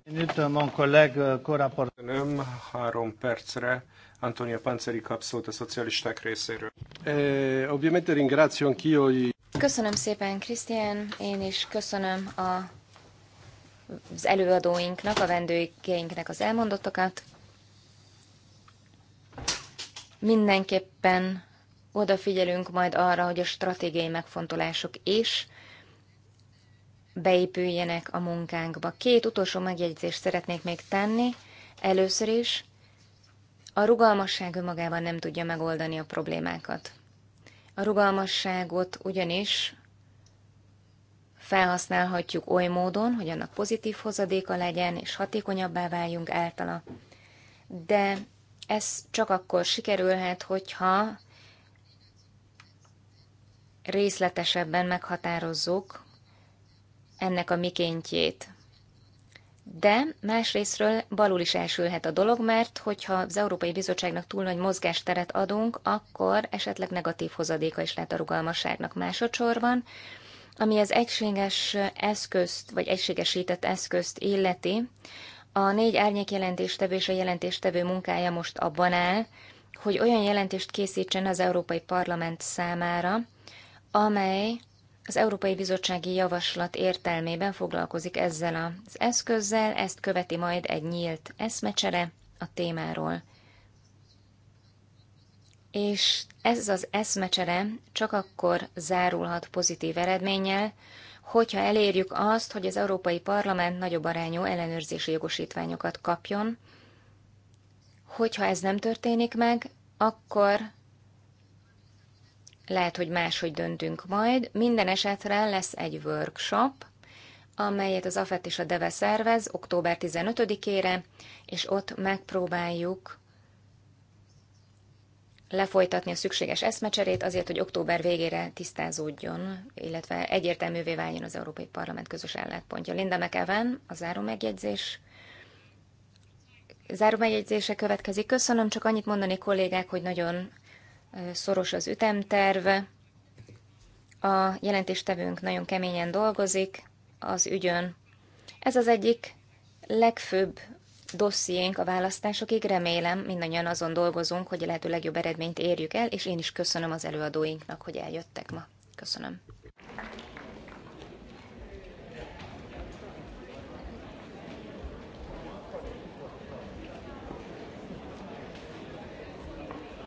Köszönöm három percre. Antonia Panceri kap a szocialisták részéről. Eh, obviamente ringrazio anch'io Köszönöm szépen, Krisztián. Én is köszönöm a, az előadóinknak, a vendégeinknek az elmondottakat. Mindenképpen odafigyelünk majd arra, hogy a stratégiai megfontolások is beépüljenek a munkánkba. Két utolsó megjegyzést szeretnék még tenni. Először is, a rugalmasság önmagában nem tudja megoldani a problémákat. A rugalmasságot ugyanis felhasználhatjuk oly módon, hogy annak pozitív hozadéka legyen, és hatékonyabbá váljunk általa. De ez csak akkor sikerülhet, hogyha részletesebben meghatározzuk ennek a mikéntjét. De másrésztről balul is elsülhet a dolog, mert hogyha az Európai Bizottságnak túl nagy mozgásteret adunk, akkor esetleg negatív hozadéka is lehet a rugalmasságnak másodszorban, ami az egységes eszközt, vagy egységesített eszközt illeti, a négy árnyék jelentéstevő és a jelentéstevő munkája most abban áll, hogy olyan jelentést készítsen az Európai Parlament számára, amely az Európai Bizottsági Javaslat értelmében foglalkozik ezzel az eszközzel, ezt követi majd egy nyílt eszmecsere a témáról. És ez az eszmecsere csak akkor zárulhat pozitív eredménnyel, hogyha elérjük azt, hogy az Európai Parlament nagyobb arányú ellenőrzési jogosítványokat kapjon. Hogyha ez nem történik meg, akkor lehet, hogy máshogy döntünk majd. Minden esetre lesz egy workshop, amelyet az AFET és a DEVE szervez október 15-ére, és ott megpróbáljuk lefolytatni a szükséges eszmecserét azért, hogy október végére tisztázódjon, illetve egyértelművé váljon az Európai Parlament közös álláspontja. Linda McEwen, a záró megjegyzés. Záró megjegyzése következik. Köszönöm, csak annyit mondani kollégák, hogy nagyon szoros az ütemterve. A jelentéstevőnk nagyon keményen dolgozik az ügyön. Ez az egyik legfőbb dossziénk a választásokig. Remélem, mindannyian azon dolgozunk, hogy a lehető legjobb eredményt érjük el, és én is köszönöm az előadóinknak, hogy eljöttek ma. Köszönöm.